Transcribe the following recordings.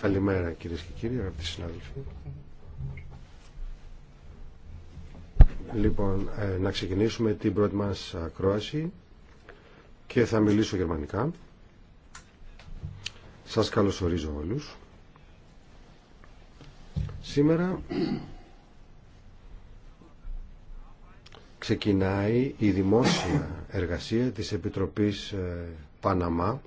Καλημέρα κυρίε και κύριοι, αγαπητοί συνάδελφοι. Λοιπόν, ε, να ξεκινήσουμε την πρώτη μας ακρόαση και θα μιλήσω γερμανικά. Σας καλωσορίζω όλους. Σήμερα ξεκινάει η δημόσια εργασία της Επιτροπής ε, Παναμά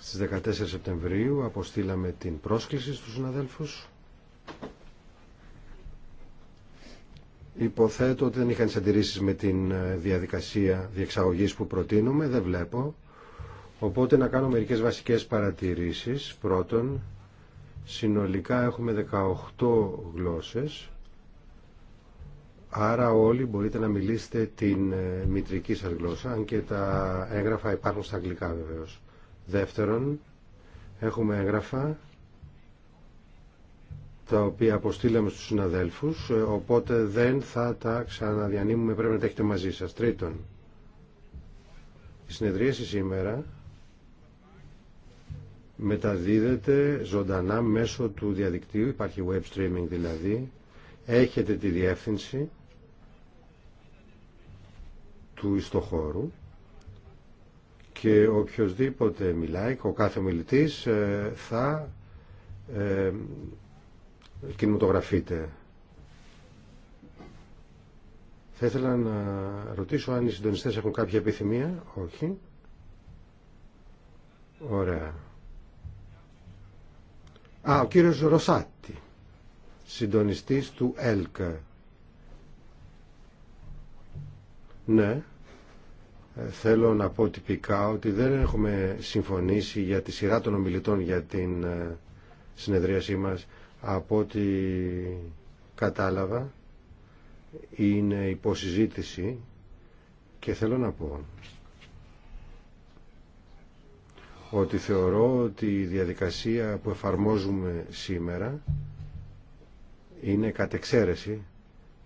στις 14 Σεπτεμβρίου αποστήλαμε την πρόσκληση στους συναδέλφους. Υποθέτω ότι δεν είχαν συντηρήσεις με την ε, διαδικασία διεξαγωγής που προτείνουμε, δεν βλέπω. Οπότε να κάνω μερικές βασικές παρατηρήσεις. Πρώτον, συνολικά έχουμε 18 γλώσσες, άρα όλοι μπορείτε να μιλήσετε την ε, μητρική σας γλώσσα, αν και τα έγγραφα υπάρχουν στα αγγλικά βεβαίως. Δεύτερον, έχουμε έγγραφα τα οποία αποστήλαμε στους συναδέλφους, ε, οπότε δεν θα τα ξαναδιανύμουμε, πρέπει να τα έχετε μαζί σας. Τρίτον, η συνεδρίαση σήμερα μεταδίδεται ζωντανά μέσω του διαδικτύου, υπάρχει web streaming δηλαδή, έχετε τη διεύθυνση του ιστοχώρου και οποιοδήποτε μιλάει, ο κάθε μιλητής ε, θα ε, κινηματογραφείται. Θα ήθελα να ρωτήσω αν οι συντονιστές έχουν κάποια επιθυμία. Όχι. Ωραία. Α, ο κύριος Ροσάτη συντονιστής του ΕΛΚΑ. Ναι θέλω να πω τυπικά ότι δεν έχουμε συμφωνήσει για τη σειρά των ομιλητών για την ε, συνεδρίασή μας από ό,τι κατάλαβα είναι υποσυζήτηση και θέλω να πω ότι θεωρώ ότι η διαδικασία που εφαρμόζουμε σήμερα είναι κατεξαίρεση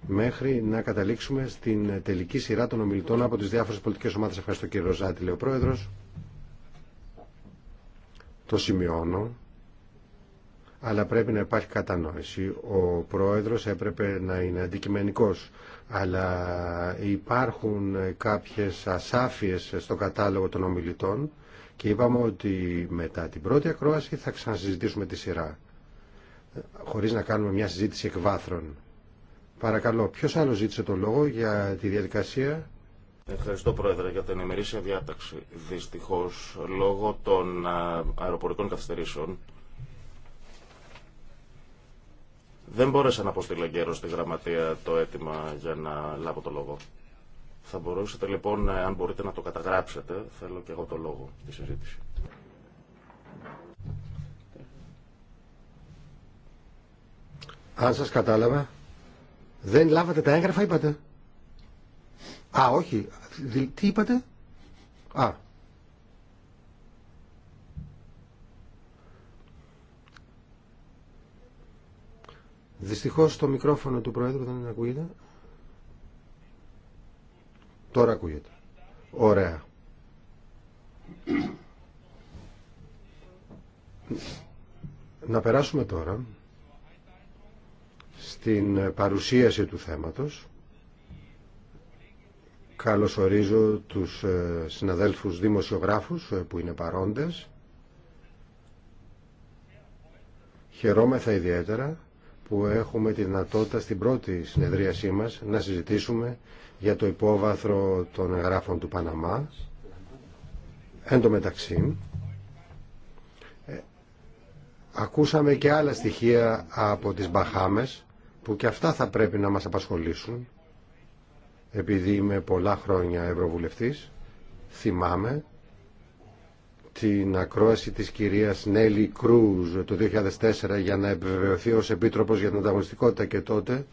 μέχρι να καταλήξουμε στην τελική σειρά των ομιλητών από τις διάφορες πολιτικές ομάδες. Ευχαριστώ κύριε Ροζάτη, λέει ο Πρόεδρος. Το σημειώνω, αλλά πρέπει να υπάρχει κατανόηση. Ο Πρόεδρος έπρεπε να είναι αντικειμενικός, αλλά υπάρχουν κάποιες ασάφειες στο κατάλογο των ομιλητών και είπαμε ότι μετά την πρώτη ακρόαση θα ξανασυζητήσουμε τη σειρά, χωρίς να κάνουμε μια συζήτηση εκβάθρων. Παρακαλώ, ποιο άλλο ζήτησε το λόγο για τη διαδικασία. Ευχαριστώ Πρόεδρε για την ημερήσια διάταξη. Δυστυχώς, λόγω των αεροπορικών καθυστερήσεων, δεν μπόρεσα να πω στη στη γραμματεία το αίτημα για να λάβω το λόγο. Θα μπορούσατε λοιπόν, ε, αν μπορείτε να το καταγράψετε, θέλω και εγώ το λόγο στη συζήτηση. Αν σας κατάλαβα, δεν λάβατε τα έγγραφα, είπατε. Α, όχι. Τι είπατε. Α. Δυστυχώς το μικρόφωνο του Προέδρου δεν ακούγεται. Τώρα ακούγεται. Ωραία. Να περάσουμε τώρα στην παρουσίαση του θέματος. Καλωσορίζω τους ε, συναδέλφους δημοσιογράφους ε, που είναι παρόντες. Χαιρόμεθα ιδιαίτερα που έχουμε τη δυνατότητα στην πρώτη συνεδρίασή μας να συζητήσουμε για το υπόβαθρο των εγγράφων του Παναμά. Εν τω μεταξύ, ε, ακούσαμε και άλλα στοιχεία από τις Μπαχάμες που και αυτά θα πρέπει να μας απασχολήσουν επειδή είμαι πολλά χρόνια ευρωβουλευτής θυμάμαι την ακρόαση της κυρίας Νέλη Κρούζ το 2004 για να επιβεβαιωθεί ως Επίτροπος για την Ανταγωνιστικότητα και τότε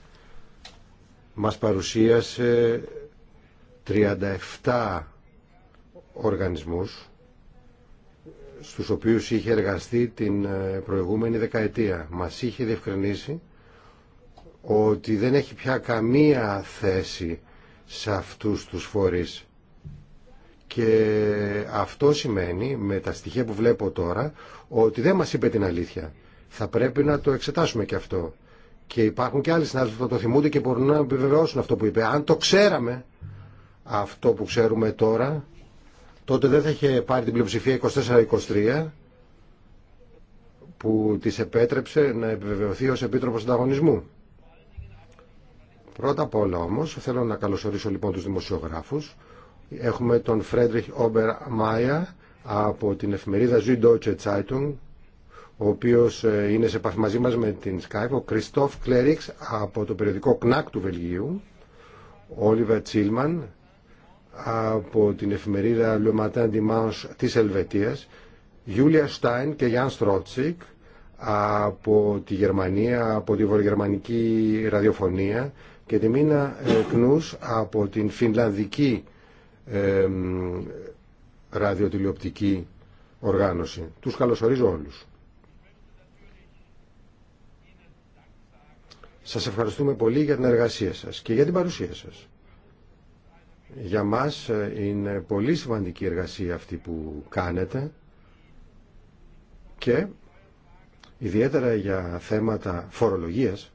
μας παρουσίασε 37 οργανισμούς στους οποίους είχε εργαστεί την ε, προηγούμενη δεκαετία. Μας είχε διευκρινίσει ότι δεν έχει πια καμία θέση σε αυτούς τους φορείς. Και αυτό σημαίνει, με τα στοιχεία που βλέπω τώρα, ότι δεν μας είπε την αλήθεια. Θα πρέπει να το εξετάσουμε και αυτό. Και υπάρχουν και άλλοι συνάδελφοι που το θυμούνται και μπορούν να επιβεβαιώσουν αυτό που είπε. Αν το ξέραμε αυτό που ξέρουμε τώρα, τότε δεν θα είχε πάρει την πλειοψηφία 24-23 που της επέτρεψε να επιβεβαιωθεί ως Επίτροπος Ανταγωνισμού. Πρώτα απ' όλα όμω, θέλω να καλωσορίσω λοιπόν τους δημοσιογράφους. Έχουμε τον Φρέντριχ Όμπερ Μάια από την εφημερίδα Süddeutsche Zeitung ο οποίος ε, είναι σε επαφή μαζί μα με την Skype, ο Κριστόφ Κλέριξ από το περιοδικό ΚΝΑΚ του Βελγίου, Όλιβερ Τσίλμαν από την εφημερίδα Le Matin Dimanche της Ελβετίας, Γιούλια Στάιν και Γιάνν Στρότσικ από τη Γερμανία, από τη βορειογερμανική ραδιοφωνία, και τη Μίνα ε, Κνούς από την Φινλανδική ε, ραδιοτηλεοπτική οργάνωση. Τους καλωσορίζω όλους. Σας ευχαριστούμε πολύ για την εργασία σας και για την παρουσία σας. Για μας ε, είναι πολύ σημαντική η εργασία αυτή που κάνετε και ιδιαίτερα για θέματα φορολογίας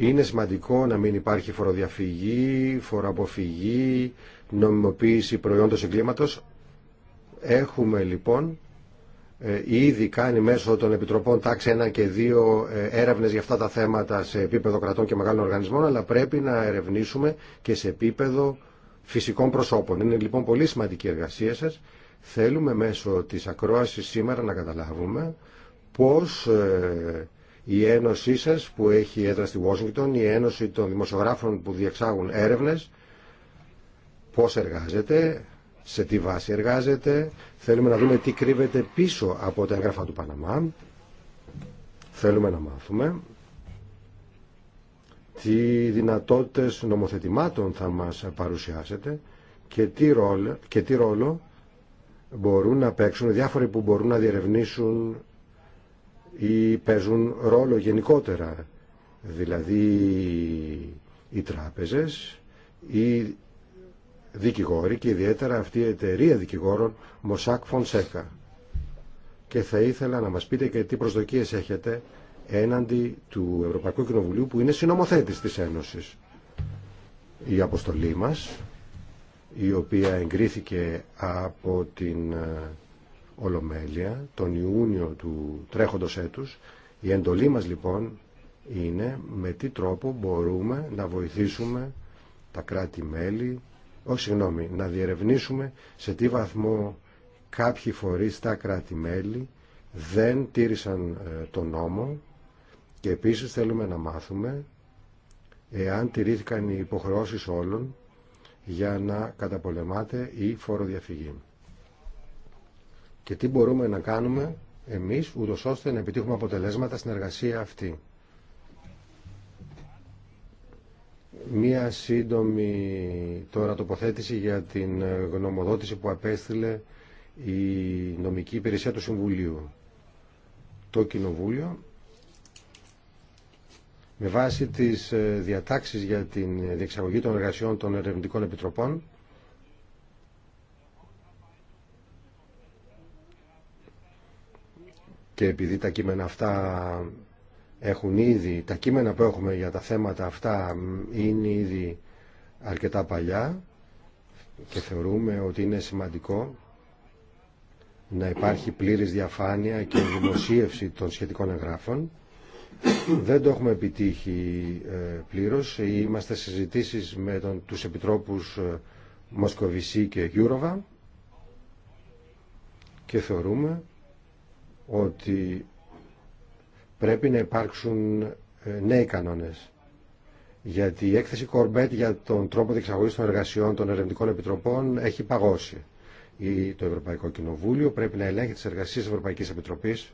είναι σημαντικό να μην υπάρχει φοροδιαφυγή, φοροαποφυγή, νομιμοποίηση προϊόντος εγκλήματος. Έχουμε λοιπόν ε, ήδη κάνει μέσω των Επιτροπών τάξη 1 και 2 ε, έρευνες για αυτά τα θέματα σε επίπεδο κρατών και μεγάλων οργανισμών, αλλά πρέπει να ερευνήσουμε και σε επίπεδο φυσικών προσώπων. Είναι λοιπόν πολύ σημαντική η εργασία σας. Θέλουμε μέσω της ακρόασης σήμερα να καταλάβουμε πώς ε, η ένωσή σας που έχει έδρα στη Washington, η ένωση των δημοσιογράφων που διεξάγουν έρευνες, πώς εργάζεται, σε τι βάση εργάζεται, θέλουμε να δούμε τι κρύβεται πίσω από τα έγγραφα του Παναμά, θέλουμε να μάθουμε τι δυνατότητες νομοθετημάτων θα μας παρουσιάσετε και τι ρόλο, και τι ρόλο μπορούν να παίξουν διάφοροι που μπορούν να διερευνήσουν ή παίζουν ρόλο γενικότερα. Δηλαδή οι τράπεζες ή δικηγόροι και ιδιαίτερα αυτή η εταιρεία δικηγόρων Mossack Fonseca. Και θα ήθελα να μας πείτε και τι προσδοκίες έχετε έναντι του Ευρωπαϊκού Κοινοβουλίου που είναι συνομοθέτης της Ένωσης. Η αποστολή μας, η οποία εγκρίθηκε από την ε, Ολομέλεια τον Ιούνιο του τρέχοντος έτους. Η εντολή μας λοιπόν είναι με τι τρόπο μπορούμε να βοηθήσουμε τα κράτη-μέλη, όχι συγγνώμη, να διερευνήσουμε σε τι βαθμό κάποιοι φορείς τα κράτη-μέλη δεν τήρησαν ε, τον νόμο και επίσης θέλουμε να μάθουμε εάν τηρήθηκαν οι υποχρεώσεις όλων για να καταπολεμάται η φοροδιαφυγή και τι μπορούμε να κάνουμε εμείς ούτως ώστε να επιτύχουμε αποτελέσματα στην εργασία αυτή. Μία σύντομη τώρα τοποθέτηση για την γνωμοδότηση που απέστειλε η νομική υπηρεσία του Συμβουλίου. Το Κοινοβούλιο με βάση τις ε, διατάξεις για την διεξαγωγή των εργασιών των ερευνητικών επιτροπών και επειδή τα κείμενα αυτά έχουν ήδη, τα κείμενα που έχουμε για τα θέματα αυτά είναι ήδη αρκετά παλιά και θεωρούμε ότι είναι σημαντικό να υπάρχει πλήρης διαφάνεια και δημοσίευση των σχετικών εγγράφων. Δεν το έχουμε επιτύχει ε, πλήρως. Είμαστε συζητήσεις με τον, τους επιτρόπους ε, Μοσκοβισή και Γιούροβα και θεωρούμε ότι πρέπει να υπάρξουν ε, νέοι κανόνες. Γιατί η έκθεση Κορμπέτ για τον τρόπο διεξαγωγής των εργασιών των ερευνητικών επιτροπών έχει παγώσει. Ή το Ευρωπαϊκό Κοινοβούλιο πρέπει να ελέγχει τις εργασίες της Ευρωπαϊκής Επιτροπής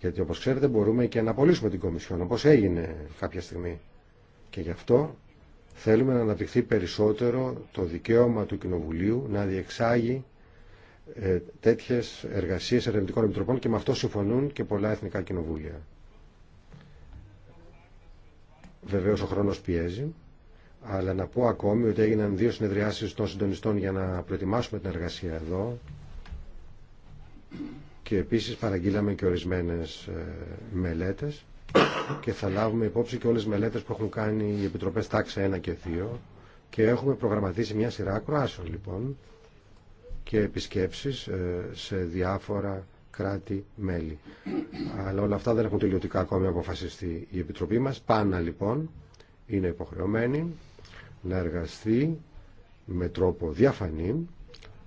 γιατί όπως ξέρετε μπορούμε και να απολύσουμε την Κομισιόν, όπως έγινε κάποια στιγμή. Και γι' αυτό θέλουμε να αναπτυχθεί περισσότερο το δικαίωμα του Κοινοβουλίου να διεξάγει ε, Τέτοιε εργασίε ερευνητικών επιτροπών και με αυτό συμφωνούν και πολλά εθνικά κοινοβούλια. Βεβαίω ο χρόνο πιέζει, αλλά να πω ακόμη ότι έγιναν δύο συνεδριάσεις των συντονιστών για να προετοιμάσουμε την εργασία εδώ και επίσης παραγγείλαμε και ορισμένες ε, μελέτες και θα λάβουμε υπόψη και όλες τις μελέτες που έχουν κάνει οι επιτροπές τάξη 1 και 2 και έχουμε προγραμματίσει μια σειρά ακροάσεων λοιπόν και επισκέψεις ε, σε διάφορα κράτη-μέλη. Αλλά όλα αυτά δεν έχουν τελειωτικά ακόμη αποφασιστεί η Επιτροπή μας. Πάνα λοιπόν είναι υποχρεωμένη να εργαστεί με τρόπο διαφανή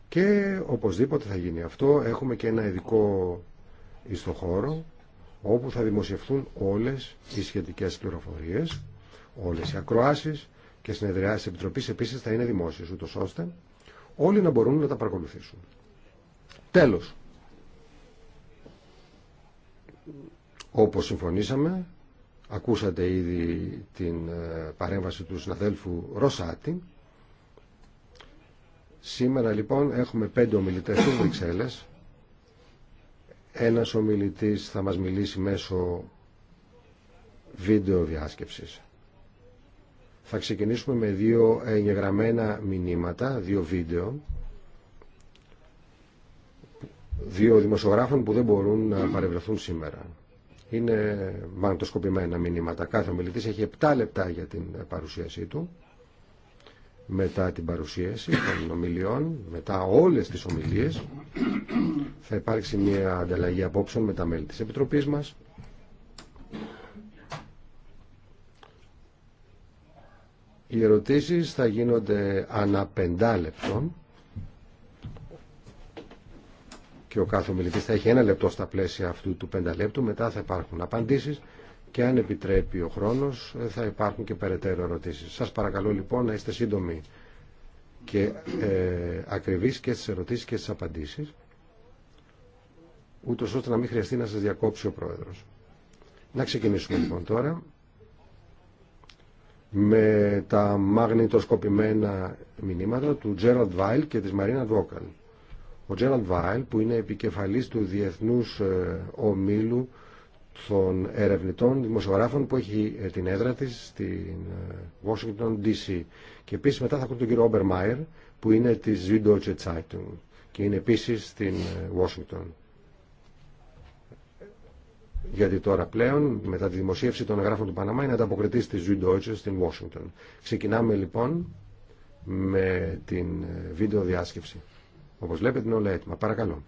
και οπωσδήποτε θα γίνει αυτό. Έχουμε και ένα ειδικό ιστοχώρο όπου θα δημοσιευθούν όλες οι σχετικές πληροφορίες, όλες οι ακροάσεις και συνεδριάσεις Επιτροπής επίσης θα είναι δημόσιες, ούτως ώστε όλοι να μπορούν να τα παρακολουθήσουν. Τέλος. Όπως συμφωνήσαμε, ακούσατε ήδη την ε, παρέμβαση του συναδέλφου Ροσάτη. Σήμερα λοιπόν έχουμε πέντε ομιλητές στις Βρυξέλλες. Ένας ομιλητής θα μας μιλήσει μέσω βίντεο διάσκεψης. Θα ξεκινήσουμε με δύο εγγεγραμμένα μηνύματα, δύο βίντεο, δύο δημοσιογράφων που δεν μπορούν να παρευρεθούν σήμερα. Είναι μαγνητοσκοπημένα μηνύματα. Κάθε ομιλητής έχει 7 λεπτά για την παρουσίασή του. Μετά την παρουσίαση των ομιλιών, μετά όλες τις ομιλίες, θα υπάρξει μια ανταλλαγή απόψεων με τα μέλη της Επιτροπής μας Οι ερωτήσεις θα γίνονται ανά πεντάλεπτον και ο κάθε ομιλητής θα έχει ένα λεπτό στα πλαίσια αυτού του πενταλέπτου, μετά θα υπάρχουν απαντήσεις και αν επιτρέπει ο χρόνος θα υπάρχουν και περαιτέρω ερωτήσεις. Σας παρακαλώ λοιπόν να είστε σύντομοι και ε, ακριβείς και στις ερωτήσεις και στις απαντήσεις ούτως ώστε να μην χρειαστεί να σας διακόψει ο Πρόεδρος. Να ξεκινήσουμε λοιπόν τώρα με τα μαγνητοσκοπημένα μηνύματα του Gerald Βάιλ και της Μαρίνα Δόκαλ. Ο Gerald Βάιλ που είναι επικεφαλής του Διεθνούς ε, Ομίλου των ερευνητών δημοσιογράφων που έχει ε, την έδρα της στην ε, Washington DC. Και επίσης μετά θα ακούμε τον κύριο Obermeier που είναι της Süddeutsche Zeitung και είναι επίσης στην Washington γιατί τώρα πλέον μετά τη δημοσίευση των εγγράφων του Παναμά είναι τη της Deutsche στην Washington. Ξεκινάμε λοιπόν με την ε, βίντεο διάσκεψη. Όπως βλέπετε είναι όλα έτοιμα. Παρακαλώ.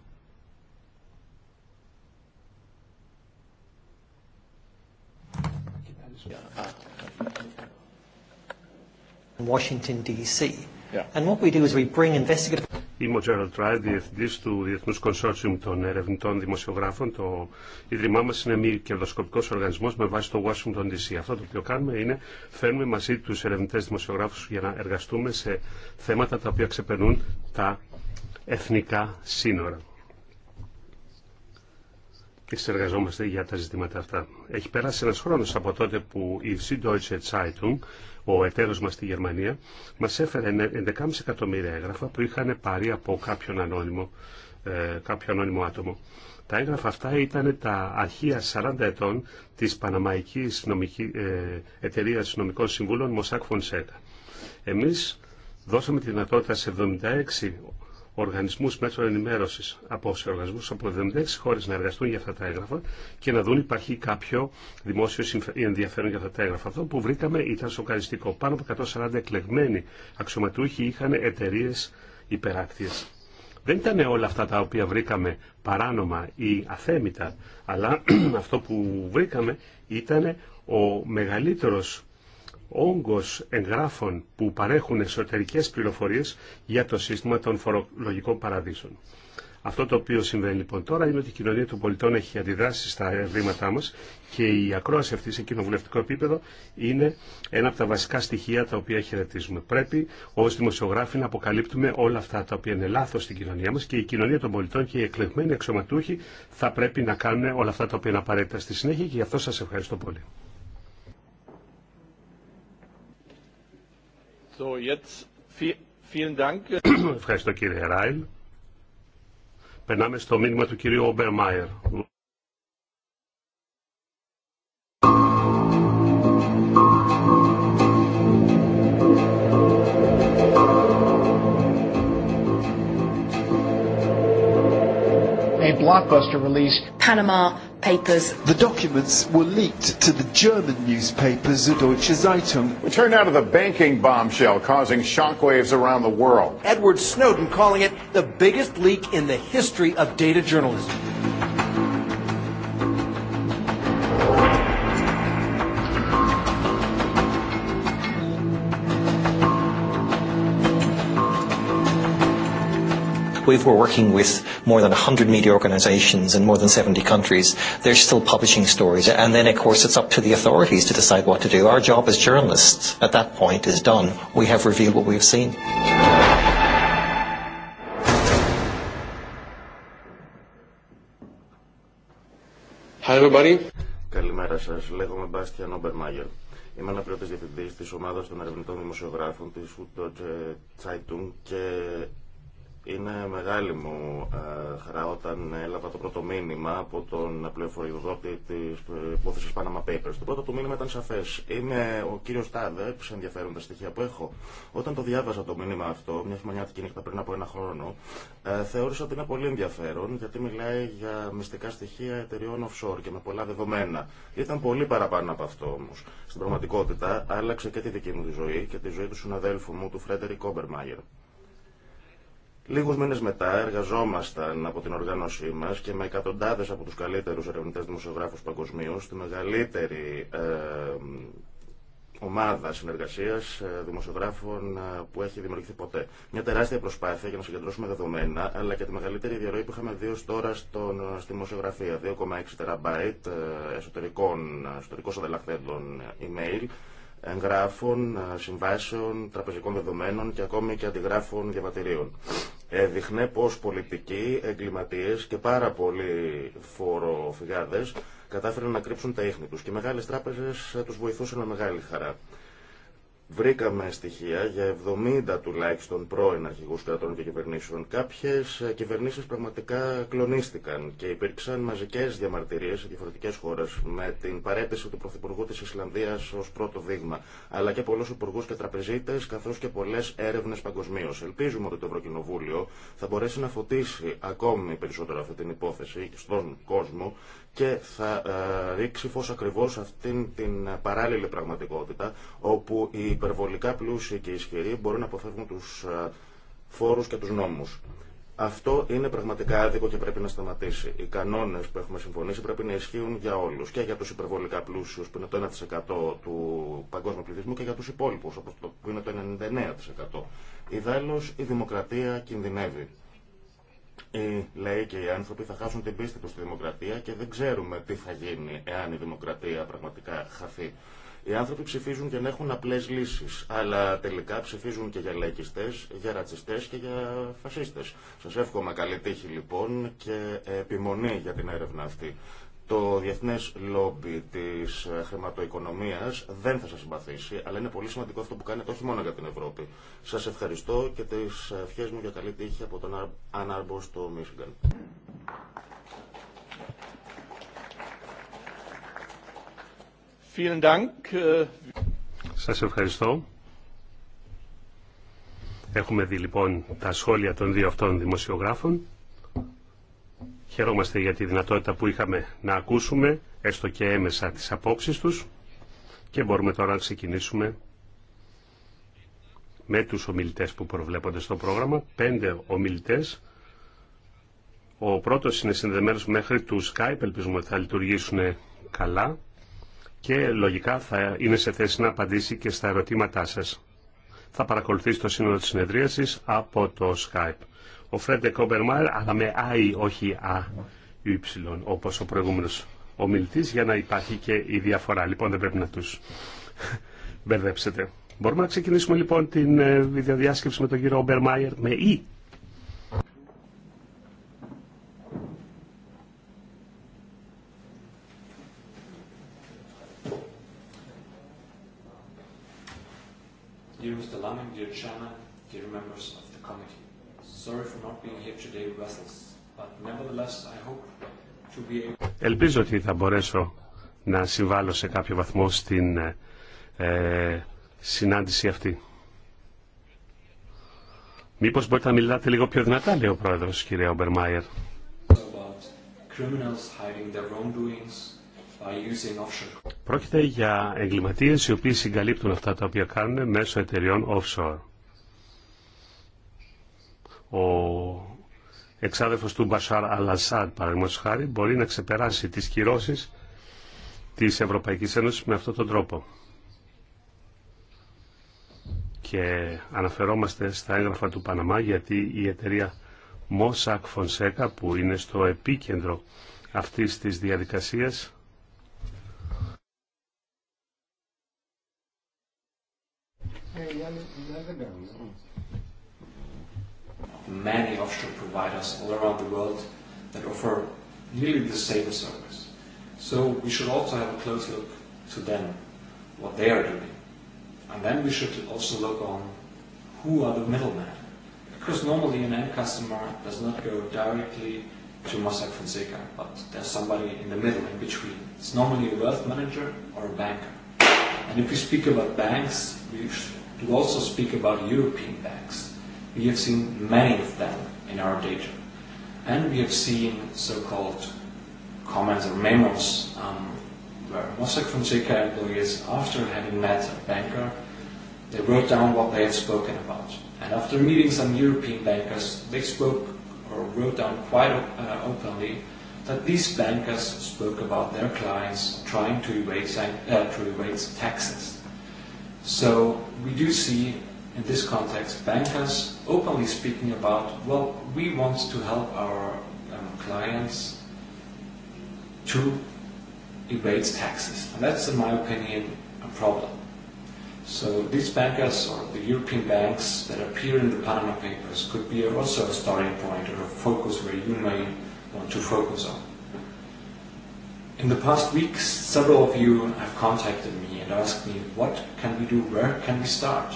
Washington, D.C. Yeah. And what we do is we bring investigative... Είμαι ο Τζέραλτ Ράιντ, διευθυντή του Διεθνού Κονσόρτσιουμ των Ερευνητών Δημοσιογράφων. Το Ίδρυμά μα είναι μη κερδοσκοπικό οργανισμό με βάση το Washington DC. Αυτό το οποίο κάνουμε είναι φέρνουμε μαζί του ερευνητέ δημοσιογράφου για να εργαστούμε σε θέματα τα οποία ξεπερνούν τα εθνικά σύνορα. Και συνεργαζόμαστε για τα ζητήματα αυτά. Έχει πέρασει ένα χρόνο από τότε που η Deutsche Zeitung ο εταίρος μας στη Γερμανία, μας έφερε 11,5 εκατομμύρια έγγραφα που είχαν πάρει από κάποιον ανώνυμο, ε, κάποιο ανώνυμο άτομο. Τα έγγραφα αυτά ήταν τα αρχεία 40 ετών της Παναμαϊκής νομική, ε, Εταιρείας Νομικών Συμβούλων Μοσάκ Φονσέκα. Εμείς δώσαμε τη δυνατότητα σε 76 οργανισμούς μέσω ενημέρωσης από σε οργανισμούς από 76 χώρες να εργαστούν για αυτά τα έγγραφα και να δουν υπάρχει κάποιο δημόσιο ενδιαφέρον για αυτά τα έγγραφα. Αυτό που βρήκαμε ήταν σοκαριστικό. Πάνω από 140 εκλεγμένοι αξιωματούχοι είχαν εταιρείε υπεράκτιε. Δεν ήταν όλα αυτά τα οποία βρήκαμε παράνομα ή αθέμητα, αλλά αυτό που βρήκαμε ήταν ο μεγαλύτερος όγκος εγγράφων που παρέχουν εσωτερικές πληροφορίες για το σύστημα των φορολογικών παραδείσων. Αυτό το οποίο συμβαίνει λοιπόν τώρα είναι ότι η κοινωνία των πολιτών έχει αντιδράσει στα ευρήματά μας και η ακρόαση αυτή σε κοινοβουλευτικό επίπεδο είναι ένα από τα βασικά στοιχεία τα οποία χαιρετίζουμε. Πρέπει ως δημοσιογράφοι να αποκαλύπτουμε όλα αυτά τα οποία είναι λάθος στην κοινωνία μα και η κοινωνία των πολιτών και οι εκλεγμένοι αξιωματούχοι θα πρέπει να κάνουν όλα αυτά τα οποία είναι απαραίτητα στη συνέχεια και γι' αυτό σα ευχαριστώ πολύ. Ευχαριστώ κύριε Ράιλ. Περνάμε στο μήνυμα του κυρίου Ομπερμάιερ. blockbuster release. Panama Papers. The documents were leaked to the German newspaper Süddeutsche Zeitung. We turned out of the banking bombshell causing shockwaves around the world. Edward Snowden calling it the biggest leak in the history of data journalism. We've, we're working with more than 100 media organizations in more than 70 countries. They're still publishing stories. And then, of course, it's up to the authorities to decide what to do. Our job as journalists at that point is done. We have revealed what we've seen. Hi everybody. Καλημέρα σα. Λέγομαι Μπάστιαν Όμπερμάγερ. Είμαι πρώτο διευθυντή τη ομάδα των ερευνητών δημοσιογράφων τη Uto Zeitung και είναι μεγάλη μου ε, χαρά όταν έλαβα το πρώτο μήνυμα από τον πληροφοριοδότη τη υπόθεση Panama Papers. Το πρώτο του μήνυμα ήταν σαφέ. Είμαι ο κύριο Τάδε, που σε ενδιαφέρουν τα στοιχεία που έχω. Όταν το διάβαζα το μήνυμα αυτό, μια χειμωνιάτικη νύχτα πριν από ένα χρόνο, ε, θεώρησα ότι είναι πολύ ενδιαφέρον, γιατί μιλάει για μυστικά στοιχεία εταιριών offshore και με πολλά δεδομένα. Ήταν πολύ παραπάνω από αυτό όμω. Στην πραγματικότητα, άλλαξε και τη δική μου τη ζωή και τη ζωή του συναδέλφου μου, του Φρέντερικ Όμπερμαγερ. Λίγους μήνες μετά εργαζόμασταν από την οργάνωσή μας και με εκατοντάδες από τους καλύτερους ερευνητές δημοσιογράφους παγκοσμίου στη μεγαλύτερη ε, ομάδα συνεργασία ε, δημοσιογράφων ε, που έχει δημιουργηθεί ποτέ. Μια τεράστια προσπάθεια για να συγκεντρώσουμε δεδομένα, αλλά και τη μεγαλύτερη διαρροή που είχαμε δύο τώρα στον, στη δημοσιογραφία. 2,6 τεραμπάιτ εσωτερικών, εσωτερικών αδελαχθέντων email εγγράφων, ε, συμβάσεων, τραπεζικών δεδομένων και ακόμη και αντιγράφων διαβατηρίων. Έδειχνε πως πολιτικοί, εγκληματίες και πάρα πολλοί φοροφυγάδες κατάφεραν να κρύψουν τα ίχνη τους και μεγάλες τράπεζες ε, τους βοηθούσαν με μεγάλη χαρά. Βρήκαμε στοιχεία για 70 τουλάχιστον πρώην αρχηγού κρατών και κυβερνήσεων. Κάποιε κυβερνήσει πραγματικά κλονίστηκαν και υπήρξαν μαζικέ διαμαρτυρίε σε διαφορετικέ χώρε με την παρέτηση του Πρωθυπουργού τη Ισλανδία ω πρώτο δείγμα, αλλά και πολλού υπουργού και τραπεζίτε καθώ και πολλέ έρευνε παγκοσμίω. Ελπίζουμε ότι το Ευρωκοινοβούλιο θα μπορέσει να φωτίσει ακόμη περισσότερο αυτή την υπόθεση στον κόσμο και θα ε, ρίξει φως ακριβώς αυτήν την παράλληλη πραγματικότητα όπου οι υπερβολικά πλούσιοι και ισχυροί μπορούν να αποφεύγουν τους ε, φόρους και τους νόμους. Αυτό είναι πραγματικά άδικο και πρέπει να σταματήσει. Οι κανόνε που έχουμε συμφωνήσει πρέπει να ισχύουν για όλου. Και για του υπερβολικά πλούσιου, που είναι το 1% του παγκόσμιου πληθυσμού, και για του υπόλοιπου, που είναι το 99%. Ιδάλω, η δημοκρατία κινδυνεύει οι λαοί και οι άνθρωποι θα χάσουν την πίστη του στη δημοκρατία και δεν ξέρουμε τι θα γίνει εάν η δημοκρατία πραγματικά χαθεί. Οι άνθρωποι ψηφίζουν και να έχουν απλέ λύσει, αλλά τελικά ψηφίζουν και για λαϊκιστέ, για ρατσιστέ και για φασίστε. Σα εύχομαι καλή τύχη λοιπόν και επιμονή για την έρευνα αυτή το διεθνέ λόμπι της ε, χρηματοοικονομία δεν θα σας συμπαθήσει, αλλά είναι πολύ σημαντικό αυτό που κάνετε όχι μόνο για την Ευρώπη. Σας ευχαριστώ και τις ευχέ μου για καλή τύχη από τον Ανάρμπο στο Μίσιγκαν. Äh, σας ευχαριστώ. Έχουμε δει λοιπόν τα σχόλια των δύο αυτών δημοσιογράφων. Χαιρόμαστε για τη δυνατότητα που είχαμε να ακούσουμε, έστω και έμεσα, τις απόψεις τους και μπορούμε τώρα να ξεκινήσουμε με τους ομιλητές που προβλέπονται στο πρόγραμμα. Πέντε ομιλητές. Ο πρώτος είναι συνδεμένος μέχρι του Skype, ελπίζουμε ότι θα λειτουργήσουν καλά και λογικά θα είναι σε θέση να απαντήσει και στα ερωτήματά σας. Θα παρακολουθήσει το σύνολο της συνεδρίασης από το Skype ο Φρέντε Κόμπερμαρ, αλλά με αι, όχι α, όπω όπως ο προηγούμενος ομιλητής, για να υπάρχει και η διαφορά. Λοιπόν, δεν πρέπει να τους μπερδέψετε. Μπορούμε να ξεκινήσουμε λοιπόν την ε, βιντεοδιάσκεψη με τον κύριο Ομπερμάιερ με «Η». Dear Mr. Lamming, dear Ελπίζω ότι θα μπορέσω να συμβάλλω σε κάποιο βαθμό στην ε, ε, συνάντηση αυτή. Μήπως μπορείτε να μιλάτε λίγο πιο δυνατά, λέει ο πρόεδρος, κύριε Ομπερμάιερ. Πρόκειται για εγκληματίες οι οποίοι συγκαλύπτουν αυτά τα οποία κάνουν μέσω εταιριών offshore ο εξάδελφος του Μπασάρ Αλασάντ, παραδείγματος χάρη, μπορεί να ξεπεράσει τις κυρώσεις της Ευρωπαϊκής Ένωσης με αυτόν τον τρόπο. Και αναφερόμαστε στα έγγραφα του Παναμά γιατί η εταιρεία Mossack Fonseca που είναι στο επίκεντρο αυτής της διαδικασίας many offshore providers all around the world that offer nearly the same service. So we should also have a close look to them, what they are doing. And then we should also look on who are the middlemen. Because normally an end customer does not go directly to Mossack Fonseca, but there's somebody in the middle, in between. It's normally a wealth manager or a banker. And if we speak about banks, we should also speak about European banks We have seen many of them in our data. And we have seen so-called comments or memos where Mossack Fonseca employees, after having met a banker, they wrote down what they had spoken about. And after meeting some European bankers, they spoke or wrote down quite openly that these bankers spoke about their clients trying to evade taxes. So we do see in this context, bankers openly speaking about, well, we want to help our clients to evade taxes. And that's, in my opinion, a problem. So these bankers or the European banks that appear in the Panama Papers could be also a starting point or a focus where you may want to focus on. In the past weeks, several of you have contacted me and asked me, what can we do, where can we start?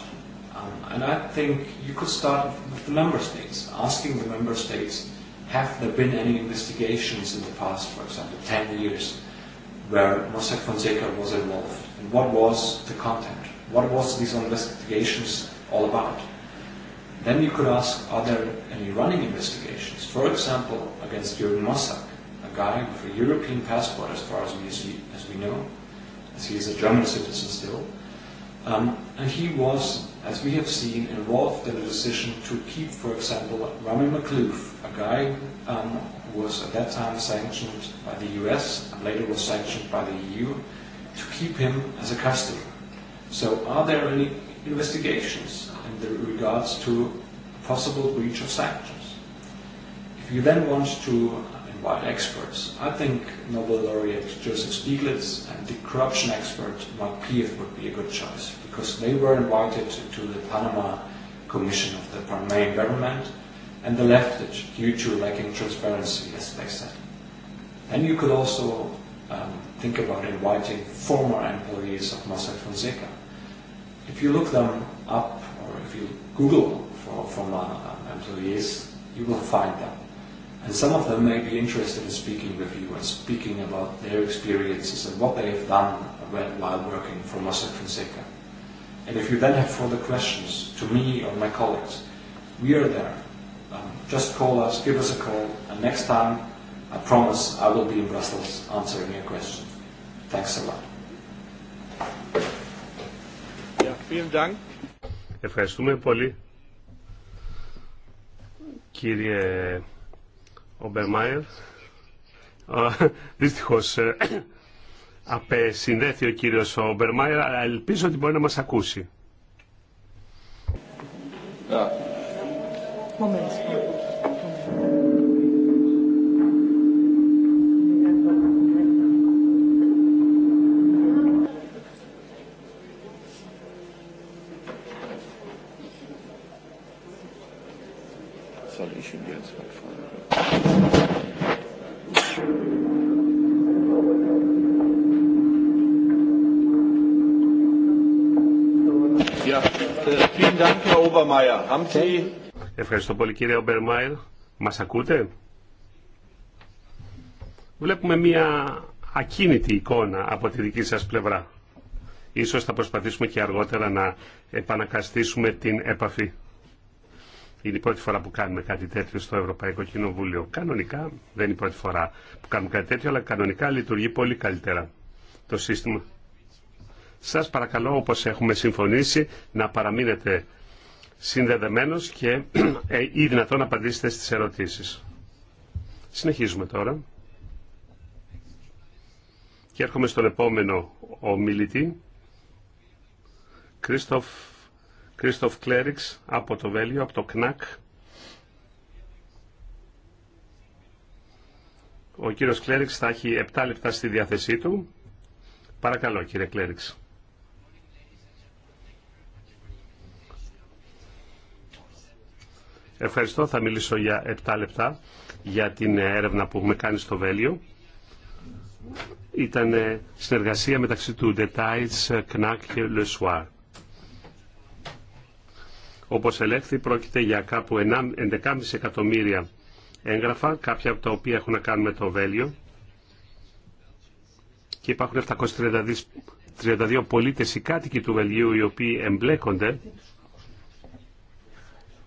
And I think you could start with the member states, asking the member states, have there been any investigations in the past, for example, 10 years, where Mossack Fonseca was involved? And what was the content? What was these investigations all about? Then you could ask, are there any running investigations? For example, against Jürgen Mossack, a guy with a European passport as far as we, as we know, as he is a German citizen still. Um, and he was as we have seen, involved in the decision to keep, for example, Rami McLeod, a guy who was at that time sanctioned by the US and later was sanctioned by the EU, to keep him as a customer. So are there any investigations in regards to possible breach of sanctions? If you then want to invite experts, I think Nobel laureate Joseph Stiglitz and the corruption expert Mark Pief would be a good choice because they were invited to the Panama Commission of the Panamanian government, and they left it due to lacking transparency, as they said. And you could also think about inviting former employees of Mossack Fonseca. If you look them up, or if you Google for former employees, you will find them. And some of them may be interested in speaking with you and speaking about their experiences and what they have done while working for Mossack Fonseca. And if you then have further questions to me or my colleagues, we are there. Just call us, give us a call, and next time, I promise I will be in Brussels answering your question. Thanks a lot. Ευχαριστούμε πολύ, κύριε Ομπερμάιερ. Δυστυχώς απεσυνδέθη ο κύριος Ομπερμάιερ, αλλά ελπίζω ότι μπορεί να μας ακούσει. Ευχαριστώ πολύ κύριε Ομπερμάιρ. Μας ακούτε? Βλέπουμε μία ακίνητη εικόνα από τη δική σας πλευρά. Ίσως θα προσπαθήσουμε και αργότερα να επανακαστήσουμε την επαφή. Είναι η πρώτη φορά που κάνουμε κάτι τέτοιο στο Ευρωπαϊκό Κοινοβούλιο. Κανονικά, δεν είναι η πρώτη φορά που κάνουμε κάτι τέτοιο, αλλά κανονικά λειτουργεί πολύ καλύτερα το σύστημα. Σας παρακαλώ, όπως έχουμε συμφωνήσει, να παραμείνετε συνδεδεμένος και ε, ή δυνατόν απαντήσετε στις ερωτήσεις. Συνεχίζουμε τώρα. Και έρχομαι στον επόμενο ομιλητή, Κρίστοφ, Κρίστοφ Κλέριξ από το Βέλιο, από το ΚΝΑΚ. Ο κύριος Κλέριξ θα έχει 7 λεπτά στη διάθεσή του. Παρακαλώ κύριε Κλέριξ. Ευχαριστώ. Θα μιλήσω για 7 λεπτά για την έρευνα που έχουμε κάνει στο Βέλιο. Ήταν συνεργασία μεταξύ του Details, Knack και Soir. Όπως ελέγχθη πρόκειται για κάπου 11,5 εκατομμύρια έγγραφα, κάποια από τα οποία έχουν να κάνουν με το Βέλιο και υπάρχουν 732 πολίτες ή κάτοικοι του Βελίου οι οποίοι εμπλέκονται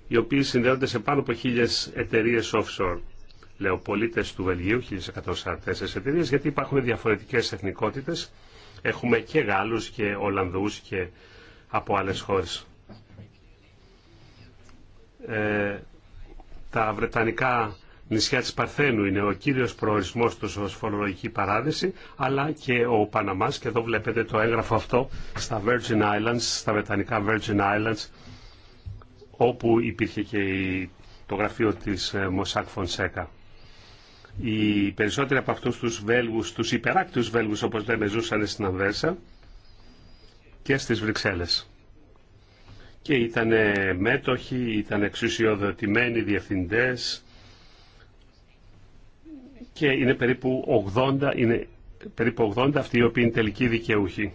οι οποίοι συνδέονται σε πάνω από χίλιε εταιρείε offshore. Λέω πολίτε του Βελγίου, 1.144 εταιρείε, γιατί υπάρχουν διαφορετικέ εθνικότητε. Έχουμε και Γάλλου και Ολλανδού και από άλλε χώρε. Ε, τα βρετανικά νησιά της Παρθένου είναι ο κύριος προορισμός του ως φορολογική παράδειση, αλλά και ο Παναμάς, και εδώ βλέπετε το έγγραφο αυτό στα Virgin Islands, στα βρετανικά Virgin Islands, όπου υπήρχε και το γραφείο της Μοσάκ ε, Φονσέκα. Οι περισσότεροι από αυτούς τους Βέλγους, τους υπεράκτους Βέλγους όπως λέμε ζούσαν στην Αμβέρσα και στις Βρυξέλλες. Και ήταν μέτοχοι, ήταν εξουσιοδοτημένοι διευθυντές και είναι περίπου 80, είναι περίπου 80 αυτοί οι οποίοι είναι τελικοί δικαιούχοι.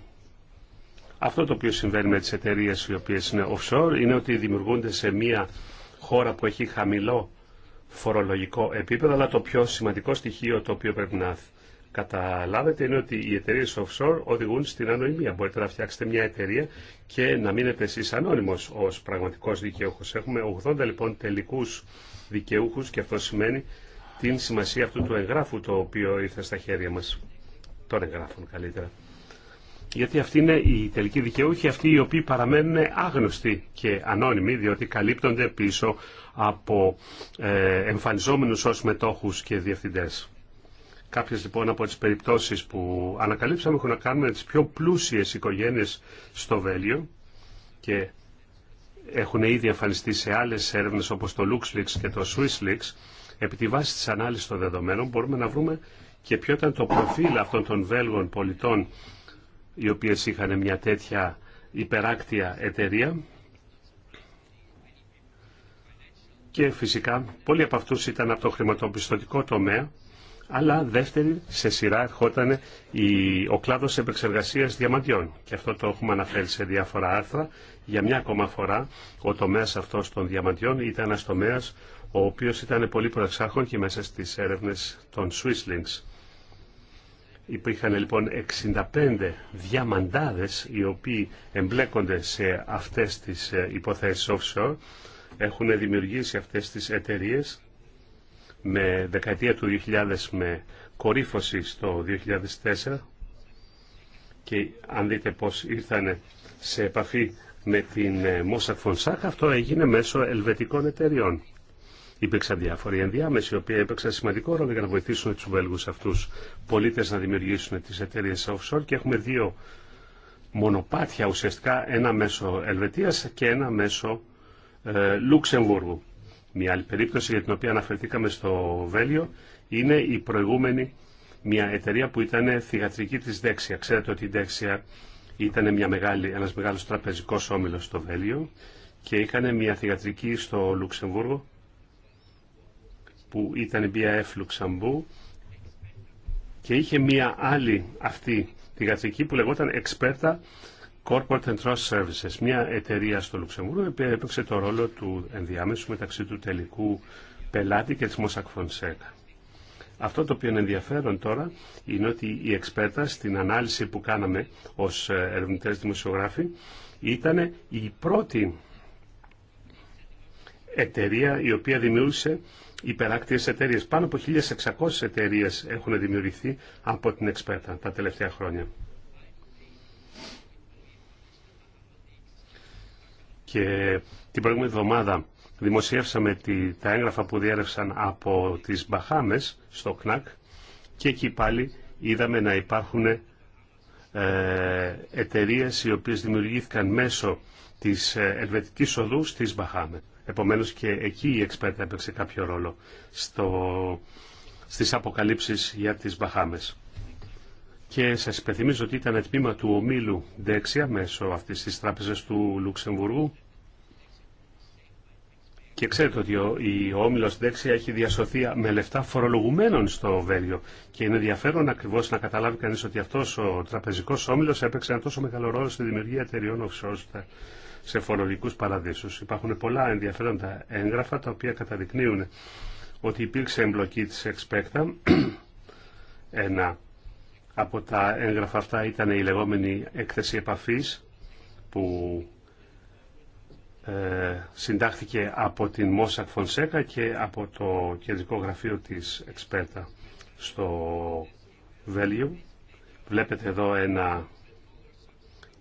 Αυτό το οποίο συμβαίνει με τις εταιρείες οι οποίες είναι offshore είναι ότι δημιουργούνται σε μια χώρα που έχει χαμηλό φορολογικό επίπεδο, αλλά το πιο σημαντικό στοιχείο το οποίο πρέπει να καταλάβετε είναι ότι οι εταιρείε offshore οδηγούν στην ανοημία. Μπορείτε να φτιάξετε μια εταιρεία και να μείνετε εσεί ανώνυμο ω πραγματικό δικαιούχο. Έχουμε 80 λοιπόν τελικού δικαιούχου και αυτό σημαίνει την σημασία αυτού του εγγράφου το οποίο ήρθε στα χέρια μα. Των εγγράφων καλύτερα γιατί αυτοί είναι οι τελικοί δικαιούχοι, αυτοί οι οποίοι παραμένουν άγνωστοι και ανώνυμοι, διότι καλύπτονται πίσω από ε, εμφανιζόμενους ως μετόχους και διευθυντές. Κάποιες λοιπόν από τις περιπτώσεις που ανακαλύψαμε έχουν να κάνουν με τις πιο πλούσιες οικογένειες στο Βέλιο και έχουν ήδη εμφανιστεί σε άλλες έρευνες όπως το LuxLeaks και το SwissLeaks. Επί τη βάση της ανάλυσης των δεδομένων μπορούμε να βρούμε και ποιο ήταν το προφίλ αυτών των Βέλγων πολιτών οι οποίες είχαν μια τέτοια υπεράκτια εταιρεία και φυσικά πολλοί από αυτούς ήταν από το χρηματοπιστωτικό τομέα αλλά δεύτερη σε σειρά ερχόταν η, ο κλάδος επεξεργασίας διαμαντιών και αυτό το έχουμε αναφέρει σε διάφορα άρθρα για μια ακόμα φορά ο τομέας αυτός των διαμαντιών ήταν ένας τομέας ο οποίος ήταν πολύ προεξάρχον και μέσα στις έρευνες των Links. Υπήρχαν λοιπόν 65 διαμαντάδες οι οποίοι εμπλέκονται σε αυτές τις ε, υποθέσεις offshore. Έχουν δημιουργήσει αυτές τις εταιρείες με δεκαετία του 2000 με κορύφωση στο 2004 και αν δείτε πώς ήρθαν σε επαφή με την ε, Mossack Fonseca αυτό έγινε μέσω ελβετικών εταιριών. Υπήρξαν διάφοροι ενδιάμεσοι, οι οποίοι έπαιξαν σημαντικό ρόλο για να βοηθήσουν του Βέλγου αυτού πολίτε να δημιουργήσουν τι εταιρείε offshore και έχουμε δύο μονοπάτια ουσιαστικά, ένα μέσω Ελβετία και ένα μέσω ε, Λουξεμβούργου. Μια άλλη περίπτωση για την οποία αναφερθήκαμε στο Βέλγιο είναι η προηγούμενη μια εταιρεία που ήταν θηγατρική της Δέξια. Ξέρετε ότι η Δέξια ήταν μια μεγάλη, ένας μεγάλος τραπεζικός όμιλος στο Βέλγιο και είχαν μια θηγατρική στο Λουξεμβούργο που ήταν BAF Λουξανβού και είχε μία άλλη αυτή τη γατρική που λεγόταν Experta Corporate and Trust Services, μια εταιρεία στο Λουξεμβούργο, η οποία έπαιξε το ρόλο του ενδιάμεσου μεταξύ του τελικού πελάτη και της Mossack Fonseca. Αυτό το οποίο είναι ενδιαφέρον τώρα είναι ότι η εξπέρτα στην ανάλυση που κάναμε ως ε, ερευνητές δημοσιογράφοι ήταν η πρώτη εταιρεία η οποία δημιούργησε υπεράκτιε εταιρείε. Πάνω από 1.600 εταιρείε έχουν δημιουργηθεί από την Εξπέρτα τα τελευταία χρόνια. Και την προηγούμενη εβδομάδα δημοσιεύσαμε τα έγγραφα που διέρευσαν από τις Μπαχάμες στο ΚΝΑΚ και εκεί πάλι είδαμε να υπάρχουν ε, εταιρείε οι οποίες δημιουργήθηκαν μέσω της ε, Ελβετικής Οδού στις Μπαχάμες. Επομένως και εκεί η εξπέρτα έπαιξε κάποιο ρόλο στο, στις αποκαλύψεις για τις Μπαχάμες. Και σας υπενθυμίζω ότι ήταν τμήμα του ομίλου Δέξια μέσω αυτής της τράπεζας του Λουξεμβουργού. Και ξέρετε ότι ο, όμιλο όμιλος Δέξια έχει διασωθεί με λεφτά φορολογουμένων στο Βέλγιο. Και είναι ενδιαφέρον ακριβώς να καταλάβει κανείς ότι αυτός ο τραπεζικός όμιλος έπαιξε ένα τόσο μεγάλο ρόλο στη δημιουργία εταιριών offshore σε φορολογικούς παραδείσους. Υπάρχουν πολλά ενδιαφέροντα έγγραφα τα οποία καταδεικνύουν ότι υπήρξε εμπλοκή τη Εξπέκτα. Ένα από τα έγγραφα αυτά ήταν η λεγόμενη έκθεση επαφή που ε, συντάχθηκε από την Μόσακ Φονσέκα και από το κεντρικό γραφείο της Εξπέκτα στο Βέλγιο. Βλέπετε εδώ ένα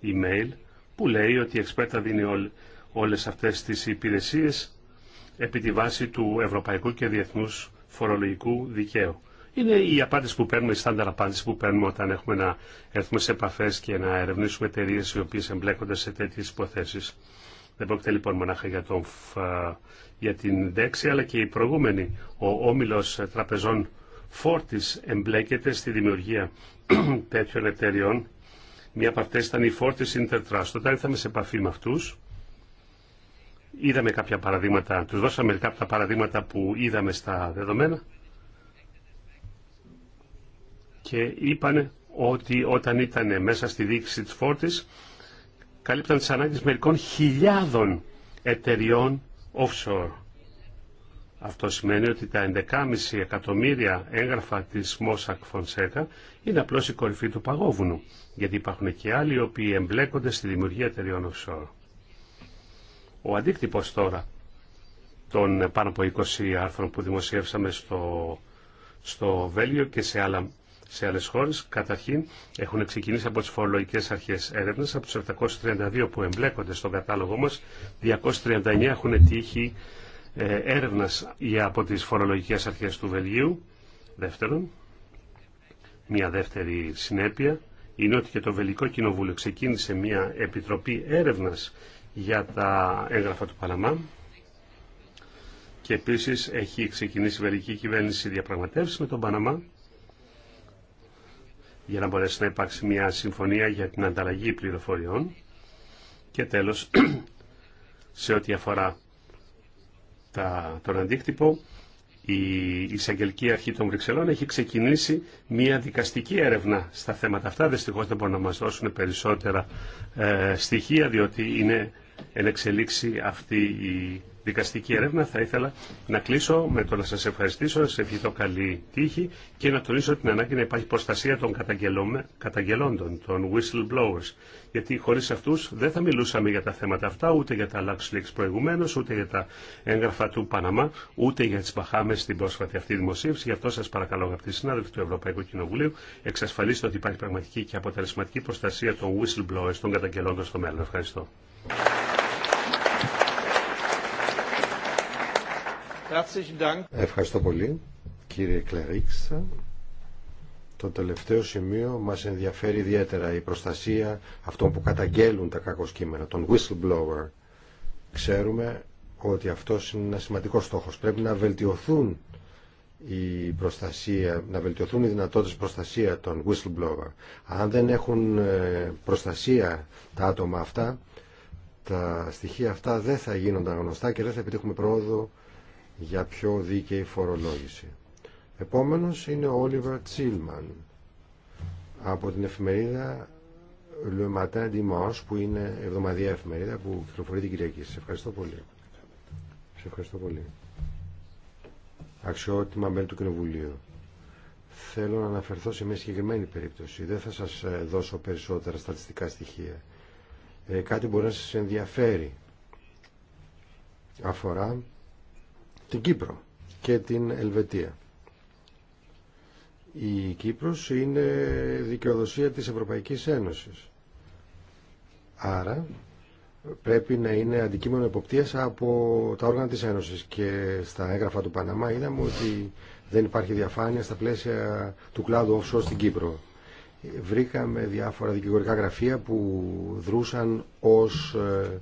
email που λέει ότι η Εξπέρτα δίνει όλες αυτές τις υπηρεσίες επί τη βάση του ευρωπαϊκού και διεθνούς φορολογικού δικαίου. Είναι η απάντηση που παίρνουμε, η στάνταρ απάντηση που παίρνουμε όταν έχουμε να έρθουμε σε επαφέ και να ερευνήσουμε εταιρείε οι οποίε εμπλέκονται σε τέτοιε υποθέσει. Δεν πρόκειται λοιπόν μονάχα για, τον, για την ΔΕΞΗ, αλλά και η προηγούμενη. Ο όμιλο τραπεζών Φόρτη εμπλέκεται στη δημιουργία τέτοιων εταιριών Μία από αυτές ήταν η Fortis Intertrust. Όταν ήρθαμε σε επαφή με αυτούς, είδαμε κάποια παραδείγματα, τους δώσαμε μερικά από τα παραδείγματα που είδαμε στα δεδομένα και είπανε ότι όταν ήταν μέσα στη διοίκηση της Fortis καλύπταν τις ανάγκες μερικών χιλιάδων εταιριών offshore. Αυτό σημαίνει ότι τα 11,5 εκατομμύρια έγγραφα της Μόσακ Φονσέκα είναι απλώς η κορυφή του παγόβουνου, γιατί υπάρχουν και άλλοι οι οποίοι εμπλέκονται στη δημιουργία εταιριών offshore. Ο αντίκτυπος τώρα των πάνω από 20 άρθρων που δημοσιεύσαμε στο, στο Βέλγιο και σε, άλλα, σε άλλες χώρες, καταρχήν έχουν ξεκινήσει από τις φορολογικές αρχές έρευνας, από τους 732 που εμπλέκονται στον κατάλογο μας, 239 έχουν τύχει ε, έρευνας για από τις φορολογικές αρχές του Βελγίου. Δεύτερον, μια δεύτερη συνέπεια είναι ότι και το Βελικό Κοινοβούλιο ξεκίνησε μια επιτροπή έρευνας για τα έγγραφα του Παναμά και επίσης έχει ξεκινήσει η Βελική Κυβέρνηση διαπραγματεύσει με τον Παναμά για να μπορέσει να υπάρξει μια συμφωνία για την ανταλλαγή πληροφοριών και τέλος σε ό,τι αφορά τα, τον αντίκτυπο, η εισαγγελική αρχή των Βρυξελών έχει ξεκινήσει μια δικαστική έρευνα στα θέματα αυτά. Δυστυχώς δεν μπορούν να μας δώσουν περισσότερα ε, στοιχεία, διότι είναι εν αυτή η δικαστική έρευνα. Θα ήθελα να κλείσω με το να σας ευχαριστήσω, να σας ευχηθώ καλή τύχη και να τονίσω την ανάγκη να υπάρχει προστασία των καταγγελόντων, των whistleblowers. Γιατί χωρίς αυτούς δεν θα μιλούσαμε για τα θέματα αυτά, ούτε για τα LuxLeaks προηγουμένως, ούτε για τα έγγραφα του Παναμά, ούτε για τις Μπαχάμες στην πρόσφατη αυτή δημοσίευση. Γι' αυτό σας παρακαλώ αγαπητοί συνάδελφοι του Ευρωπαϊκού Κοινοβουλίου, εξασφαλίστε ότι υπάρχει πραγματική και αποτελεσματική προστασία των whistleblowers, των καταγγελόντων στο μέλλον. Ευχαριστώ. Ευχαριστώ πολύ κύριε Κλερίξ. Το τελευταίο σημείο μας ενδιαφέρει ιδιαίτερα η προστασία αυτών που καταγγέλουν τα κακοσκήμενα, των whistleblower. Ξέρουμε ότι αυτό είναι ένα σημαντικό στόχος. Πρέπει να βελτιωθούν η προστασία, να βελτιωθούν οι δυνατότητες προστασία των whistleblower. Αν δεν έχουν ε, προστασία τα άτομα αυτά, τα στοιχεία αυτά δεν θα γίνονταν γνωστά και δεν θα επιτύχουμε πρόοδο για πιο δίκαιη φορολόγηση. Επόμενος είναι ο Όλιβερ Τσίλμαν από την εφημερίδα Le Matin Dimanche που είναι εβδομαδιαία εφημερίδα που κυκλοφορεί την Κυριακή. Σε ευχαριστώ πολύ. Σε ευχαριστώ πολύ. Αξιότιμα μέλη του Κοινοβουλίου. Θέλω να αναφερθώ σε μια συγκεκριμένη περίπτωση. Δεν θα σας ε, δώσω περισσότερα στατιστικά στοιχεία. Ε, κάτι μπορεί να σας ενδιαφέρει. Αφορά την Κύπρο και την Ελβετία. Η Κύπρος είναι δικαιοδοσία της Ευρωπαϊκής Ένωσης. Άρα πρέπει να είναι αντικείμενο εποπτείας από τα όργανα της Ένωσης και στα έγγραφα του Παναμά είδαμε ότι δεν υπάρχει διαφάνεια στα πλαίσια του κλάδου offshore στην Κύπρο. Βρήκαμε διάφορα δικηγορικά γραφεία που δρούσαν ως ε,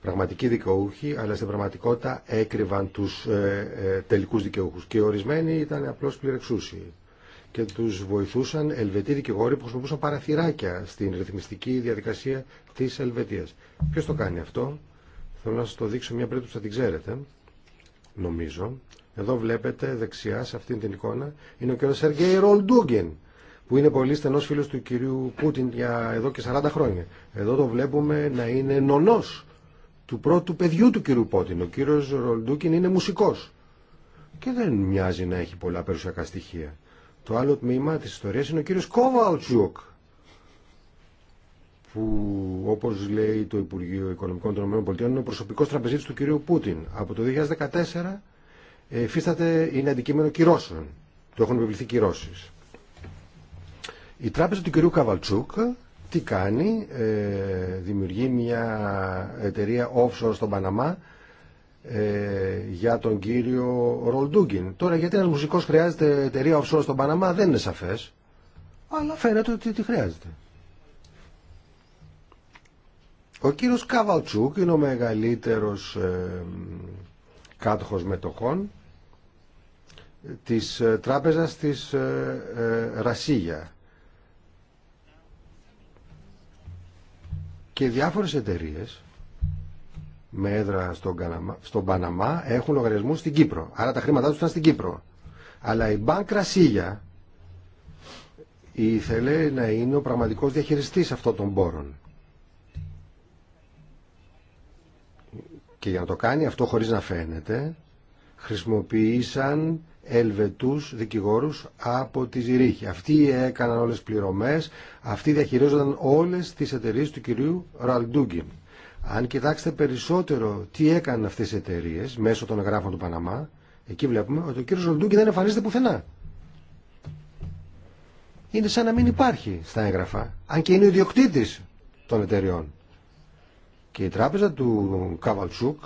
πραγματικοί δικαιούχοι, αλλά στην πραγματικότητα έκρυβαν τους ε, ε, τελικούς δικαιούχους. Και ορισμένοι ήταν απλώς πληρεξούσιοι. Και τους βοηθούσαν Ελβετοί δικηγόροι που χρησιμοποιούσαν παραθυράκια στην ρυθμιστική διαδικασία της Ελβετίας. Ποιος το κάνει αυτό? Θέλω να σας το δείξω μια περίπτωση που θα την ξέρετε. Νομίζω. Εδώ βλέπετε δεξιά σε αυτήν την εικόνα είναι ο κ. Σεργέη Ρολντούγκεν που είναι πολύ στενός φίλος του κυρίου Πούτιν για εδώ και 40 χρόνια. Εδώ το βλέπουμε να είναι νονός του πρώτου παιδιού του κυρίου Πότιν. Ο κύριο Ρολντούκιν είναι μουσικός και δεν μοιάζει να έχει πολλά περιουσιακά στοιχεία. Το άλλο τμήμα της ιστορίας είναι ο κύριος Κόβαλτσουκ που όπως λέει το Υπουργείο Οικονομικών των ΗΠΑ είναι ο προσωπικός τραπεζίτης του κυρίου Πούτιν. Από το 2014 ε, υφίσταται, είναι αντικείμενο κυρώσεων. Του έχουν επιβληθεί κυρώσει. Η τράπεζα του κυρίου Καβαλτσούκ τι κάνει, ε, δημιουργεί μια εταιρεία offshore στον Παναμά ε, για τον κύριο Ρολντούγκιν. Τώρα γιατί ένας μουσικός χρειάζεται εταιρεία offshore στον Παναμά δεν είναι σαφές, αλλά φαίνεται ότι τη χρειάζεται. Ο κύριος Καβαλτσούκ είναι ο μεγαλύτερος ε, κάτοχος μετοχών ε, της τράπεζας της ε, Ρασίγια. Και διάφορες εταιρείες με έδρα στον, στον Παναμά έχουν λογαριασμού στην Κύπρο. Άρα τα χρήματά τους ήταν στην Κύπρο. Αλλά η Μπαν Κρασίλια ήθελε να είναι ο πραγματικός διαχειριστής αυτών των πόρων. Και για να το κάνει αυτό χωρίς να φαίνεται, χρησιμοποίησαν Ελβετούς δικηγόρους από τη Ζηρίχη. Αυτοί έκαναν όλες τις πληρωμές, αυτοί διαχειρίζονταν όλες τις εταιρείες του κυρίου Ραλντούγκιν. Αν κοιτάξετε περισσότερο τι έκαναν αυτές οι εταιρείε μέσω των εγγράφων του Παναμά, εκεί βλέπουμε ότι ο κύριος Ραλντούγκιν δεν εμφανίζεται πουθενά. Είναι σαν να μην υπάρχει στα έγγραφα, αν και είναι ο ιδιοκτήτης των εταιρεών. Και η τράπεζα του Καβαλτσούκ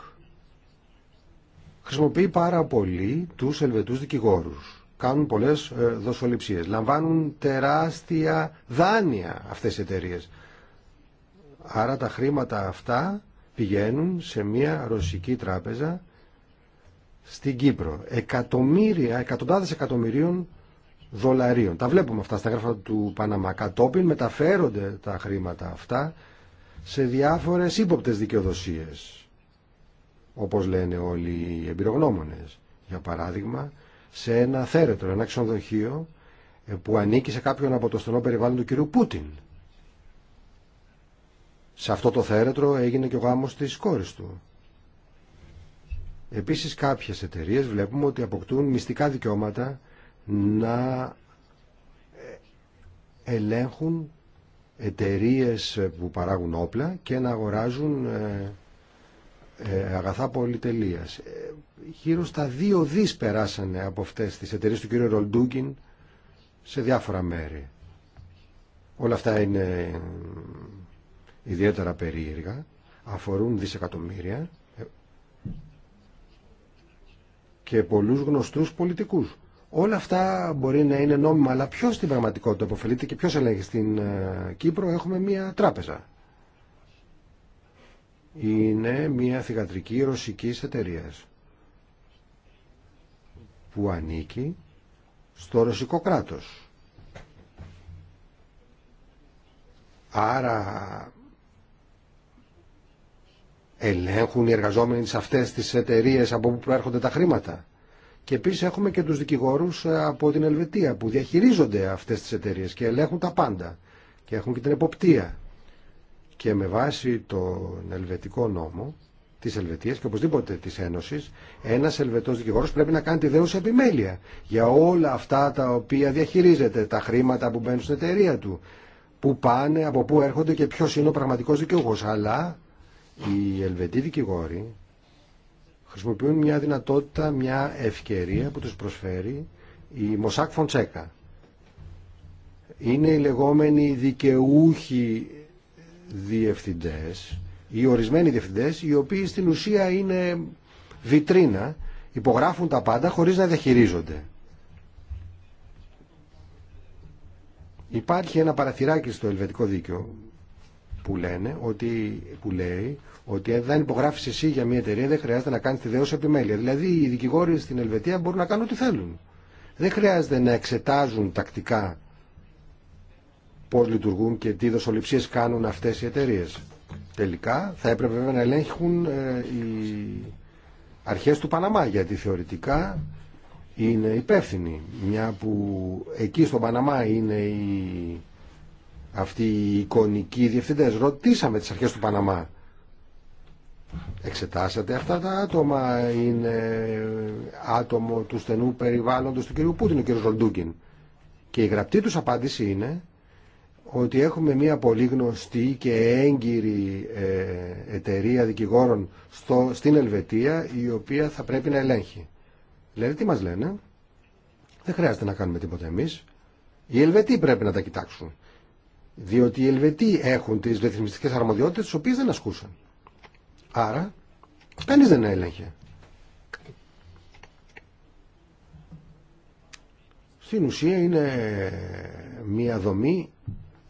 χρησιμοποιεί πάρα πολύ τους Ελβετούς δικηγόρους. Κάνουν πολλές ε, δοσοληψίες. Λαμβάνουν τεράστια δάνεια αυτές οι εταιρείε. Άρα τα χρήματα αυτά πηγαίνουν σε μια ρωσική τράπεζα στην Κύπρο. Εκατομμύρια, εκατοντάδες εκατομμυρίων δολαρίων. Τα βλέπουμε αυτά στα γράφα του Παναμά. Κατόπιν μεταφέρονται τα χρήματα αυτά σε διάφορες ύποπτες δικαιοδοσίες όπως λένε όλοι οι εμπειρογνώμονες. Για παράδειγμα, σε ένα θέρετρο, ένα ξενοδοχείο ε, που ανήκει σε κάποιον από το στενό περιβάλλον του κυρίου Πούτιν. Σε αυτό το θέρετρο έγινε και ο γάμος της κόρης του. Επίσης κάποιες εταιρείες βλέπουμε ότι αποκτούν μυστικά δικαιώματα να ε, ελέγχουν εταιρείες που παράγουν όπλα και να αγοράζουν ε, ε, αγαθά πολυτελείας. Ε, γύρω στα δύο δις περάσανε από αυτέ τι εταιρείε του κ. Ρολντούγκιν σε διάφορα μέρη. Όλα αυτά είναι ε, ιδιαίτερα περίεργα, αφορούν δισεκατομμύρια και πολλούς γνωστούς πολιτικούς. Όλα αυτά μπορεί να είναι νόμιμα, αλλά ποιο στην πραγματικότητα αποφελείται και ποιο ελέγχει. Στην Κύπρο έχουμε μία τράπεζα είναι μια θηγατρική ρωσικής εταιρείας που ανήκει στο ρωσικό κράτος. Άρα ελέγχουν οι εργαζόμενοι σε αυτές τις εταιρείες από που προέρχονται τα χρήματα. Και επίσης έχουμε και τους δικηγόρους ε, από την Ελβετία που διαχειρίζονται αυτές τις εταιρείες και ελέγχουν τα πάντα και έχουν και την εποπτεία και με βάση τον ελβετικό νόμο τη Ελβετία και οπωσδήποτε τη Ένωση, ένα Ελβετό δικηγόρο πρέπει να κάνει τη δέουσα επιμέλεια για όλα αυτά τα οποία διαχειρίζεται, τα χρήματα που μπαίνουν στην εταιρεία του, που πάνε, από πού έρχονται και ποιο είναι ο πραγματικό δικηγόρος. Αλλά οι Ελβετοί δικηγόροι χρησιμοποιούν μια δυνατότητα, μια ευκαιρία που του προσφέρει η Μοσάκ Φοντσέκα. Είναι οι λεγόμενοι δικαιούχοι διευθυντές ή ορισμένοι διευθυντές οι οποίοι στην ουσία είναι βιτρίνα, υπογράφουν τα πάντα χωρίς να διαχειρίζονται. Υπάρχει ένα παραθυράκι στο ελβετικό δίκαιο που, λένε ότι, που λέει ότι αν δεν υπογράφει εσύ για μια εταιρεία δεν χρειάζεται να κάνει τη δέωση επιμέλεια. Δηλαδή οι δικηγόροι στην Ελβετία μπορούν να κάνουν ό,τι θέλουν. Δεν χρειάζεται να εξετάζουν τακτικά πώς λειτουργούν και τι δοσοληψίες κάνουν αυτές οι εταιρείες. Τελικά θα έπρεπε βέβαια να ελέγχουν ε, οι αρχές του Παναμά γιατί θεωρητικά είναι υπεύθυνοι. Μια που εκεί στον Παναμά είναι η αυτοί οι εικονικοί διευθυντές. Ρωτήσαμε τις αρχές του Παναμά. Εξετάσατε αυτά τα άτομα. Είναι άτομο του στενού περιβάλλοντος του κ. Πούτιν, ο κ. Ροντούκιν. Και η γραπτή τους απάντηση είναι ότι έχουμε μια πολύ γνωστή και έγκυρη ε, εταιρεία δικηγόρων στο, στην Ελβετία η οποία θα πρέπει να ελέγχει. λέει τι μας λένε, δεν χρειάζεται να κάνουμε τίποτα εμείς. Οι Ελβετοί πρέπει να τα κοιτάξουν. Διότι οι Ελβετοί έχουν τις ρυθμιστικές αρμοδιότητες τις οποίες δεν ασκούσαν. Άρα κανείς δεν έλεγχε. Στην ουσία είναι μια δομή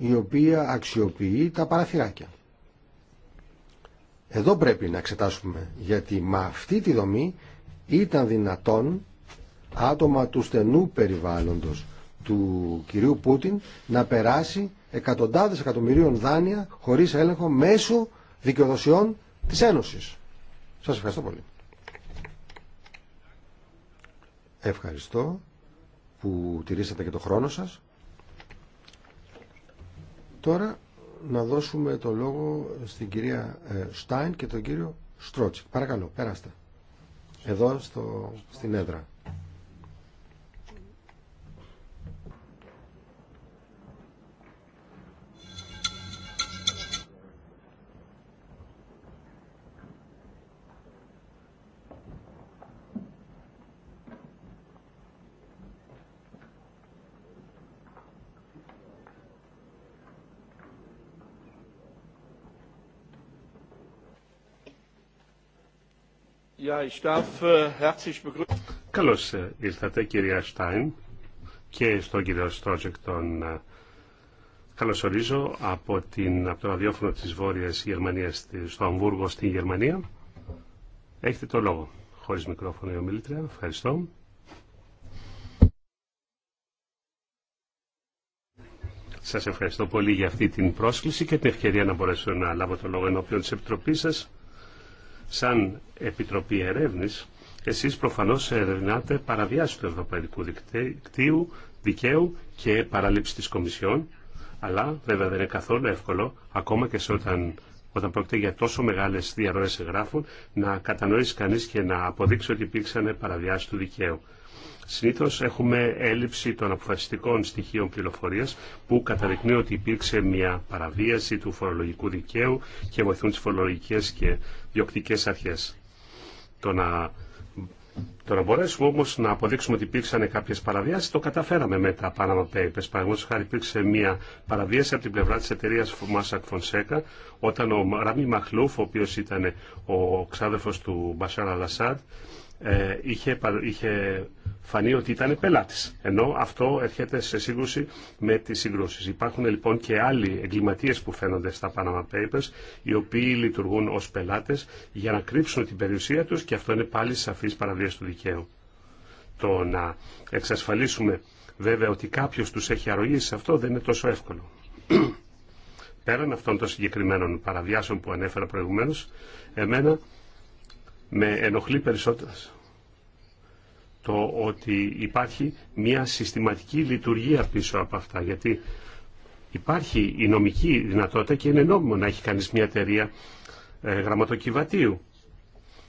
η οποία αξιοποιεί τα παραθυράκια. Εδώ πρέπει να εξετάσουμε γιατί με αυτή τη δομή ήταν δυνατόν άτομα του στενού περιβάλλοντος του κυρίου Πούτιν να περάσει εκατοντάδες εκατομμυρίων δάνεια χωρίς έλεγχο μέσω δικαιοδοσιών της Ένωσης. Σας ευχαριστώ πολύ. Ευχαριστώ που τηρήσατε και το χρόνο σας. Τώρα να δώσουμε το λόγο στην κυρία ε, Στάιν και τον κύριο Στρότσι. Παρακαλώ, πέραστε. Εδώ στο, στην έδρα. Καλώ äh, Καλώς ε, ήρθατε κυρία Στάιν και στο κύριο Στρότζεκ τον ε, καλωσορίζω από, την, από το ραδιόφωνο της Βόρειας Γερμανίας στο Αμβούργο στην Γερμανία. Έχετε το λόγο. Χωρίς μικρόφωνο η ομιλήτρια. Ευχαριστώ. Σας ευχαριστώ πολύ για αυτή την πρόσκληση και την ευκαιρία να μπορέσω να λάβω το λόγο ενώπιον της Επιτροπής σας σαν Επιτροπή Ερεύνης, εσείς προφανώς ερευνάτε παραβιάσεις του Ευρωπαϊκού Δικτύου, Δικαίου και παραλήψη της Κομισιόν, αλλά βέβαια δεν είναι καθόλου εύκολο, ακόμα και σε όταν, όταν πρόκειται για τόσο μεγάλες διαρροές εγγράφων, να κατανοήσει κανείς και να αποδείξει ότι υπήρξαν παραβιάσεις του δικαίου. Συνήθω έχουμε έλλειψη των αποφασιστικών στοιχείων πληροφορία που καταδεικνύει ότι υπήρξε μια παραβίαση του φορολογικού δικαίου και βοηθούν τι φορολογικέ και διοκτικέ αρχέ. Το να, το να μπορέσουμε όμω να αποδείξουμε ότι υπήρξαν κάποιε παραβιάσεις το καταφέραμε με τα Panama Papers. Παραδείγματο χάρη υπήρξε μια παραβίαση από την πλευρά τη εταιρεία Mossack Fonseca όταν ο Ράμι Μαχλούφ, ο οποίο ήταν ο ξάδερφος του Μπασάρα Λασάντ, ε, είχε, είχε φανεί ότι ήταν πελάτη. Ενώ αυτό έρχεται σε σύγκρουση με τι συγκρούσει. Υπάρχουν λοιπόν και άλλοι εγκληματίες που φαίνονται στα Panama Papers, οι οποίοι λειτουργούν ως πελάτες για να κρύψουν την περιουσία τους και αυτό είναι πάλι σαφής παραβίαση του δικαίου. Το να εξασφαλίσουμε βέβαια ότι κάποιος τους έχει αρρωγήσει σε αυτό δεν είναι τόσο εύκολο. Πέραν αυτών των συγκεκριμένων παραβιάσεων που ανέφερα προηγουμένω, εμένα με ενοχλεί περισσότερο το ότι υπάρχει μια συστηματική λειτουργία πίσω από αυτά. Γιατί υπάρχει η νομική δυνατότητα και είναι νόμιμο να έχει κανείς μια εταιρεία ε, γραμματοκιβατίου.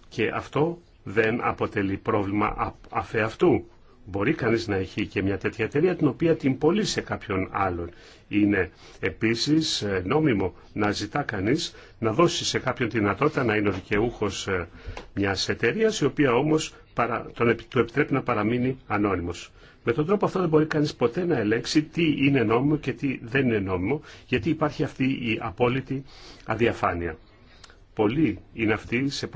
Και αυτό δεν αποτελεί πρόβλημα αφ' αυτού. Μπορεί κανείς να έχει και μια τέτοια εταιρεία την οποία την πωλεί σε κάποιον άλλον. Είναι επίσης ε, νόμιμο να ζητά κανείς να δώσει σε κάποιον τη δυνατότητα να είναι ο δικαιούχος ε, μιας εταιρείας η οποία όμως τον, του επιτρέπει να παραμείνει ανώνυμος. Με τον τρόπο αυτό δεν μπορεί κανείς ποτέ να ελέξει τι είναι νόμιμο και τι δεν είναι νόμιμο γιατί υπάρχει αυτή η απόλυτη αδιαφάνεια πολλοί είναι αυτοί σε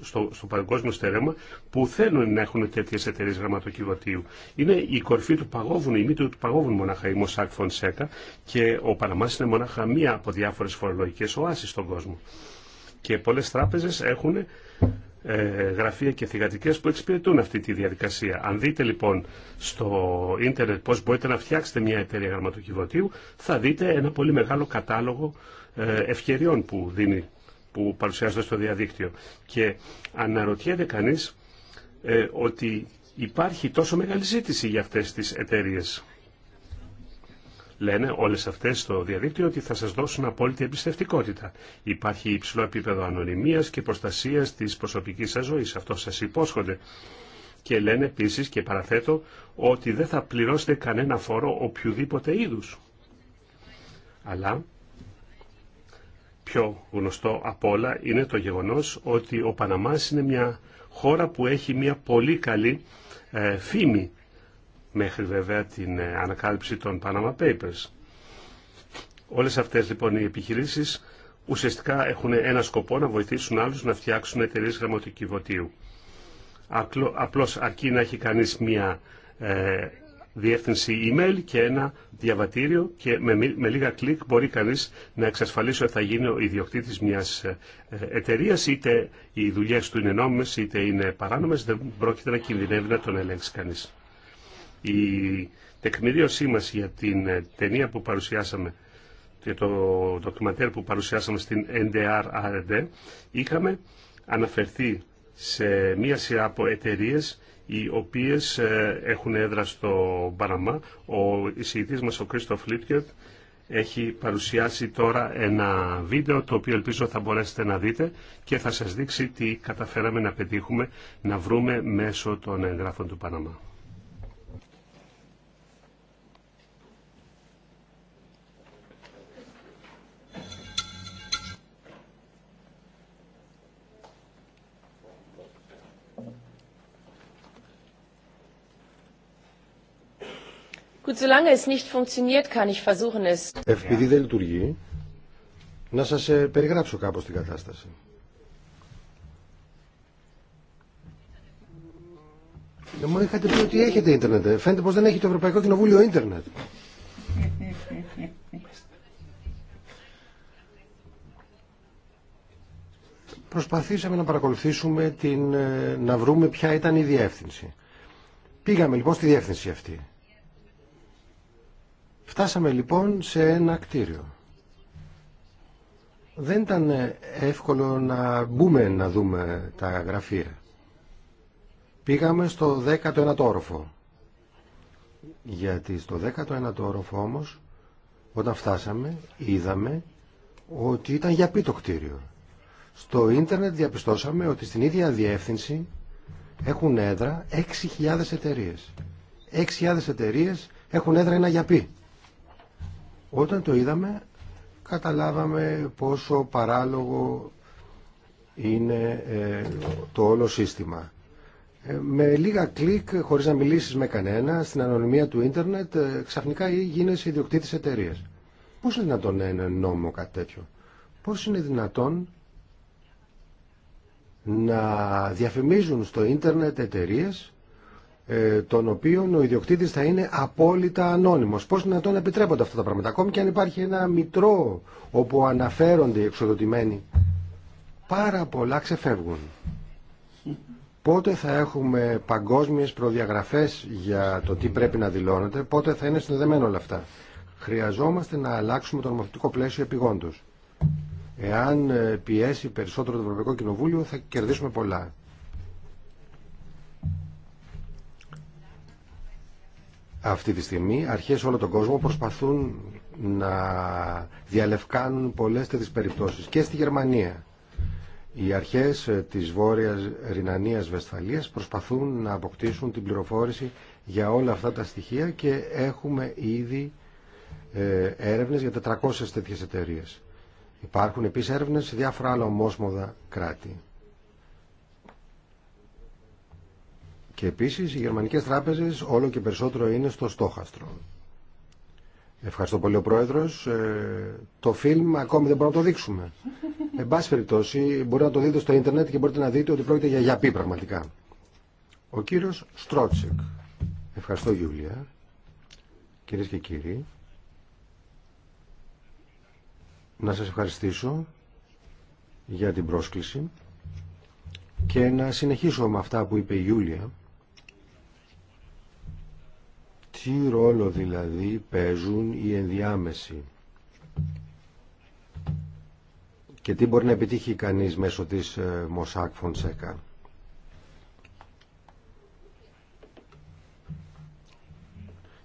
στο, στο παγκόσμιο στερέμα που θέλουν να έχουν τέτοιε εταιρείε γραμματοκιβωτίου. Είναι η κορφή του παγόβουνου, η μύτη του παγόβουνου μονάχα η Μοσάκ Φονσέκα και ο Παναμά είναι μονάχα μία από διάφορε φορολογικέ οάσει στον κόσμο. Και πολλές τράπεζες έχουν ε, γραφεία και θηγατικές που εξυπηρετούν αυτή τη διαδικασία. Αν δείτε λοιπόν στο ίντερνετ πώς μπορείτε να φτιάξετε μια απο διάφορε φορολογικέ οάσει θα δείτε πολλέ τράπεζε εχουν μεγάλο κατάλογο ε, ευκαιριών που εξυπηρετουν αυτη τη διαδικασια αν δειτε λοιπον στο ιντερνετ πώ μπορειτε να φτιαξετε μια εταιρεια γραμματοκιβωτιου θα δειτε ενα πολυ μεγαλο καταλογο ευκαιριων που δινει που παρουσιάζονται στο διαδίκτυο. Και αναρωτιέται κανείς ε, ότι υπάρχει τόσο μεγάλη ζήτηση για αυτές τις εταιρείε. Λένε όλες αυτές στο διαδίκτυο ότι θα σας δώσουν απόλυτη εμπιστευτικότητα. Υπάρχει υψηλό επίπεδο ανωνυμίας και προστασίας της προσωπικής σας ζωής. Αυτό σας υπόσχονται. Και λένε επίσης και παραθέτω ότι δεν θα πληρώσετε κανένα φόρο οποιοδήποτε είδους. Αλλά πιο γνωστό από όλα είναι το γεγονός ότι ο Παναμάς είναι μια χώρα που έχει μια πολύ καλή ε, φήμη μέχρι βέβαια την ε, ανακάλυψη των Panama Papers. Όλες αυτές λοιπόν οι επιχειρήσεις ουσιαστικά έχουν ένα σκοπό να βοηθήσουν άλλους να φτιάξουν εταιρείε γραμματοκιβωτίου. Απλώς αρκεί να έχει κανείς μια ε, διεύθυνση email και ένα διαβατήριο και με, με λίγα κλικ μπορεί κανείς να εξασφαλίσει ότι θα γίνει ο ιδιοκτήτης μιας ε, εταιρεία, είτε οι δουλειές του είναι νόμιμες είτε είναι παράνομες, δεν πρόκειται να κινδυνεύει να τον ελέγξει κανείς. Η τεκμηρίωσή μας για την ε, ταινία που παρουσιάσαμε και το ντοκιμαντέρ που παρουσιάσαμε στην NDR-RD είχαμε αναφερθεί σε μία σειρά από εταιρείες οι οποίες ε, έχουν έδρα στο Παναμά. Ο εισηγητής μας, ο Κρίστοφ Λίτκερτ, έχει παρουσιάσει τώρα ένα βίντεο το οποίο ελπίζω θα μπορέσετε να δείτε και θα σας δείξει τι καταφέραμε να πετύχουμε να βρούμε μέσω των εγγράφων του Παναμά. Gut, solange es nicht funktioniert, kann ich versuchen es. Επειδή δεν λειτουργεί, να σας ε, περιγράψω κάπως την κατάσταση. Ε, μου είχατε πει ότι έχετε ίντερνετ. Ε. Φαίνεται πως δεν έχει το Ευρωπαϊκό Κοινοβούλιο ίντερνετ. Προσπαθήσαμε να παρακολουθήσουμε την, να βρούμε ποια ήταν η διεύθυνση. Πήγαμε λοιπόν στη διεύθυνση αυτή. Φτάσαμε λοιπόν σε ένα κτίριο. Δεν ήταν εύκολο να μπούμε να δούμε τα γραφεία. Πήγαμε στο 19ο όροφο. Γιατί στο 19ο όροφο όμως, όταν φτάσαμε, είδαμε ότι ήταν για πει το κτίριο. Στο ίντερνετ διαπιστώσαμε ότι στην ίδια διεύθυνση έχουν έδρα 6.000 εταιρείε. 6.000 εταιρείε έχουν έδρα ένα για γιαπί. Όταν το είδαμε καταλάβαμε πόσο παράλογο είναι ε, το όλο σύστημα. Ε, με λίγα κλικ, χωρίς να μιλήσεις με κανένα, στην ανωνυμία του ίντερνετ, ε, ξαφνικά γίνεσαι ιδιοκτήτης εταιρεία. Πώς είναι δυνατόν να είναι νόμο κάτι τέτοιο. Πώς είναι δυνατόν να διαφημίζουν στο ίντερνετ εταιρείε ε, των οποίων ο ιδιοκτήτη θα είναι απόλυτα ανώνυμο. Πώ δυνατόν επιτρέπονται αυτά τα πράγματα. Ακόμη και αν υπάρχει ένα μητρό όπου αναφέρονται οι εξοδοτημένοι, πάρα πολλά ξεφεύγουν. Πότε θα έχουμε παγκόσμιε προδιαγραφέ για το τι πρέπει να δηλώνεται, πότε θα είναι συνδεδεμένα όλα αυτά. Χρειαζόμαστε να αλλάξουμε το νομοθετικό πλαίσιο επιγόντω. Εάν ε, πιέσει περισσότερο το Ευρωπαϊκό Κοινοβούλιο θα κερδίσουμε πολλά. Αυτή τη στιγμή αρχές όλο τον κόσμο προσπαθούν να διαλευκάνουν πολλές τέτοιες περιπτώσεις και στη Γερμανία. Οι αρχές ε, της Βόρειας Ρινανίας Βεσφαλίας προσπαθούν να αποκτήσουν την πληροφόρηση για όλα αυτά τα στοιχεία και έχουμε ήδη ε, έρευνες για 400 τέτοιες εταιρείες. Υπάρχουν επίσης έρευνες σε διάφορα άλλα ομόσμοδα κράτη. Και επίσης οι γερμανικές τράπεζες όλο και περισσότερο είναι στο στόχαστρο. Ευχαριστώ πολύ ο Πρόεδρος. Ε, το φιλμ ακόμη δεν μπορούμε να το δείξουμε. Εν πάση περιπτώσει μπορείτε να το δείτε στο ίντερνετ και μπορείτε να δείτε ότι πρόκειται για γιαπή πραγματικά. Ο κύριος Στρότσικ. Ευχαριστώ Γιούλια. Κυρίες και κύριοι. Να σας ευχαριστήσω για την πρόσκληση και να συνεχίσω με αυτά που είπε η Γιούλια τι ρόλο δηλαδή παίζουν οι ενδιάμεσοι και τι μπορεί να επιτύχει κανείς μέσω της ε, Μοσάκ Φονσέκα.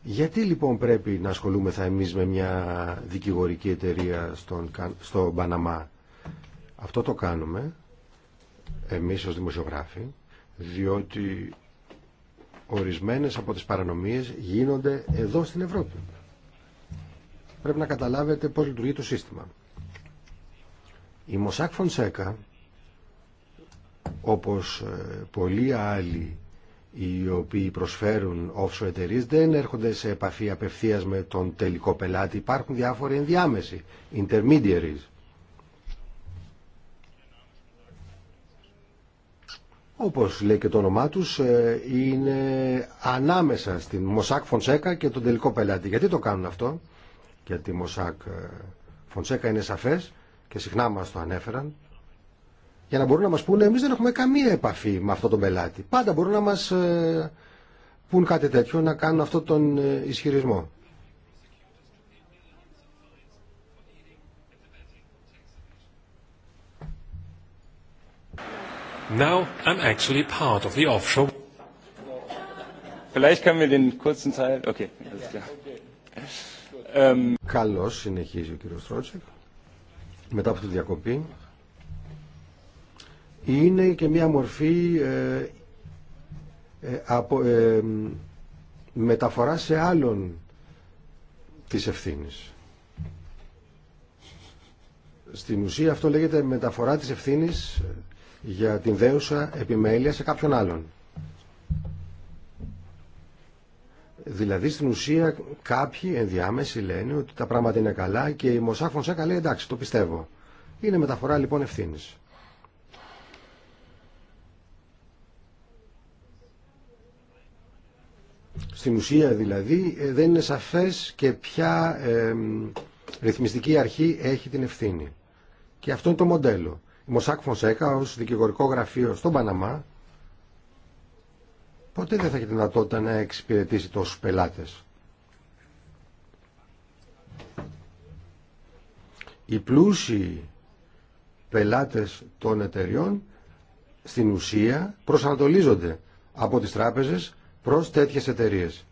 Γιατί λοιπόν πρέπει να ασχολούμεθα εμείς με μια δικηγορική εταιρεία στον, στο Παναμά. Αυτό το κάνουμε εμείς ως δημοσιογράφοι, διότι Ορισμένες από τις παρανομίες γίνονται εδώ στην Ευρώπη. Πρέπει να καταλάβετε πώς λειτουργεί το σύστημα. Η Μοσάκ Φονσέκα, όπως ε, πολλοί άλλοι οι οποίοι προσφέρουν offshore εταιρείε δεν έρχονται σε επαφή απευθείας με τον τελικό πελάτη. Υπάρχουν διάφοροι ενδιάμεσοι, intermediaries. όπως λέει και το όνομά τους, ε, είναι ανάμεσα στην Μοσάκ Φονσέκα και τον τελικό πελάτη. Γιατί το κάνουν αυτό, γιατί η Μοσάκ ε, Φονσέκα είναι σαφές και συχνά μας το ανέφεραν, για να μπορούν να μας πούνε εμείς δεν έχουμε καμία επαφή με αυτόν τον πελάτη. Πάντα μπορούν να μας ε, πούν κάτι τέτοιο, να κάνουν αυτόν τον ισχυρισμό. Now Καλώς συνεχίζει ο κύριος Στρότσεκ μετά από τη διακοπή είναι και μια μορφή ε, ε, από, ε, μεταφορά σε άλλον της ευθύνης. Στην ουσία αυτό λέγεται μεταφορά της ευθύνης για την δέουσα επιμέλεια σε κάποιον άλλον. Δηλαδή στην ουσία κάποιοι ενδιάμεση λένε ότι τα πράγματα είναι καλά και η Μωσά Φωνσέκα λέει εντάξει το πιστεύω. Είναι μεταφορά λοιπόν ευθύνη. Στην ουσία δηλαδή ε, δεν είναι σαφές και ποια ε, ρυθμιστική αρχή έχει την ευθύνη. Και αυτό είναι το μοντέλο. Μοσάκ Φονσέκα ως δικηγορικό γραφείο στον Παναμά ποτέ δεν θα έχει δυνατότητα να εξυπηρετήσει τόσους πελάτες. Οι πλούσιοι πελάτες των εταιριών στην ουσία προσανατολίζονται από τις τράπεζες προς τέτοιες εταιρείες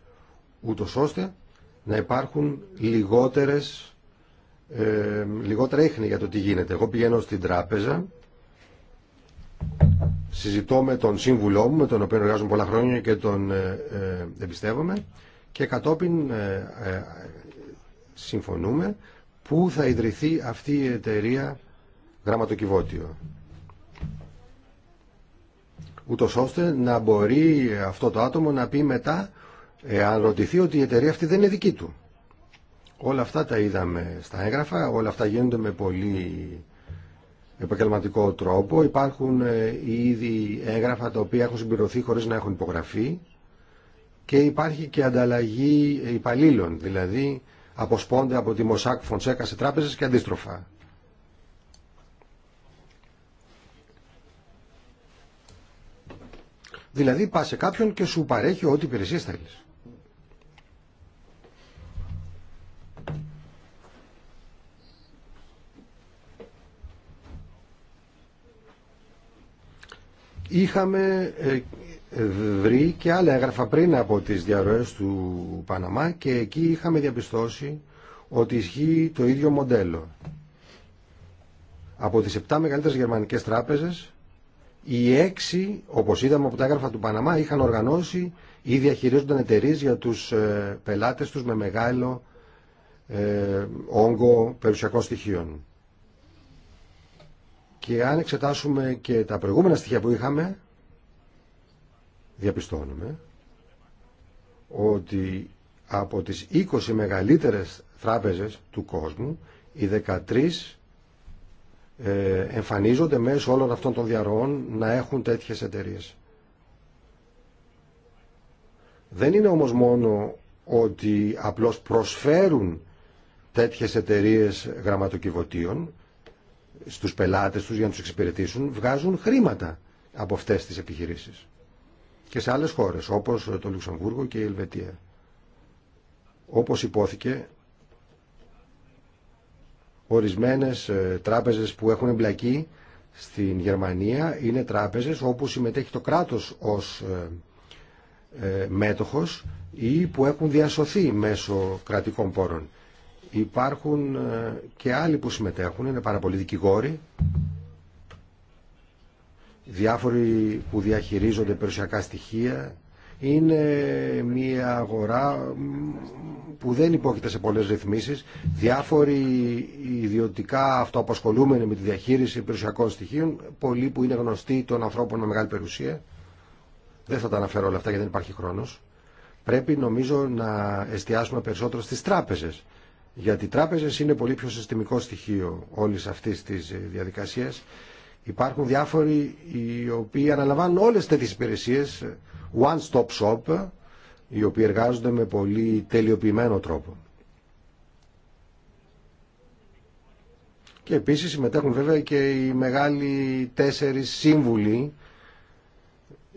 ούτως ώστε να υπάρχουν λιγότερες ε, λιγότερα ίχνη για το τι γίνεται. Εγώ πηγαίνω στην τράπεζα, συζητώ με τον σύμβουλό μου, με τον οποίο εργάζομαι πολλά χρόνια και τον ε, ε, εμπιστεύομαι και κατόπιν ε, συμφωνούμε πού θα ιδρυθεί αυτή η εταιρεία γραμματοκιβώτιο ούτω ώστε να μπορεί αυτό το άτομο να πει μετά, εάν ρωτηθεί, ότι η εταιρεία αυτή δεν είναι δική του. Όλα αυτά τα είδαμε στα έγγραφα, όλα αυτά γίνονται με πολύ επαγγελματικό τρόπο. Υπάρχουν ε, ήδη έγγραφα τα οποία έχουν συμπληρωθεί χωρίς να έχουν υπογραφεί και υπάρχει και ανταλλαγή υπαλλήλων, δηλαδή αποσπώνται από τη Μοσάκ Φονσέκα σε τράπεζες και αντίστροφα. Δηλαδή πα σε κάποιον και σου παρέχει ό,τι υπηρεσίες θέλεις. Είχαμε ε, βρει και άλλα έγγραφα πριν από τις διαρροές του Παναμά και εκεί είχαμε διαπιστώσει ότι ισχύει το ίδιο μοντέλο. Από τις 7 μεγαλύτερες γερμανικές τράπεζες, οι 6, όπως είδαμε από τα έγγραφα του Παναμά, είχαν οργανώσει ή διαχειρίζονταν εταιρείε για τους ε, πελάτες τους με μεγάλο ε, όγκο περιουσιακών στοιχείων. Και αν εξετάσουμε και τα προηγούμενα στοιχεία που είχαμε, διαπιστώνουμε ότι από τις 20 μεγαλύτερες θράπεζες του κόσμου, οι 13 ε, εμφανίζονται μέσω όλων αυτών των διαρροών να έχουν τέτοιες εταιρείες. Δεν είναι όμως μόνο ότι απλώς προσφέρουν τέτοιες εταιρείες γραμματοκιβωτίων, στους πελάτες τους για να τους εξυπηρετήσουν βγάζουν χρήματα από αυτές τις επιχειρήσεις και σε άλλες χώρες όπως το Λουξεμβούργο και η Ελβετία όπως υπόθηκε ορισμένες ε, τράπεζες που έχουν εμπλακεί στην Γερμανία είναι τράπεζες όπου συμμετέχει το κράτος ως ε, ε, μέτοχος ή που έχουν διασωθεί μέσω κρατικών πόρων. Υπάρχουν ε, και άλλοι που συμμετέχουν, είναι πάρα πολλοί δικηγόροι, διάφοροι που διαχειρίζονται περιουσιακά στοιχεία. Είναι μια αγορά που δεν υπόκειται σε πολλές ρυθμίσεις. Διάφοροι ιδιωτικά αυτοαπασχολούμενοι με τη διαχείριση περιουσιακών στοιχείων, πολλοί που είναι γνωστοί των ανθρώπων με μεγάλη περιουσία. Δεν θα τα αναφέρω όλα αυτά γιατί δεν υπάρχει χρόνος. Πρέπει νομίζω να εστιάσουμε περισσότερο στις τράπεζες γιατί οι τράπεζες είναι πολύ πιο συστημικό στοιχείο όλη αυτή τη ε, διαδικασία. Υπάρχουν διάφοροι οι οποίοι αναλαμβάνουν όλες υπηρεσίε υπηρεσίες, ε, one-stop shop, οι οποίοι εργάζονται με πολύ τελειοποιημένο τρόπο. Και επίσης συμμετέχουν βέβαια και οι μεγάλοι τέσσερις σύμβουλοι,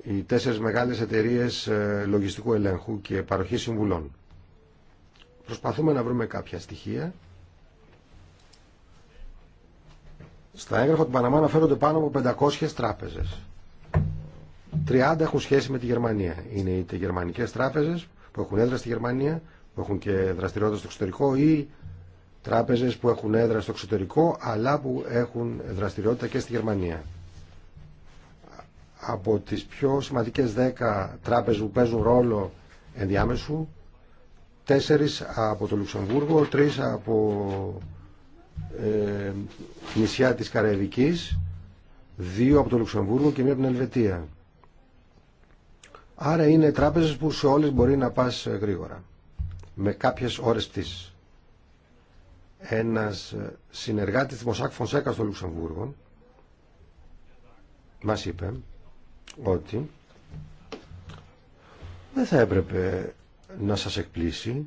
οι τέσσερις μεγάλες εταιρείες ε, λογιστικού ελέγχου και παροχής συμβουλών. Προσπαθούμε να βρούμε κάποια στοιχεία. Στα έγγραφα του Παναμά αναφέρονται πάνω από 500 τράπεζες. 30 έχουν σχέση με τη Γερμανία. Είναι είτε γερμανικές τράπεζες που έχουν έδρα στη Γερμανία, που έχουν και δραστηριότητα στο εξωτερικό ή τράπεζες που έχουν έδρα στο εξωτερικό αλλά που έχουν δραστηριότητα και στη Γερμανία. Από τις πιο σημαντικές 10 τράπεζες που παίζουν ρόλο ενδιάμεσου τέσσερις από το Λουξεμβούργο, τρεις από ε, νησιά της Καραϊβικής, δύο από το Λουξεμβούργο και μία από την Ελβετία. Άρα είναι τράπεζες που σε όλες μπορεί να πας ε, γρήγορα, με κάποιες ώρες της. Ένας ε, συνεργάτης της Μοσάκ Φονσέκα στο Λουξεμβούργο μας είπε ότι δεν θα έπρεπε να σας εκπλήσει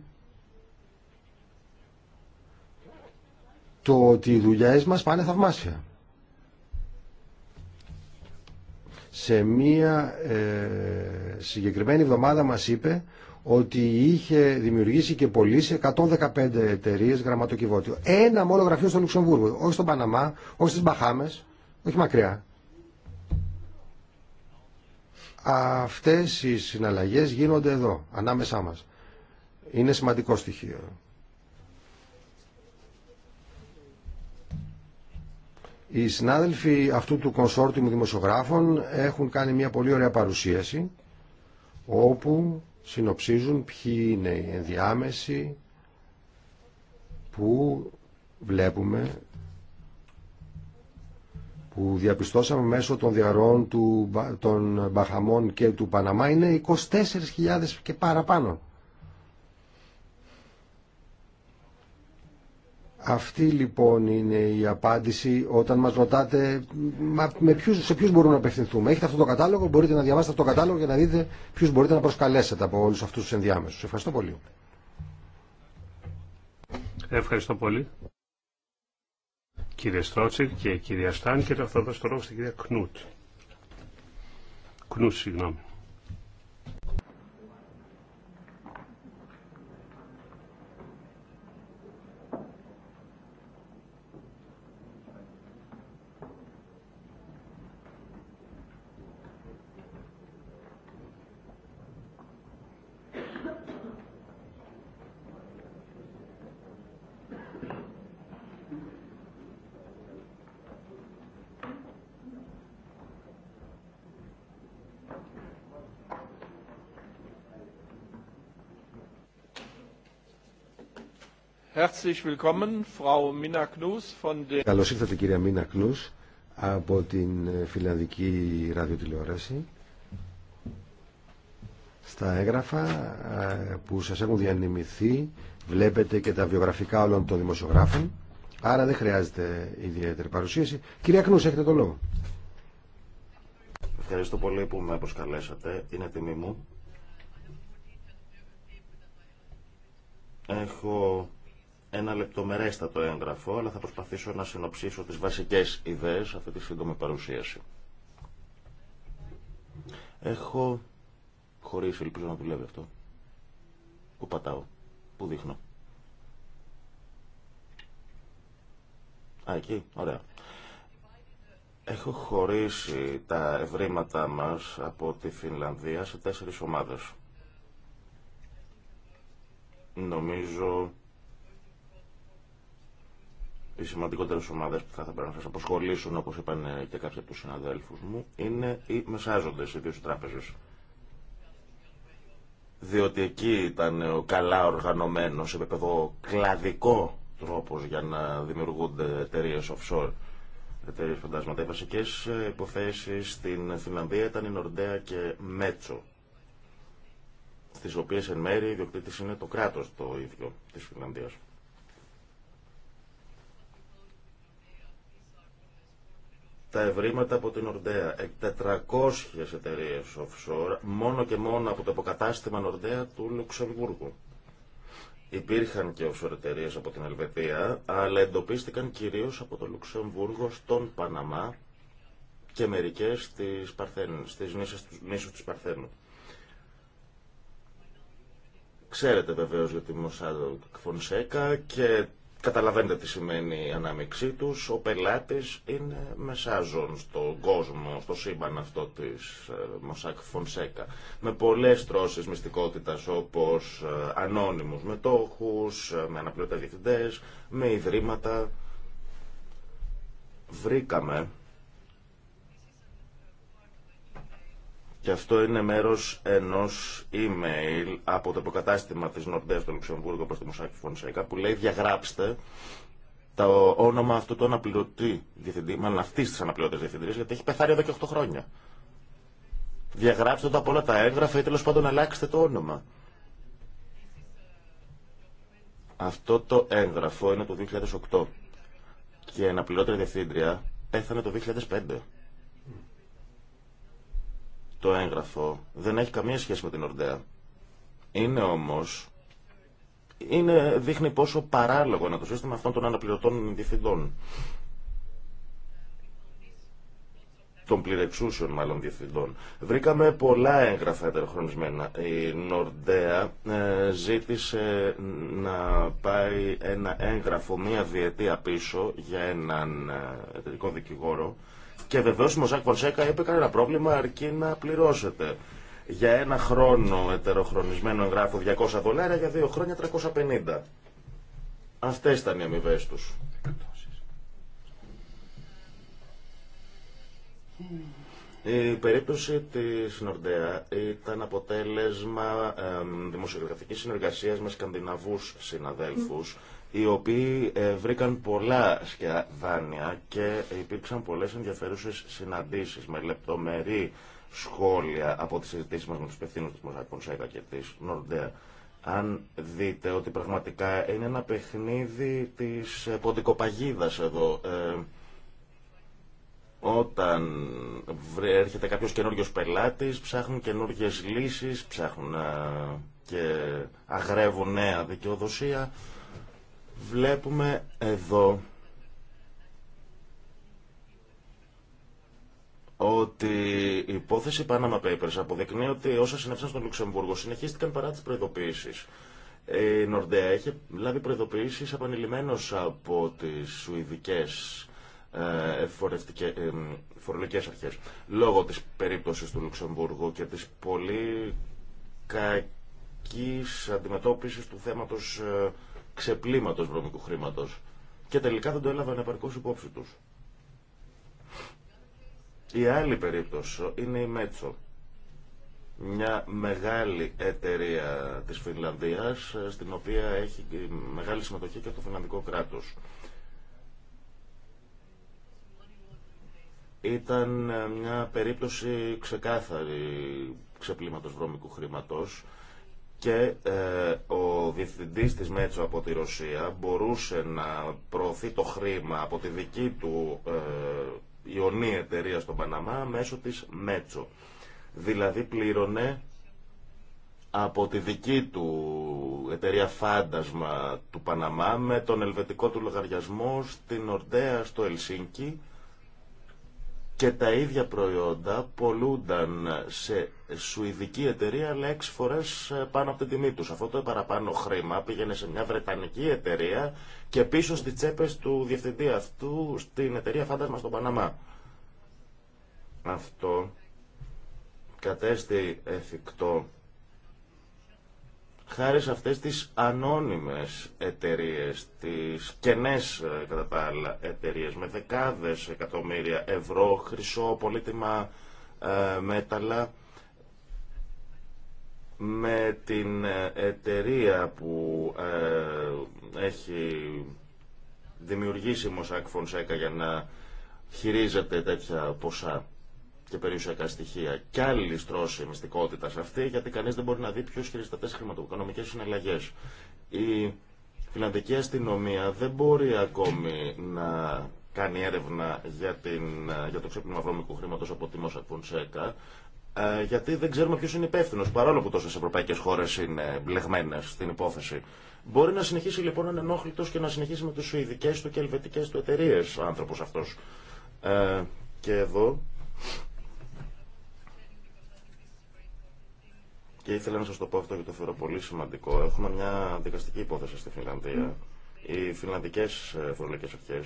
το ότι οι δουλειές μας πάνε θαυμάσια. Σε μία ε, συγκεκριμένη εβδομάδα μας είπε ότι είχε δημιουργήσει και πωλήσει 115 εταιρείε γραμματοκιβώτιο. Ένα μόνο γραφείο στο Λουξεμβούργο, όχι στον Παναμά, όχι στις Μπαχάμες, όχι μακριά. Αυτές οι συναλλαγές γίνονται εδώ, ανάμεσά μας. Είναι σημαντικό στοιχείο. Οι συνάδελφοι αυτού του μου δημοσιογράφων έχουν κάνει μια πολύ ωραία παρουσίαση όπου συνοψίζουν ποιοι είναι οι ενδιάμεσοι που βλέπουμε που διαπιστώσαμε μέσω των διαρροών του, των Μπαχαμών και του Παναμά είναι 24.000 και παραπάνω. Αυτή λοιπόν είναι η απάντηση όταν μας ρωτάτε με ποιους, σε ποιους μπορούμε να απευθυνθούμε. Έχετε αυτό το κατάλογο, μπορείτε να διαβάσετε αυτό το κατάλογο για να δείτε ποιους μπορείτε να προσκαλέσετε από όλους αυτούς τους ενδιάμεσους. Ευχαριστώ πολύ. Ευχαριστώ πολύ κύριε Στρότσερ και κυρία Στάν και θα δώσω το λόγο στην κυρία Κνούτ. Κνούτ, συγγνώμη. Καλώ ήρθατε κυρία Μίνα Κνού, από την ε, Φιλανδική Ραδιοτηλεόραση. Στα έγγραφα ε, που σας έχουν διανυμηθεί βλέπετε και τα βιογραφικά όλων των δημοσιογράφων, άρα δεν χρειάζεται ιδιαίτερη παρουσίαση. Κυρία Κνούς, έχετε το λόγο. Ευχαριστώ πολύ που με προσκαλέσατε. Είναι τιμή μου. Έχω ένα λεπτομερέστατο έγγραφο, αλλά θα προσπαθήσω να συνοψίσω τις βασικές ιδέες αυτή τη σύντομη παρουσίαση. Έχω χωρίς, ελπίζω να δουλεύει αυτό. Πού πατάω, πού δείχνω. Α, εκεί, ωραία. Έχω χωρίσει τα ευρήματά μας από τη Φινλανδία σε τέσσερις ομάδες. Νομίζω οι σημαντικότερε ομάδε που θα, θα πρέπει να σα αποσχολήσουν, όπω είπαν και κάποιοι από του συναδέλφου μου, είναι οι μεσάζοντε, οι δύο τράπεζε. Διότι εκεί ήταν ο καλά οργανωμένο σε επίπεδο κλαδικό τρόπο για να δημιουργούνται εταιρείε offshore, εταιρείε φαντάσματα. Οι βασικέ υποθέσει στην Φιλανδία ήταν η Νορντέα και Μέτσο στις οποίες εν μέρει η ιδιοκτήτης είναι το κράτος το ίδιο της Φιλανδίας. τα ευρήματα από την Ορντέα. 400 εταιρείε offshore, μόνο και μόνο από το αποκατάστημα Ορντέα του Λουξεμβούργου. Υπήρχαν και offshore εταιρείε από την Ελβετία, αλλά εντοπίστηκαν κυρίω από το Λουξεμβούργο στον Παναμά και μερικέ στι νήσου τη Παρθένου. Ξέρετε βεβαίω για τη Μοσάδο Φονσέκα και Καταλαβαίνετε τι σημαίνει η ανάμειξή του, Ο πελάτης είναι μεσάζων στον κόσμο, στο σύμπαν αυτό της ε, Μοσάκ Φονσέκα. Με πολλές τρώσει μυστικότητα, όπως ε, ανώνυμους μετόχους, ε, με αναπληρωτέ διευθυντέ, με ιδρύματα. Βρήκαμε Και αυτό είναι μέρο ενό email από το υποκατάστημα τη Νορδέας στο Λουξεμβούργο προ τη Μουσάκη Φωνσέκα που λέει διαγράψτε το όνομα αυτού του αναπληρωτή διευθυντή, μάλλον αυτή τη αναπληρωτή διευθυντή, γιατί έχει πεθάρει εδώ και 8 χρόνια. Διαγράψτε το από όλα τα έγγραφα ή τέλο πάντων αλλάξτε το όνομα. Αυτό το έγγραφο είναι το 2008 και η αναπληρώτρια διευθύντρια πέθανε το 2005. Το έγγραφο δεν έχει καμία σχέση με την Ορντέα. Είναι όμως, είναι, δείχνει πόσο παράλογο είναι το σύστημα αυτών των αναπληρωτών διευθυντών. των πληρεξούσεων μάλλον διευθυντών. Βρήκαμε πολλά έγγραφα ετεροχρονισμένα. Η Νορντέα ε, ζήτησε να πάει ένα έγγραφο μία διετία πίσω για έναν ε, εταιρικό δικηγόρο και βεβαίω ο Ζακ Φονσέκα είπε κανένα πρόβλημα αρκεί να πληρώσετε. Για ένα χρόνο ετεροχρονισμένο εγγράφο 200 δολάρια, για δύο χρόνια 350. Αυτέ ήταν οι αμοιβέ τους. Η περίπτωση τη Νορντέα ήταν αποτέλεσμα ε, δημοσιογραφικής συνεργασίας με σκανδιναβούς συναδέλφους οι οποίοι ε, βρήκαν πολλά σκιαδάνια και υπήρξαν πολλές ενδιαφέρουσες συναντήσεις με λεπτομερή σχόλια από τις συζητήσει μας με τους υπευθύνους της Μοζακονσέκα και της Νορντέα. Αν δείτε ότι πραγματικά είναι ένα παιχνίδι της ε, ποντικοπαγίδας εδώ. Ε, όταν έρχεται κάποιος καινούριο πελάτης, ψάχνουν καινούριε λύσεις, ψάχνουν ε, και αγρεύουν νέα δικαιοδοσία. Βλέπουμε εδώ ότι η υπόθεση Panama Papers αποδεικνύει ότι όσα συνέβησαν στο Λουξεμβούργο συνεχίστηκαν παρά τις προειδοποίησεις. Η Νορντέα είχε λάβει προειδοποίησεις επανειλημμένως από τις σουηδικές ε, ε, φορολογικές αρχές λόγω της περίπτωσης του Λουξεμβούργου και της πολύ κακής αντιμετώπισης του θέματος ε, ξεπλήματος βρωμικού χρήματος και τελικά δεν το έλαβαν επαρκώς υπόψη τους. Η άλλη περίπτωση είναι η Μέτσο, μια μεγάλη εταιρεία της Φινλανδίας, στην οποία έχει μεγάλη συμμετοχή και το Φινλανδικό κράτος. Ήταν μια περίπτωση ξεκάθαρη ξεπλήματος βρώμικου χρήματος, και ε, ο διευθυντής της Μέτσο από τη Ρωσία μπορούσε να προωθεί το χρήμα από τη δική του ε, ιονή εταιρεία στον Παναμά μέσω της Μέτσο. Δηλαδή πλήρωνε από τη δική του εταιρεία φάντασμα του Παναμά με τον ελβετικό του λογαριασμό στην Ορντέα στο Ελσίνκι και τα ίδια προϊόντα πολλούνταν σε σουηδική εταιρεία, αλλά έξι φορέ ε, πάνω από την τιμή του. Αυτό το παραπάνω χρήμα πήγαινε σε μια βρετανική εταιρεία και πίσω στι τσέπε του διευθυντή αυτού στην εταιρεία Φάντασμα στον Παναμά. Αυτό κατέστη εφικτό χάρη σε αυτές τις ανώνυμες εταιρείες, τις κενές ε, κατά τα άλλα εταιρείες, με δεκάδες εκατομμύρια ευρώ, χρυσό, πολύτιμα ε, μέταλλα, με την εταιρεία που ε, έχει δημιουργήσει Mossack Fonseca για να χειρίζεται τέτοια ποσά και περιουσιακά στοιχεία. Κι άλλη στρώση μυστικότητα αυτή, γιατί κανεί δεν μπορεί να δει ποιο χειριστατέ χρηματοοικονομικέ συναλλαγέ. Η φιλανδική αστυνομία δεν μπορεί ακόμη να κάνει έρευνα για, την, ε, για το ξέπλυμα βρώμικου χρήματο από τη Μόσα Φονσέκα, ε, γιατί δεν ξέρουμε ποιο είναι υπεύθυνο, παρόλο που τόσε ευρωπαϊκέ χώρε είναι μπλεγμένε στην υπόθεση. Μπορεί να συνεχίσει λοιπόν ανενόχλητο και να συνεχίσει με τι σουηδικέ του και ελβετικέ του εταιρείε ο άνθρωπο αυτό. Ε, και εδώ. Και ήθελα να σα το πω αυτό γιατί το θεωρώ πολύ σημαντικό. Έχουμε μια δικαστική υπόθεση στη Φιλανδία. Οι φιλανδικέ ε, φορολογικέ αρχέ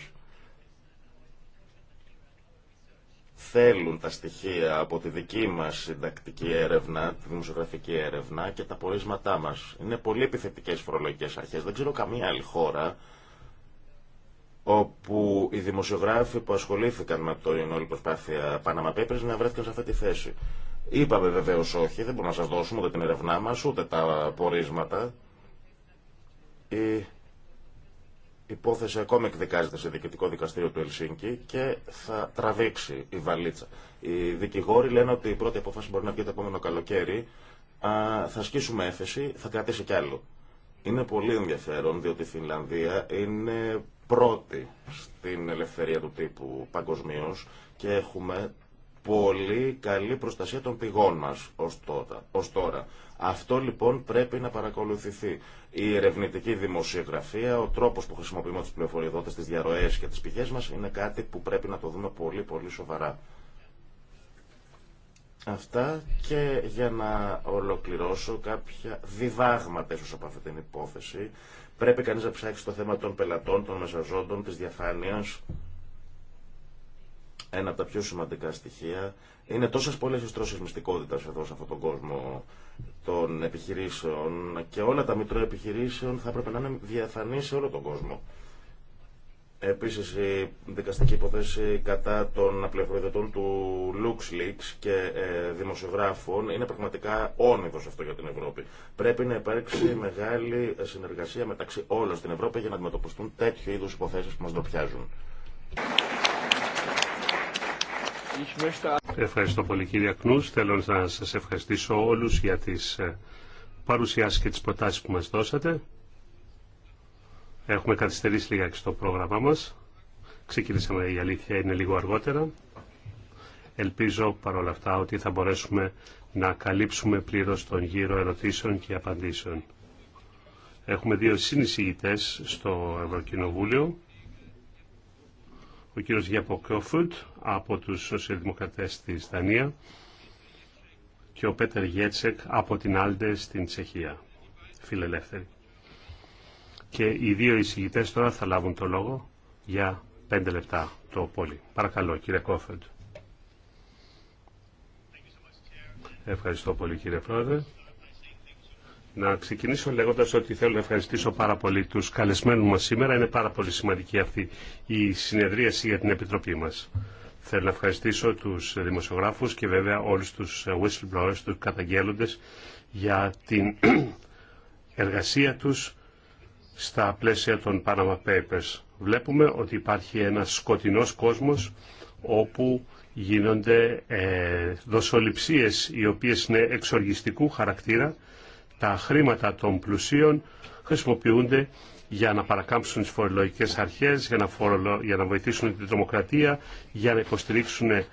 θέλουν τα στοιχεία από τη δική μας συντακτική έρευνα, τη δημοσιογραφική έρευνα και τα πορίσματά μας. Είναι πολύ επιθετικές φορολογικές αρχές. Δεν ξέρω καμία άλλη χώρα όπου οι δημοσιογράφοι που ασχολήθηκαν με το όλη προσπάθεια Panama Papers να βρέθηκαν σε αυτή τη θέση. Είπαμε βεβαίω όχι, δεν μπορούμε να σας δώσουμε ούτε την ερευνά μας, ούτε τα πορίσματα υπόθεση ακόμα εκδικάζεται σε διοικητικό δικαστήριο του Ελσίνκη και θα τραβήξει η βαλίτσα. Οι δικηγόροι λένε ότι η πρώτη απόφαση μπορεί να βγει το επόμενο καλοκαίρι. Α, θα σκίσουμε έφεση, θα κρατήσει κι άλλο. Είναι πολύ ενδιαφέρον διότι η Φινλανδία είναι πρώτη στην ελευθερία του τύπου παγκοσμίω και έχουμε πολύ καλή προστασία των πηγών μας ως τώρα. Αυτό λοιπόν πρέπει να παρακολουθηθεί. Η ερευνητική δημοσιογραφία, ο τρόπος που χρησιμοποιούμε του πληροφοριοδότες, τις διαρροές και τις πηγές μας είναι κάτι που πρέπει να το δούμε πολύ πολύ σοβαρά. Αυτά και για να ολοκληρώσω κάποια διδάγματα ίσως από αυτή την υπόθεση. Πρέπει κανείς να ψάξει το θέμα των πελατών, των μεσαζόντων, της διαφάνειας ένα από τα πιο σημαντικά στοιχεία. Είναι τόσε πολλέ οι στρώσει μυστικότητα εδώ σε αυτόν τον κόσμο των επιχειρήσεων και όλα τα μητρώα επιχειρήσεων θα έπρεπε να είναι διαφανή σε όλο τον κόσμο. Επίση, η δικαστική υπόθεση κατά των απλευροειδετών του LuxLeaks και ε, δημοσιογράφων είναι πραγματικά όνειρο αυτό για την Ευρώπη. Πρέπει να υπάρξει μεγάλη συνεργασία μεταξύ όλων στην Ευρώπη για να αντιμετωπιστούν τέτοιου είδου υποθέσει που μα ντροπιάζουν. Ευχαριστώ πολύ κύριε Κνούς. Θέλω να σας ευχαριστήσω όλους για τις ε, παρουσιάσεις και τις προτάσεις που μας δώσατε. Έχουμε καθυστερήσει και στο πρόγραμμά μας. Ξεκινήσαμε η αλήθεια είναι λίγο αργότερα. Ελπίζω παρόλα αυτά ότι θα μπορέσουμε να καλύψουμε πλήρως τον γύρο ερωτήσεων και απαντήσεων. Έχουμε δύο συνεισηγητές στο Ευρωκοινοβούλιο ο κύριος Γιάπο Κόφουτ από τους σοσιαλδημοκρατές της Δανία και ο Πέτερ Γέτσεκ από την Άλντε στην Τσεχία, φιλελεύθερη. Και οι δύο εισηγητές τώρα θα λάβουν το λόγο για πέντε λεπτά το πολύ. Παρακαλώ κύριε Κόφουτ. Ευχαριστώ πολύ κύριε Πρόεδρε. Να ξεκινήσω λέγοντας ότι θέλω να ευχαριστήσω πάρα πολύ τους καλεσμένους μας σήμερα. Είναι πάρα πολύ σημαντική αυτή η συνεδρίαση για την Επιτροπή μας. Θέλω να ευχαριστήσω τους δημοσιογράφους και βέβαια όλους τους whistleblowers, τους καταγγέλλοντες για την εργασία τους στα πλαίσια των Panama Papers. Βλέπουμε ότι υπάρχει ένα σκοτεινός κόσμος όπου γίνονται ε, δοσοληψίες οι οποίες είναι εξοργιστικού χαρακτήρα τα χρήματα των πλουσίων χρησιμοποιούνται για να παρακάμψουν τις φορολογικές αρχές, για να, για να βοηθήσουν την τρομοκρατία, για να υποστηρίξουν ε,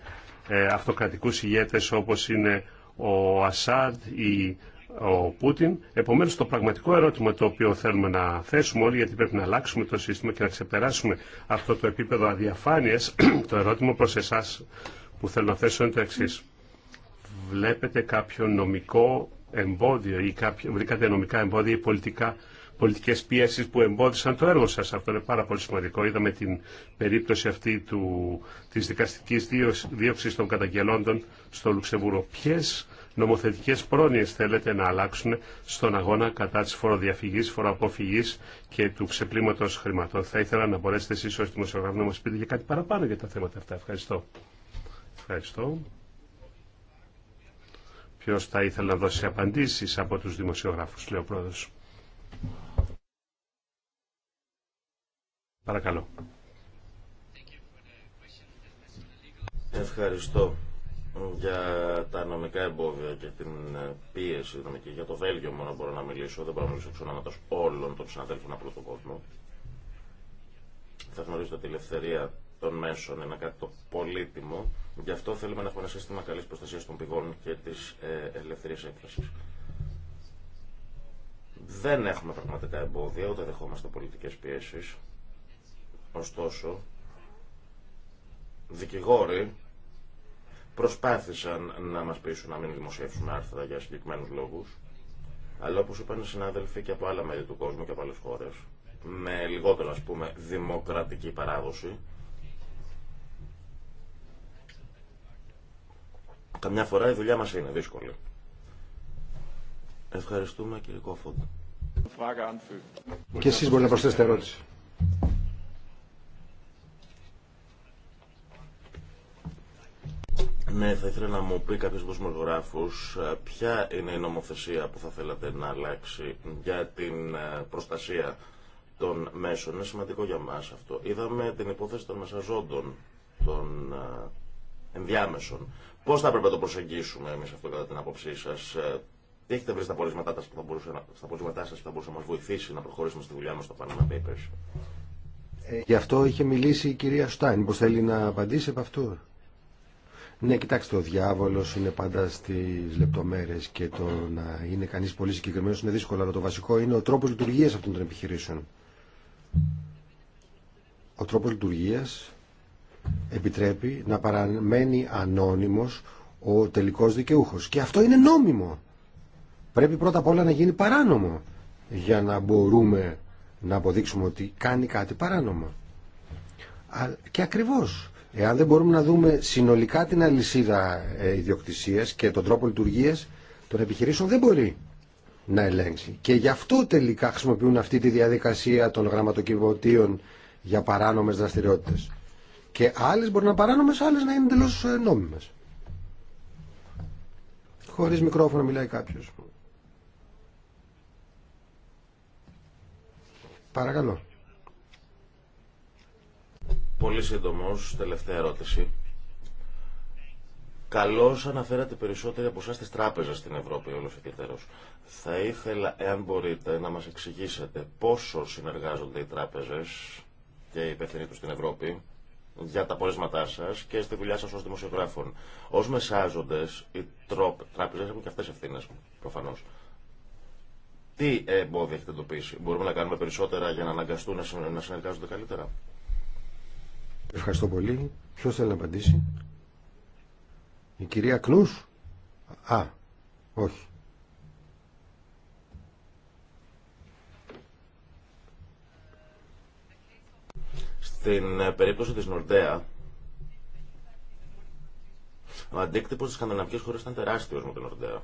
αυτοκρατικούς ηγέτες όπως είναι ο Ασάντ ή ο Πούτιν. Επομένως το πραγματικό ερώτημα το οποίο θέλουμε να θέσουμε όλοι γιατί πρέπει να αλλάξουμε το σύστημα και να ξεπεράσουμε αυτό το επίπεδο αδιαφάνειας το ερώτημα προς εσάς που θέλω να θέσω είναι το εξή. Βλέπετε κάποιο νομικό εμπόδιο ή βρήκατε νομικά εμπόδια ή πολιτικά, πολιτικές πιέσεις που εμπόδισαν το έργο σας. Αυτό είναι πάρα πολύ σημαντικό. Είδαμε την περίπτωση αυτή του, της δικαστικής δίωξης των καταγγελόντων στο Λουξεμβούργο. Ποιε νομοθετικές πρόνοιες θέλετε να αλλάξουν στον αγώνα κατά της φοροδιαφυγής, φοροαποφυγής και του ξεπλήματος χρηματών. Θα ήθελα να μπορέσετε εσείς ως δημοσιογράφοι να μας πείτε για κάτι παραπάνω για τα θέματα αυτά. Ευχαριστώ. Ευχαριστώ. Ποιο θα ήθελε να δώσει απαντήσεις από τους δημοσιογράφους, λέει ο πρόεδρο. Παρακαλώ. Ευχαριστώ για τα νομικά εμπόδια και την πίεση νομική. Για το Βέλγιο μόνο μπορώ να μιλήσω, δεν μπορώ να μιλήσω εξ όλων των συναδέλφων από τον κόσμο. Θα γνωρίζετε ότι η ελευθερία των μέσων είναι κάτι το πολύτιμο Γι' αυτό θέλουμε να έχουμε ένα σύστημα καλή προστασίας των πηγών και της ε, ελευθερία έκφρασης. Δεν έχουμε πραγματικά εμπόδια, ούτε δεχόμαστε πολιτικές πιέσεις. Ωστόσο, δικηγόροι προσπάθησαν να μας πείσουν να μην δημοσιεύσουν άρθρα για συγκεκριμένου λόγους, αλλά όπως είπαν συνάδελφοι και από άλλα μέρη του κόσμου και από άλλε χώρε με λιγότερο α πούμε δημοκρατική παράδοση, Καμιά φορά η δουλειά μας είναι δύσκολη. Ευχαριστούμε κύριε Κόφοντ. Και εσείς μπορείτε να προσθέσετε ερώτηση. Ναι, θα ήθελα να μου πει κάποιος δοσμογράφος ε, ποια είναι η νομοθεσία που θα θέλατε να αλλάξει για την ε, προστασία των μέσων. Είναι σημαντικό για μας αυτό. Είδαμε την υπόθεση των μεσαζόντων, των ε, ενδιάμεσων. Πώ θα έπρεπε να το προσεγγίσουμε εμεί αυτό κατά την άποψή σα, Τι ε, έχετε βρει στα πορίσματά σα που θα μπορούσε να μα βοηθήσει να προχωρήσουμε στη δουλειά μα στο Panama Papers. Ε, γι' αυτό είχε μιλήσει η κυρία Στάιν. Πώ θέλει να απαντήσει από αυτού. Ναι, κοιτάξτε, ο διάβολο είναι πάντα στι λεπτομέρειε και το να είναι κανεί πολύ συγκεκριμένο είναι δύσκολο. Αλλά το βασικό είναι ο τρόπο λειτουργία αυτών των επιχειρήσεων. Ο τρόπο λειτουργία επιτρέπει να παραμένει ανώνυμος ο τελικός δικαιούχος. Και αυτό είναι νόμιμο. Πρέπει πρώτα απ' όλα να γίνει παράνομο για να μπορούμε να αποδείξουμε ότι κάνει κάτι παράνομο. Και ακριβώς, εάν δεν μπορούμε να δούμε συνολικά την αλυσίδα ε, ιδιοκτησίας και τον τρόπο λειτουργίας των επιχειρήσεων δεν μπορεί να ελέγξει. Και γι' αυτό τελικά χρησιμοποιούν αυτή τη διαδικασία των γραμματοκιβωτίων για παράνομες δραστηριότητες. Και άλλε μπορεί να είναι παράνομε, άλλε να είναι εντελώ ε, νόμιμε. Χωρί μικρόφωνο μιλάει κάποιο. Παρακαλώ. Πολύ σύντομο, τελευταία ερώτηση. Καλώ αναφέρατε περισσότεροι από εσά τι τράπεζε στην Ευρώπη, όλο ιδιαίτερο. Θα ήθελα, εάν μπορείτε, να μα εξηγήσετε πόσο συνεργάζονται οι τράπεζε και οι υπευθυνοί του στην Ευρώπη για τα πορέσματά σα και στη δουλειά σα ω δημοσιογράφων. Ω μεσάζοντε, οι τράπεζε έχουν και αυτέ ευθύνε, προφανώ. Τι εμπόδια έχετε εντοπίσει, Μπορούμε να κάνουμε περισσότερα για να αναγκαστούν να συνεργάζονται καλύτερα. Ευχαριστώ πολύ. Ποιο θέλει να απαντήσει, Η κυρία Κλού. Α, όχι. Στην ε, περίπτωση της Νορντέα, ο αντίκτυπος της σκανδιναβικής χώρας ήταν τεράστιος με την Νορντέα.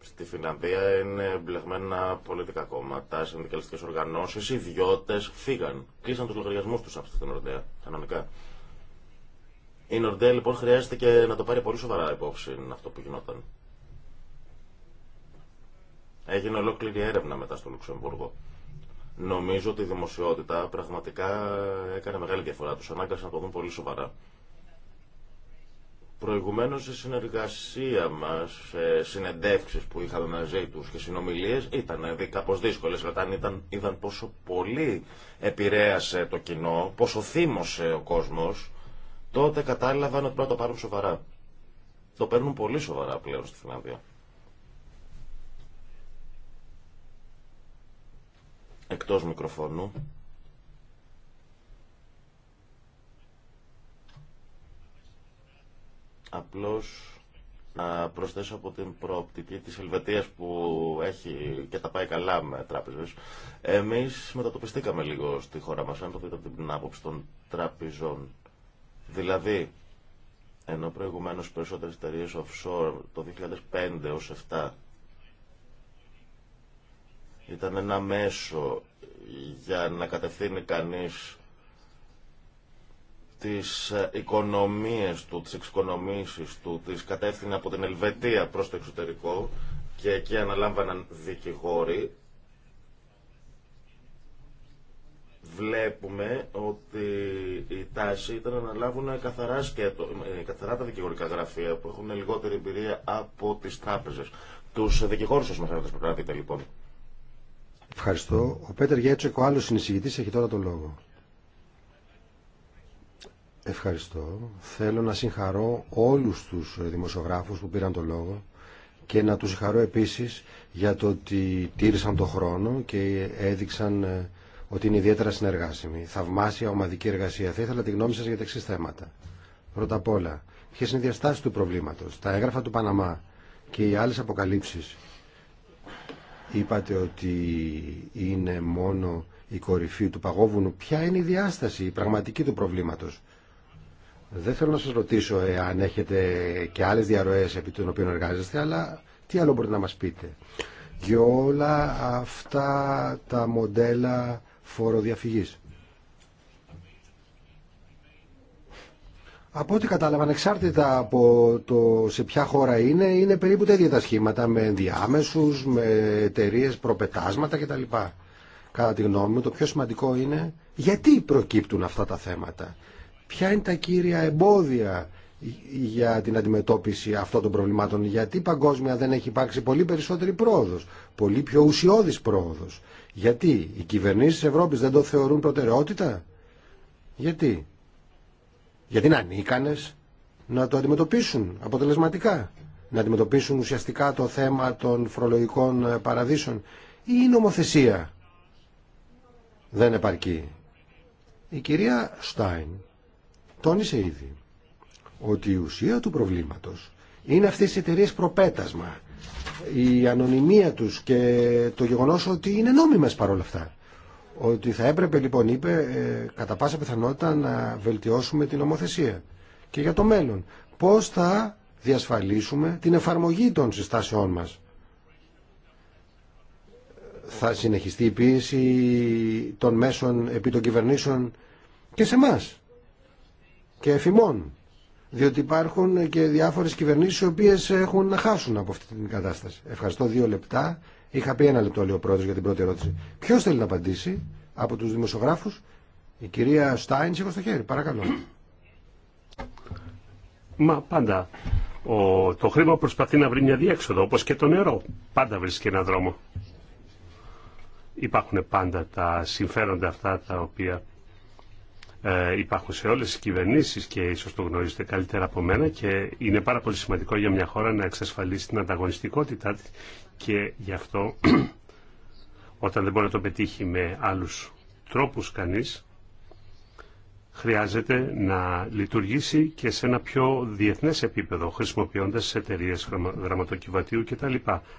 Στη Φιλανδία είναι μπλεγμένα πολιτικά κόμματα, συνδικαλιστικές οργανώσεις, ιδιώτες, φύγαν. Κλείσαν τους λογαριασμούς τους από την Νορντέα, κανονικά. Η Νορντέα λοιπόν χρειάστηκε να το πάρει πολύ σοβαρά υπόψη αυτό που γινόταν. Έγινε ολόκληρη έρευνα μετά στο Λουξεμβούργο. Νομίζω ότι η δημοσιότητα πραγματικά έκανε μεγάλη διαφορά. Τους ανάγκασαν να το δουν πολύ σοβαρά. Προηγουμένως η συνεργασία μας, σε συνεντεύξεις που είχαμε μαζί του και συνομιλίε ήταν κάπως δύσκολες. Όταν ήταν, είδαν πόσο πολύ επηρέασε το κοινό, πόσο θύμωσε ο κόσμος, τότε κατάλαβαν ότι πρέπει να το πάρουν σοβαρά. Το παίρνουν πολύ σοβαρά πλέον στη Φιλανδία. εκτός μικροφώνου. Απλώς να προσθέσω από την προοπτική της Ελβετίας που έχει και τα πάει καλά με τράπεζες. Εμείς μετατοπιστήκαμε λίγο στη χώρα μας, αν το δείτε από την άποψη των τραπεζών. Δηλαδή, ενώ προηγουμένως περισσότερες εταιρείες offshore το 2005 ως ήταν ένα μέσο για να κατευθύνει κανείς τις οικονομίες του, τις εξοικονομήσεις του, τις κατεύθυνε από την Ελβετία προς το εξωτερικό και εκεί αναλάμβαναν δικηγόροι. Βλέπουμε ότι η τάση ήταν να αναλάβουν καθαρά, σκέτο, ε, καθαρά τα δικηγορικά γραφεία που έχουν λιγότερη εμπειρία από τις τράπεζες. Τους δικηγόρους σας μεσάρτες πρέπει να δείτε λοιπόν. Ευχαριστώ. Ο Πέτερ Γέτσεκ, ο άλλος συνεισηγητής, έχει τώρα το λόγο. Ευχαριστώ. Θέλω να συγχαρώ όλους τους δημοσιογράφους που πήραν το λόγο και να τους συγχαρώ επίσης για το ότι τήρησαν το χρόνο και έδειξαν ε, ότι είναι ιδιαίτερα συνεργάσιμοι. Θαυμάσια ομαδική εργασία. Θα ήθελα τη γνώμη σας για τα εξή θέματα. Πρώτα απ' όλα, ποιες είναι οι διαστάσεις του προβλήματος, τα έγγραφα του Παναμά και οι άλλε αποκαλύψει Είπατε ότι είναι μόνο η κορυφή του παγόβουνου. Ποια είναι η διάσταση, η πραγματική του προβλήματος. Δεν θέλω να σας ρωτήσω αν έχετε και άλλες διαρροές επί των οποίων εργάζεστε, αλλά τι άλλο μπορείτε να μας πείτε. Και όλα αυτά τα μοντέλα φοροδιαφυγής. Από ό,τι κατάλαβα, ανεξάρτητα από το σε ποια χώρα είναι, είναι περίπου τέτοια τα σχήματα με ενδιάμεσου, με εταιρείε προπετάσματα κτλ. Κατά τη γνώμη μου, το πιο σημαντικό είναι γιατί προκύπτουν αυτά τα θέματα. Ποια είναι τα κύρια εμπόδια για την αντιμετώπιση αυτών των προβλημάτων. Γιατί παγκόσμια δεν έχει υπάρξει πολύ περισσότερη πρόοδος, πολύ πιο ουσιώδης πρόοδος. Γιατί οι κυβερνήσεις της Ευρώπης δεν το θεωρούν προτεραιότητα. Γιατί γιατί είναι ανίκανες να το αντιμετωπίσουν αποτελεσματικά, να αντιμετωπίσουν ουσιαστικά το θέμα των φορολογικών ε, παραδείσων ή η νομοθεσία δεν επαρκεί. Η κυρία Στάιν τόνισε ήδη ότι η ουσία του προβλήματος είναι αυτές οι εταιρείε προπέτασμα, η ανωνυμία τους και το γεγονός ότι είναι νόμιμες παρόλα αυτά ότι θα έπρεπε λοιπόν, είπε, ε, κατά πάσα πιθανότητα να βελτιώσουμε την νομοθεσία. Και για το μέλλον, πώς θα διασφαλίσουμε την εφαρμογή των συστάσεών μας. Θα συνεχιστεί η πίεση των μέσων επί των κυβερνήσεων και σε εμά και εφημών. Διότι υπάρχουν και διάφορες κυβερνήσεις οι οποίες έχουν να χάσουν από αυτή την κατάσταση. Ευχαριστώ δύο λεπτά Είχα πει ένα λεπτό, λέει ο πρόεδρο, για την πρώτη ερώτηση. Ποιο θέλει να απαντήσει από του δημοσιογράφου, η κυρία Στάιν, σήκω στο χέρι, παρακαλώ. Μα πάντα. Ο, το χρήμα προσπαθεί να βρει μια διέξοδο, όπω και το νερό. Πάντα βρίσκει έναν δρόμο. Υπάρχουν πάντα τα συμφέροντα αυτά τα οποία ε, υπάρχουν σε όλες τις κυβερνήσεις και ίσως το γνωρίζετε καλύτερα από μένα και είναι πάρα πολύ σημαντικό για μια χώρα να εξασφαλίσει την ανταγωνιστικότητά τη και γι' αυτό όταν δεν μπορεί να το πετύχει με άλλους τρόπους κανείς χρειάζεται να λειτουργήσει και σε ένα πιο διεθνές επίπεδο χρησιμοποιώντας εταιρείε γραμματοκιβατίου κτλ.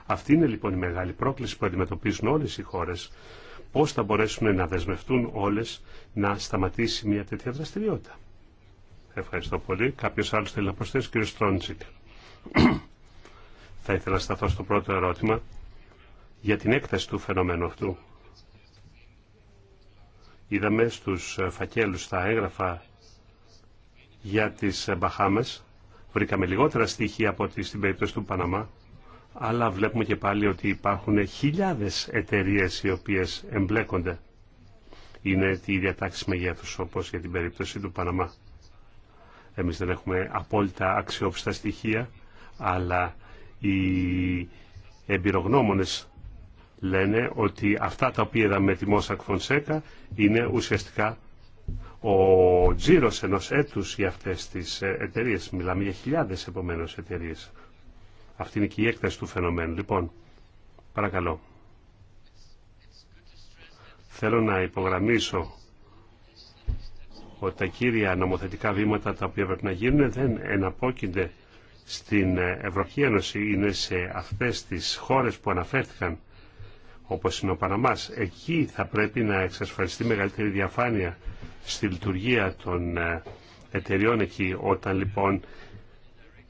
Αυτή είναι λοιπόν η μεγάλη πρόκληση που αντιμετωπίζουν όλες οι χώρες πώς θα μπορέσουν να δεσμευτούν όλες να σταματήσει μια τέτοια δραστηριότητα. Ευχαριστώ πολύ. Κάποιος άλλος θέλει να προσθέσει, κύριε Στρόντζικ. θα ήθελα να σταθώ στο πρώτο ερώτημα για την έκταση του φαινομένου αυτού. Είδαμε στους φακέλους τα έγγραφα για τις Μπαχάμες. Βρήκαμε λιγότερα στοιχεία από ό,τι στην περίπτωση του Παναμά, αλλά βλέπουμε και πάλι ότι υπάρχουν χιλιάδες εταιρείες οι οποίες εμπλέκονται. Είναι τη ίδια τάξη μεγέθους όπως για την περίπτωση του Παναμά. Εμείς δεν έχουμε απόλυτα αξιόπιστα στοιχεία, αλλά οι εμπειρογνώμονες λένε ότι αυτά τα οποία είδαμε τη Μόσακ Φονσέκα είναι ουσιαστικά ο τζίρο ενό έτου για αυτέ τι ε, εταιρείε. Μιλάμε για χιλιάδε επομένω εταιρείε. Αυτή είναι και η έκταση του φαινομένου. Λοιπόν, παρακαλώ. Θέλω να υπογραμμίσω ότι τα κύρια νομοθετικά βήματα τα οποία πρέπει να γίνουν δεν εναπόκεινται στην Ευρωπαϊκή Ένωση είναι σε αυτές τις χώρες που αναφέρθηκαν όπως είναι ο Παναμάς. Εκεί θα πρέπει να εξασφαλιστεί μεγαλύτερη διαφάνεια στη λειτουργία των ε, εταιριών εκεί. Όταν λοιπόν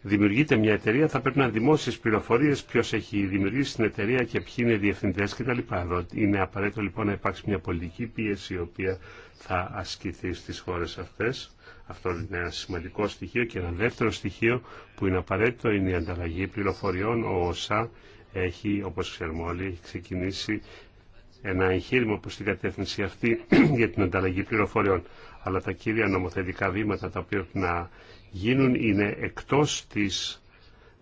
δημιουργείται μια εταιρεία θα πρέπει να δημόσιε πληροφορίες ποιος έχει δημιουργήσει την εταιρεία και ποιοι είναι οι διευθυντές κτλ. Είναι απαραίτητο λοιπόν να υπάρξει μια πολιτική πίεση η οποία θα ασκηθεί στις χώρες αυτές. Αυτό είναι ένα σημαντικό στοιχείο και ένα δεύτερο στοιχείο που είναι απαραίτητο είναι η ανταλλαγή πληροφοριών. Ο ΩΣΑ έχει, όπως ξέρουμε όλοι, ξεκινήσει ένα εγχείρημα προς την κατεύθυνση αυτή για την ανταλλαγή πληροφοριών. Αλλά τα κύρια νομοθετικά βήματα τα οποία να γίνουν είναι εκτός της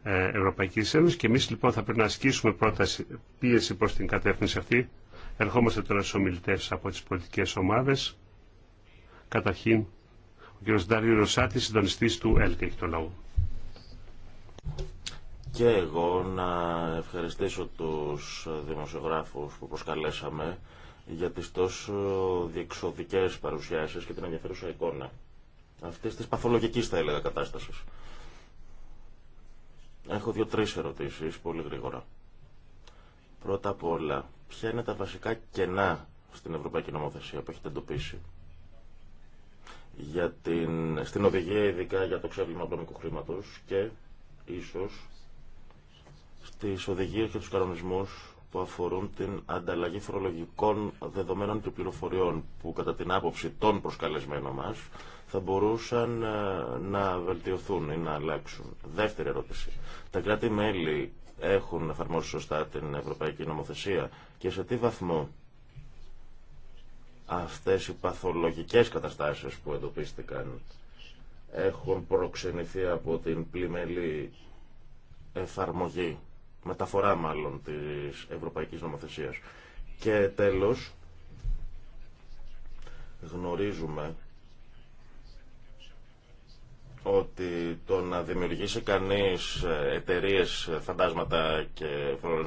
ε, Ευρωπαϊκής Ένωσης και εμείς λοιπόν θα πρέπει να ασκήσουμε πρόταση, πίεση προς την κατεύθυνση αυτή. Ερχόμαστε τώρα στους ομιλητές από τις πολιτικές ομάδες. Καταρχήν ο κ. Ρωσάτη, συντονιστή του ΕΛΚ, Και εγώ να ευχαριστήσω τους δημοσιογράφους που προσκαλέσαμε για τις τόσο διεξοδικές παρουσιάσεις και την ενδιαφέρουσα εικόνα Αυτή της παθολογικής θα έλεγα κατάστασης. Έχω δύο-τρεις ερωτήσεις, πολύ γρήγορα. Πρώτα απ' όλα, ποια είναι τα βασικά κενά στην Ευρωπαϊκή Νομοθεσία που έχετε εντοπίσει για την, στην οδηγία ειδικά για το ξέβλημα πλωμικού χρήματος και ίσως στις οδηγίες και τους κανονισμούς που αφορούν την ανταλλαγή φορολογικών δεδομένων και πληροφοριών που κατά την άποψη των προσκαλεσμένων μας θα μπορούσαν ε, να βελτιωθούν ή να αλλάξουν. Δεύτερη ερώτηση. Τα κράτη-μέλη έχουν εφαρμόσει σωστά την ευρωπαϊκή νομοθεσία και σε τι βαθμό Αυτές οι παθολογικές καταστάσεις που εντοπίστηκαν έχουν προξενηθεί από την πλημελή εφαρμογή, μεταφορά μάλλον της Ευρωπαϊκής Νομοθεσίας. Και τέλος, γνωρίζουμε ότι το να δημιουργήσει κανείς ε, εταιρείε ε, φαντάσματα και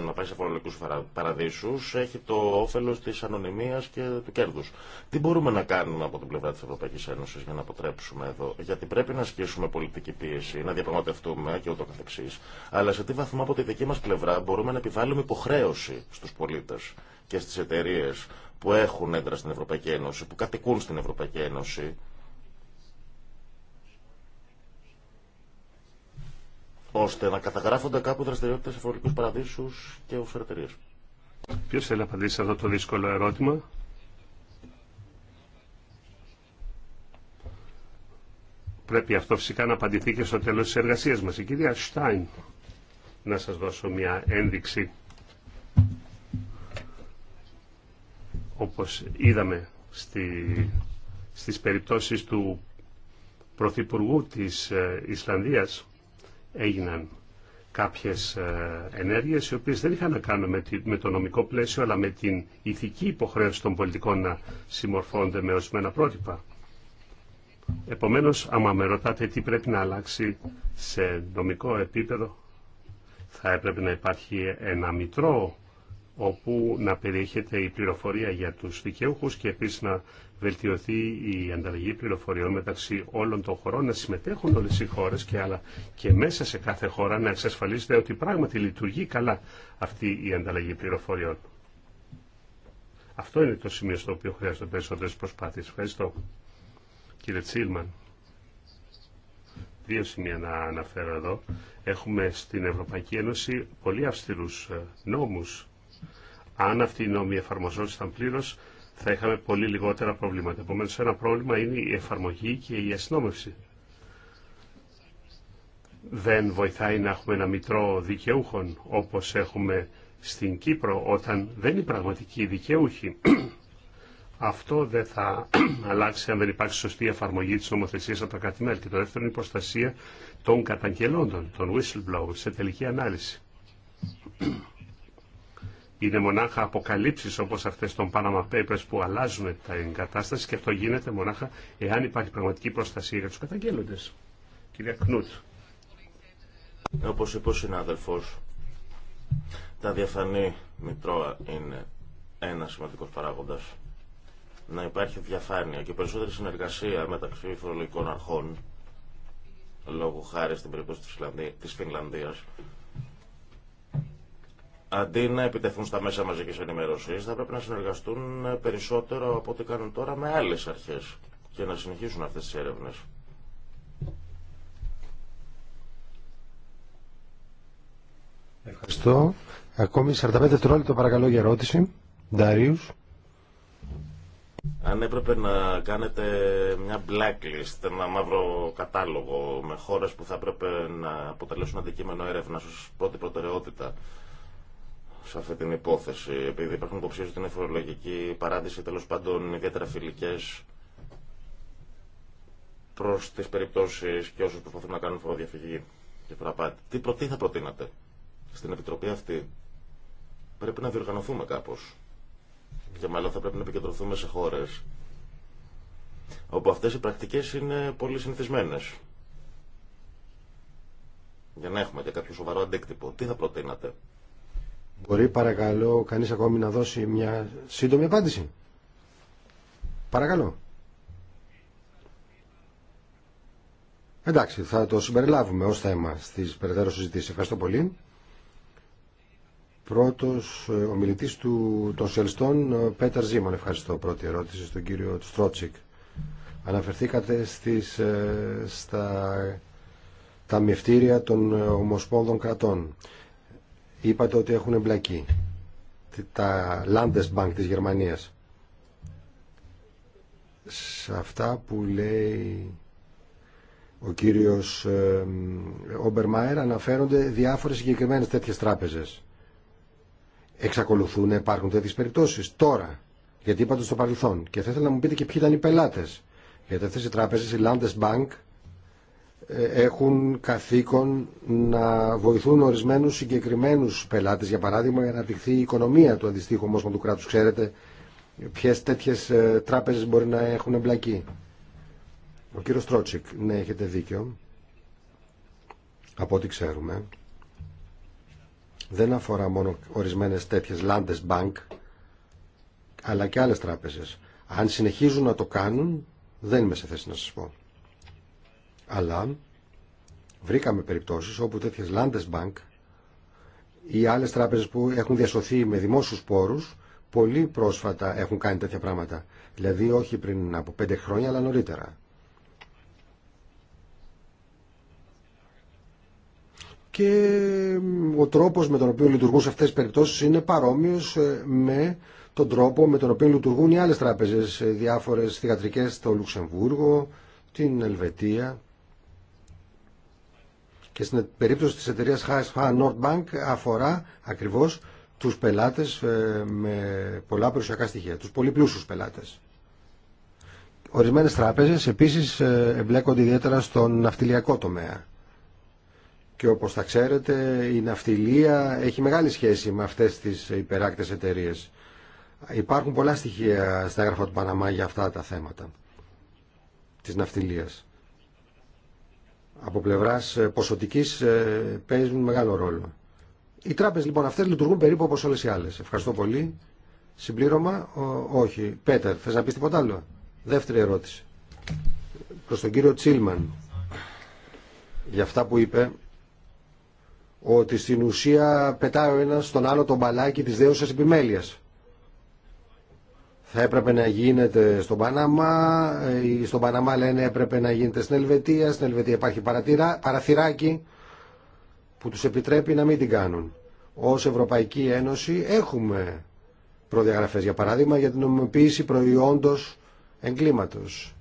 να πάει σε φορολογικούς παραδείσους έχει το όφελος της ανωνυμίας και του κέρδους. Τι μπορούμε να κάνουμε από την πλευρά της Ευρωπαϊκής Ένωσης για να αποτρέψουμε εδώ. Γιατί πρέπει να ασκήσουμε πολιτική πίεση, να διαπραγματευτούμε και ούτω καθεξής. Αλλά σε τι βαθμό από τη δική μας πλευρά μπορούμε να επιβάλλουμε υποχρέωση στους πολίτες και στις εταιρείε που έχουν έντρα στην Ευρωπαϊκή Ένωση, που κατοικούν στην Ευρωπαϊκή Ένωση, ώστε να καταγράφονται κάπου δραστηριότητε σε φορολογικού παραδείσους και ουσιατερίες. Ποιο θέλει να απαντήσει σε αυτό το δύσκολο ερώτημα. Πρέπει αυτό φυσικά να απαντηθεί και στο τέλος της εργασίας μας. Η κυρία Στάιν, να σας δώσω μια ένδειξη. Όπως είδαμε στη, στις περιπτώσεις του Πρωθυπουργού της ε, Ισλανδίας, έγιναν κάποιες ε, ενέργειες οι οποίες δεν είχαν να κάνουν με το νομικό πλαίσιο αλλά με την ηθική υποχρέωση των πολιτικών να συμμορφώνονται με ορισμένα πρότυπα. Επομένως, άμα με ρωτάτε τι πρέπει να αλλάξει σε νομικό επίπεδο, θα έπρεπε να υπάρχει ένα μητρό όπου να περιέχεται η πληροφορία για τους δικαιούχους και επίσης να βελτιωθεί η ανταλλαγή πληροφοριών μεταξύ όλων των χωρών, να συμμετέχουν όλε οι χώρε και άλλα και μέσα σε κάθε χώρα να εξασφαλίζεται ότι πράγματι λειτουργεί καλά αυτή η ανταλλαγή πληροφοριών. Αυτό είναι το σημείο στο οποίο χρειάζονται περισσότερε προσπάθειε. Ευχαριστώ. Κύριε Τσίλμαν, δύο σημεία να αναφέρω εδώ. Έχουμε στην Ευρωπαϊκή Ένωση πολύ αυστηρούς ε, νόμου Αν αυτοί οι νόμοι εφαρμοζόντουσαν πλήρω θα είχαμε πολύ λιγότερα προβλήματα. Επομένω, ένα πρόβλημα είναι η εφαρμογή και η αστυνόμευση. Δεν βοηθάει να έχουμε ένα μητρό δικαιούχων όπως έχουμε στην Κύπρο όταν δεν είναι πραγματικοί δικαιούχοι. Αυτό δεν θα αλλάξει αν δεν υπάρξει σωστή εφαρμογή της νομοθεσίας από τα κατημέρια. Και το δεύτερο είναι η προστασία των καταγγελόντων, των whistleblowers, σε τελική ανάλυση. είναι μονάχα αποκαλύψεις όπως αυτές των Panama Papers που αλλάζουν τα κατάσταση και αυτό γίνεται μονάχα εάν υπάρχει πραγματική προστασία για τους καταγγέλλοντες. Κυρία Κνούτ. Όπως είπε ο συνάδελφος, τα διαφανή μητρώα είναι ένα σημαντικό παράγοντας. Να υπάρχει διαφάνεια και περισσότερη συνεργασία μεταξύ φορολογικών αρχών λόγω χάρη στην περίπτωση της Φινλανδίας αντί να επιτεθούν στα μέσα μαζική ενημέρωση, θα πρέπει να συνεργαστούν περισσότερο από ό,τι κάνουν τώρα με άλλε αρχέ και να συνεχίσουν αυτέ τι έρευνε. Ευχαριστώ. Ακόμη 45 δευτερόλεπτα παρακαλώ για ερώτηση. Νταρίους. Αν έπρεπε να κάνετε μια blacklist, ένα μαύρο κατάλογο με χώρες που θα έπρεπε να αποτελέσουν αντικείμενο έρευνα ως πρώτη προτεραιότητα, σε αυτή την υπόθεση, επειδή υπάρχουν υποψίε ότι είναι φορολογική παράδειση, τέλο πάντων ιδιαίτερα φιλικέ προ τι περιπτώσει και όσου προσπαθούν να κάνουν φοροδιαφυγή και φοροαπάτη. Τι, τι θα προτείνατε στην Επιτροπή αυτή, πρέπει να διοργανωθούμε κάπω. Και μάλλον θα πρέπει να επικεντρωθούμε σε χώρε όπου αυτές οι πρακτικές είναι πολύ συνηθισμένες. Για να έχουμε και κάποιο σοβαρό αντίκτυπο. Τι θα προτείνατε. Μπορεί παρακαλώ κανείς ακόμη να δώσει μια σύντομη απάντηση. Παρακαλώ. Εντάξει, θα το συμπεριλάβουμε ως θέμα στις περαιτέρω συζητήσεις. Ευχαριστώ πολύ. Πρώτος ε, ο μιλητής του, των Σελστών, ε, Πέτερ Ζήμων. Ευχαριστώ. Πρώτη ερώτηση στον κύριο Στρότσικ. Αναφερθήκατε στις, ε, στα ταμιευτήρια των ομοσπόνδων κρατών είπατε ότι έχουν εμπλακεί τα Landesbank της Γερμανίας σε αυτά που λέει ο κύριος Ομπερμάερ αναφέρονται διάφορες συγκεκριμένε τέτοιες τράπεζες εξακολουθούν να υπάρχουν τέτοιες περιπτώσεις τώρα γιατί είπατε στο παρελθόν και θα ήθελα να μου πείτε και ποιοι ήταν οι πελάτες γιατί αυτές οι τράπεζες, οι Landesbank ε, έχουν καθήκον να βοηθούν ορισμένους συγκεκριμένους πελάτες, για παράδειγμα, για να αναπτυχθεί η οικονομία του αντιστοίχου όμως του κράτους. Ξέρετε ποιες τέτοιες ε, τράπεζες μπορεί να έχουν εμπλακεί. Ο κύριος Τρότσικ, ναι, έχετε δίκιο. Από ό,τι ξέρουμε, δεν αφορά μόνο ορισμένες τέτοιες Landesbank, αλλά και άλλες τράπεζες. Αν συνεχίζουν να το κάνουν, δεν είμαι σε θέση να σας πω. Αλλά βρήκαμε περιπτώσεις όπου τέτοιες Landesbank ή άλλες τράπεζες που έχουν διασωθεί με δημόσιους πόρους πολύ πρόσφατα έχουν κάνει τέτοια πράγματα. Δηλαδή όχι πριν από πέντε χρόνια αλλά νωρίτερα. Και ο τρόπος με τον οποίο λειτουργούν σε αυτές τις περιπτώσεις είναι παρόμοιος ε, με τον τρόπο με τον οποίο λειτουργούν οι άλλες τράπεζες, ε, διάφορες θηγατρικές στο Λουξεμβούργο, την Ελβετία και στην περίπτωση της εταιρείας HSH Nordbank αφορά ακριβώς τους πελάτες ε, με πολλά περιουσιακά στοιχεία, τους πολύ πλούσιους πελάτες. Ορισμένες τράπεζες επίσης ε, εμπλέκονται ιδιαίτερα στον ναυτιλιακό τομέα. Και όπως θα ξέρετε η ναυτιλία έχει μεγάλη σχέση με αυτές τις υπεράκτες εταιρείε. Υπάρχουν πολλά στοιχεία στα έγγραφα του Παναμά για αυτά τα θέματα της ναυτιλίας από πλευρά ε, ποσοτικής ε, παίζουν μεγάλο ρόλο. Οι τράπεζες λοιπόν αυτέ λειτουργούν περίπου όπω όλες οι άλλες. Ευχαριστώ πολύ. Συμπλήρωμα, όχι. Πέτερ, θε να πει τίποτα άλλο. Δεύτερη ερώτηση. Προς τον κύριο Τσίλμαν. Για αυτά που είπε ότι στην ουσία πετάει ο ένα στον άλλο τον μπαλάκι της δέουσας επιμέλεια θα έπρεπε να γίνεται στον Παναμά, ε, στον Παναμά λένε έπρεπε να γίνεται στην Ελβετία, στην Ελβετία υπάρχει παρατηρά, παραθυράκι που τους επιτρέπει να μην την κάνουν. Ως Ευρωπαϊκή Ένωση έχουμε προδιαγραφές για παράδειγμα για την νομιμοποίηση προϊόντος εγκλήματος.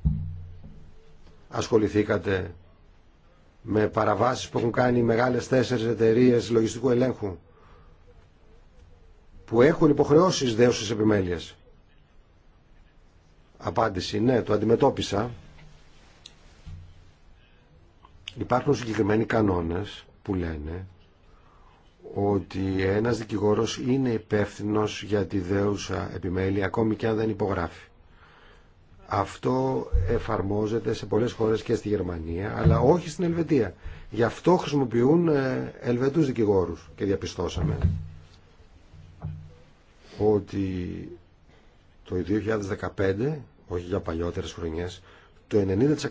Ασχοληθήκατε με παραβάσεις που έχουν κάνει μεγάλες τέσσερις εταιρείε λογιστικού ελέγχου που έχουν υποχρεώσεις δέωσης επιμέλειας. Απάντηση, ναι, το αντιμετώπισα. Υπάρχουν συγκεκριμένοι κανόνες που λένε ότι ένας δικηγόρος είναι υπεύθυνο για τη δέουσα επιμέλεια ακόμη και αν δεν υπογράφει. Αυτό εφαρμόζεται σε πολλές χώρες και στη Γερμανία, αλλά όχι στην Ελβετία. Γι' αυτό χρησιμοποιούν ε, Ελβετούς δικηγόρους και διαπιστώσαμε ότι το 2015, όχι για παλιότερες χρονιές, το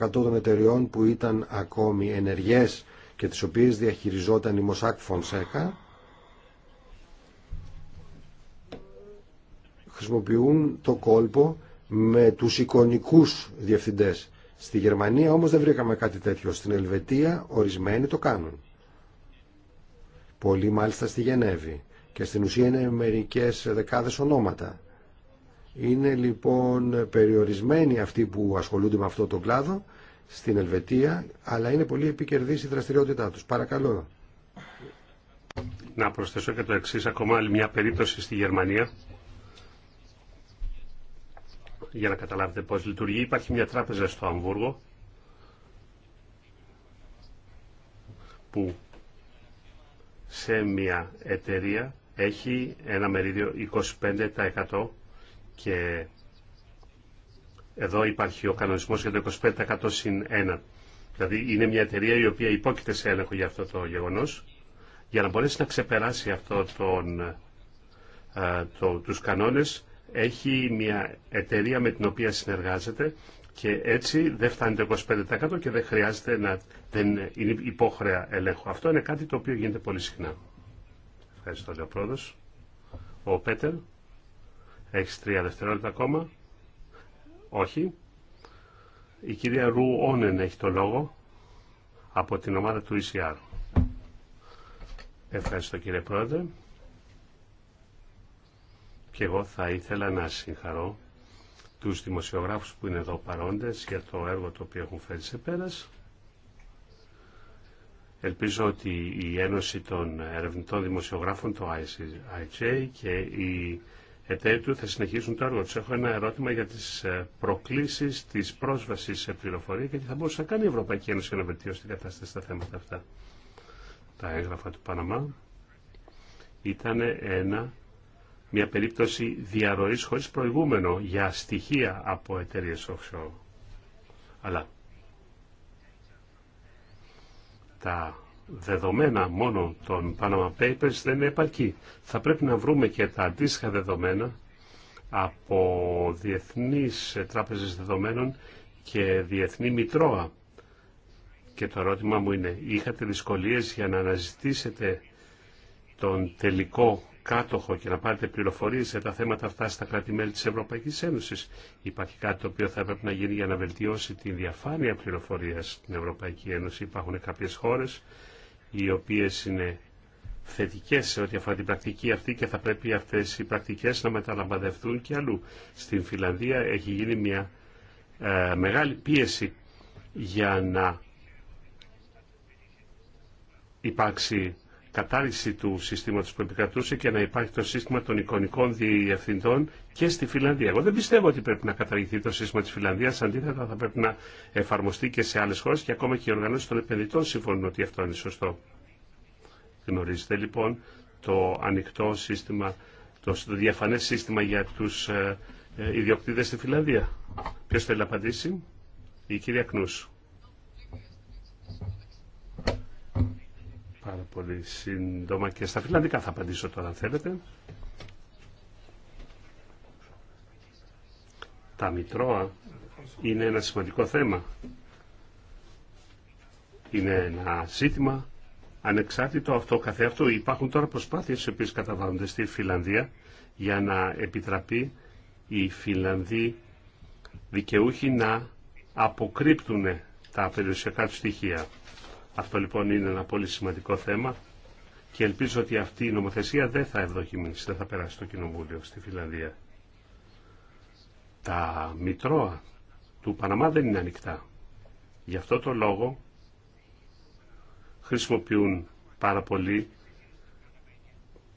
90% των εταιριών που ήταν ακόμη ενεργές και τις οποίες διαχειριζόταν η Mossack Fonseca χρησιμοποιούν το κόλπο με τους εικονικούς διευθυντές. Στη Γερμανία όμως δεν βρήκαμε κάτι τέτοιο. Στην Ελβετία ορισμένοι το κάνουν. Πολλοί μάλιστα στη Γενέβη. Και στην ουσία είναι μερικές δεκάδες ονόματα. Είναι λοιπόν περιορισμένοι αυτοί που ασχολούνται με αυτό το κλάδο στην Ελβετία, αλλά είναι πολύ επικερδής η δραστηριότητά τους. Παρακαλώ. Να προσθέσω και το εξή ακόμα άλλη μια περίπτωση στη Γερμανία. Για να καταλάβετε πώς λειτουργεί, υπάρχει μια τράπεζα στο Αμβούργο που σε μια εταιρεία έχει ένα μερίδιο 25% και εδώ υπάρχει ο κανονισμός για το 25% συν 1. Δηλαδή είναι μια εταιρεία η οποία υπόκειται σε έλεγχο για αυτό το γεγονός για να μπορέσει να ξεπεράσει αυτό τον, ε, το, τους κανόνες έχει μια εταιρεία με την οποία συνεργάζεται και έτσι δεν φτάνει το 25% και δεν χρειάζεται να δεν είναι υπόχρεα ελέγχου. Αυτό είναι κάτι το οποίο γίνεται πολύ συχνά. Ευχαριστώ, Λεοπρόδος. Ο Πέτερ. Έχεις τρία δευτερόλεπτα ακόμα. Όχι. Η κυρία Ρου Όνεν έχει το λόγο από την ομάδα του ECR. Ευχαριστώ κύριε Πρόεδρε. Και εγώ θα ήθελα να συγχαρώ τους δημοσιογράφους που είναι εδώ παρόντες για το έργο το οποίο έχουν φέρει σε πέρας. Ελπίζω ότι η Ένωση των Ερευνητών Δημοσιογράφων, το ICIJ και η ετέτου θα συνεχίσουν το έργο του. Έχω ένα ερώτημα για τι ε, προκλήσει τη πρόσβαση σε πληροφορία και τι θα μπορούσε να κάνει η Ευρωπαϊκή Ένωση για να βελτιώσει την κατάσταση στα θέματα αυτά. Τα έγγραφα του Παναμά ήταν ένα, μια περίπτωση διαρροής χωρίς προηγούμενο για στοιχεία από εταιρείες offshore. Αλλά τα δεδομένα μόνο των Panama Papers δεν είναι επαρκή. Θα πρέπει να βρούμε και τα αντίστοιχα δεδομένα από διεθνείς τράπεζες δεδομένων και διεθνή μητρώα. Και το ερώτημα μου είναι, είχατε δυσκολίες για να αναζητήσετε τον τελικό κάτοχο και να πάρετε πληροφορίες για τα θέματα αυτά στα κράτη-μέλη της Ευρωπαϊκής Ένωσης. Υπάρχει κάτι το οποίο θα έπρεπε να γίνει για να βελτιώσει τη διαφάνεια πληροφορίας στην Ευρωπαϊκή Ένωση. Υπάρχουν κάποιες χώρες οι οποίες είναι θετικές σε ό,τι αφορά την πρακτική αυτή και θα πρέπει αυτές οι πρακτικές να μεταλαμπαδευτούν και αλλού. Στην Φιλανδία έχει γίνει μια ε, μεγάλη πίεση για να υπάρξει κατάργηση του συστήματος που επικρατούσε και να υπάρχει το σύστημα των εικονικών διευθυντών και στη Φιλανδία. Εγώ δεν πιστεύω ότι πρέπει να καταργηθεί το σύστημα της Φιλανδίας, αντίθετα θα πρέπει να εφαρμοστεί και σε άλλες χώρες και ακόμα και οι οργανώσεις των επενδυτών συμφωνούν ότι αυτό είναι σωστό. Γνωρίζετε λοιπόν το ανοιχτό σύστημα, το διαφανές σύστημα για τους ε, ε, ιδιοκτήτες στη Φιλανδία. Ποιος θέλει να απαντήσει, η κυρία Κνούσου. πάρα πολύ σύντομα και στα φιλανδικά θα απαντήσω τώρα αν θέλετε. Τα μητρώα είναι ένα σημαντικό θέμα. Είναι ένα ζήτημα ανεξάρτητο αυτό καθεαυτό. Υπάρχουν τώρα προσπάθειες οι οποίες καταβάλλονται στη Φιλανδία για να επιτραπεί οι Φιλανδοί δικαιούχοι να αποκρύπτουν τα περιουσιακά του στοιχεία. Αυτό λοιπόν είναι ένα πολύ σημαντικό θέμα και ελπίζω ότι αυτή η νομοθεσία δεν θα ευδοκιμήσει, δεν θα περάσει στο Κοινοβούλιο στη Φιλανδία. Τα μητρώα του Παναμά δεν είναι ανοιχτά. Γι' αυτό το λόγο χρησιμοποιούν πάρα πολύ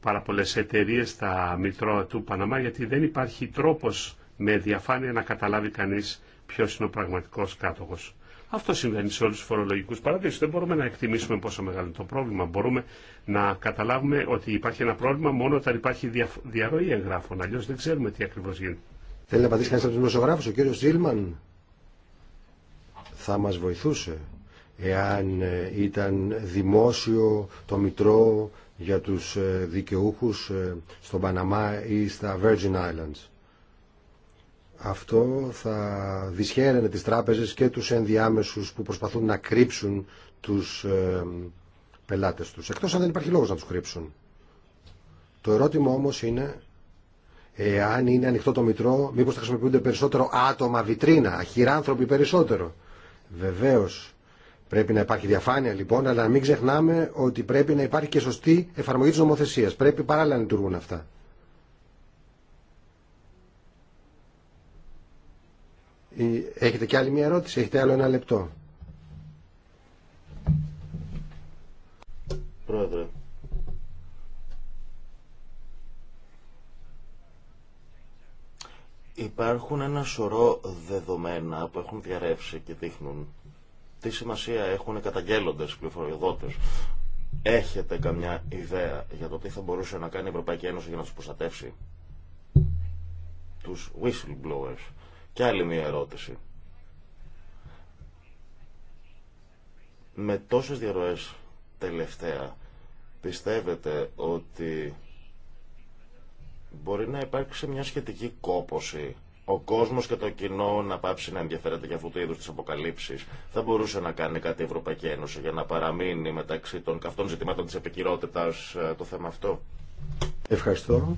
πάρα πολλές στα μητρώα του Παναμά γιατί δεν υπάρχει τρόπος με διαφάνεια να καταλάβει κανείς ποιος είναι ο πραγματικός κάτοχος. Αυτό συμβαίνει σε όλου του φορολογικού παραδείσου. Δεν μπορούμε να εκτιμήσουμε πόσο μεγάλο είναι το πρόβλημα. Μπορούμε να καταλάβουμε ότι υπάρχει ένα πρόβλημα μόνο όταν υπάρχει διαρροή εγγράφων. Αλλιώ δεν ξέρουμε τι ακριβώ γίνεται. Θέλει να απαντήσει κανεί από του δημοσιογράφου, ο κύριο Ζήλμαν. Θα μα βοηθούσε εάν ε, ήταν δημόσιο το Μητρό για τους ε, δικαιούχους ε, στον Παναμά ή στα Virgin Islands. Αυτό θα δυσχαίραινε τις τράπεζες και τους ενδιάμεσους που προσπαθούν να κρύψουν τους ε, πελάτες τους. Εκτός αν δεν υπάρχει λόγος να τους κρύψουν. Το ερώτημα όμως είναι εάν είναι ανοιχτό το μητρό μήπως θα χρησιμοποιούνται περισσότερο άτομα, βιτρίνα, αχυράνθρωποι περισσότερο. Βεβαίως πρέπει να υπάρχει διαφάνεια λοιπόν αλλά μην ξεχνάμε ότι πρέπει να υπάρχει και σωστή εφαρμογή της νομοθεσίας. Πρέπει παράλληλα να λειτουργούν αυτά. Έχετε κι άλλη μία ερώτηση, έχετε άλλο ένα λεπτό. Πρόεδρε. Υπάρχουν ένα σωρό δεδομένα που έχουν διαρρεύσει και δείχνουν τι σημασία έχουν οι καταγγέλλοντες πληροφοριοδότες. Έχετε καμιά ιδέα για το τι θα μπορούσε να κάνει η Ευρωπαϊκή Ένωση για να τους προστατεύσει τους whistleblowers. Και άλλη μία ερώτηση. Με τόσες διαρροές τελευταία, πιστεύετε ότι μπορεί να υπάρξει μια σχετική κόπωση ο κόσμος και το κοινό να πάψει να ενδιαφέρεται για αυτού του είδους της αποκαλύψης. Θα μπορούσε να κάνει κάτι η Ευρωπαϊκή Ένωση για να παραμείνει μεταξύ των καυτών ζητημάτων της επικυρότητας ε, το θέμα αυτό. Ευχαριστώ.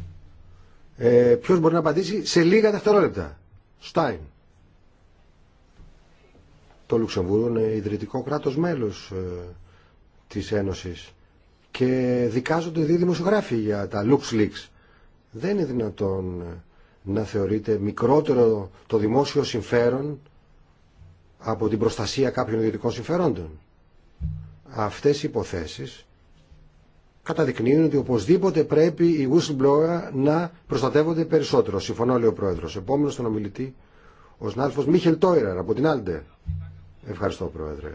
Ε, ποιος μπορεί να απαντήσει σε λίγα δευτερόλεπτα. Στάιν. Το Λουξεμβούργο είναι ιδρυτικό κράτος μέλος ε, της Ένωσης και δικάζονται δύο δημοσιογράφοι για τα LuxLeaks. Δεν είναι δυνατόν ε, να θεωρείται μικρότερο το δημόσιο συμφέρον από την προστασία κάποιων ιδιωτικών συμφερόντων. Αυτές οι υποθέσεις καταδεικνύουν ότι οπωσδήποτε πρέπει οι whistleblower να προστατεύονται περισσότερο. Συμφωνώ, λέει ο Πρόεδρο. Επόμενο στον ομιλητή, ο συνάδελφο Μίχελ Τόιρερ από την Άλντε. Ευχαριστώ, Πρόεδρε.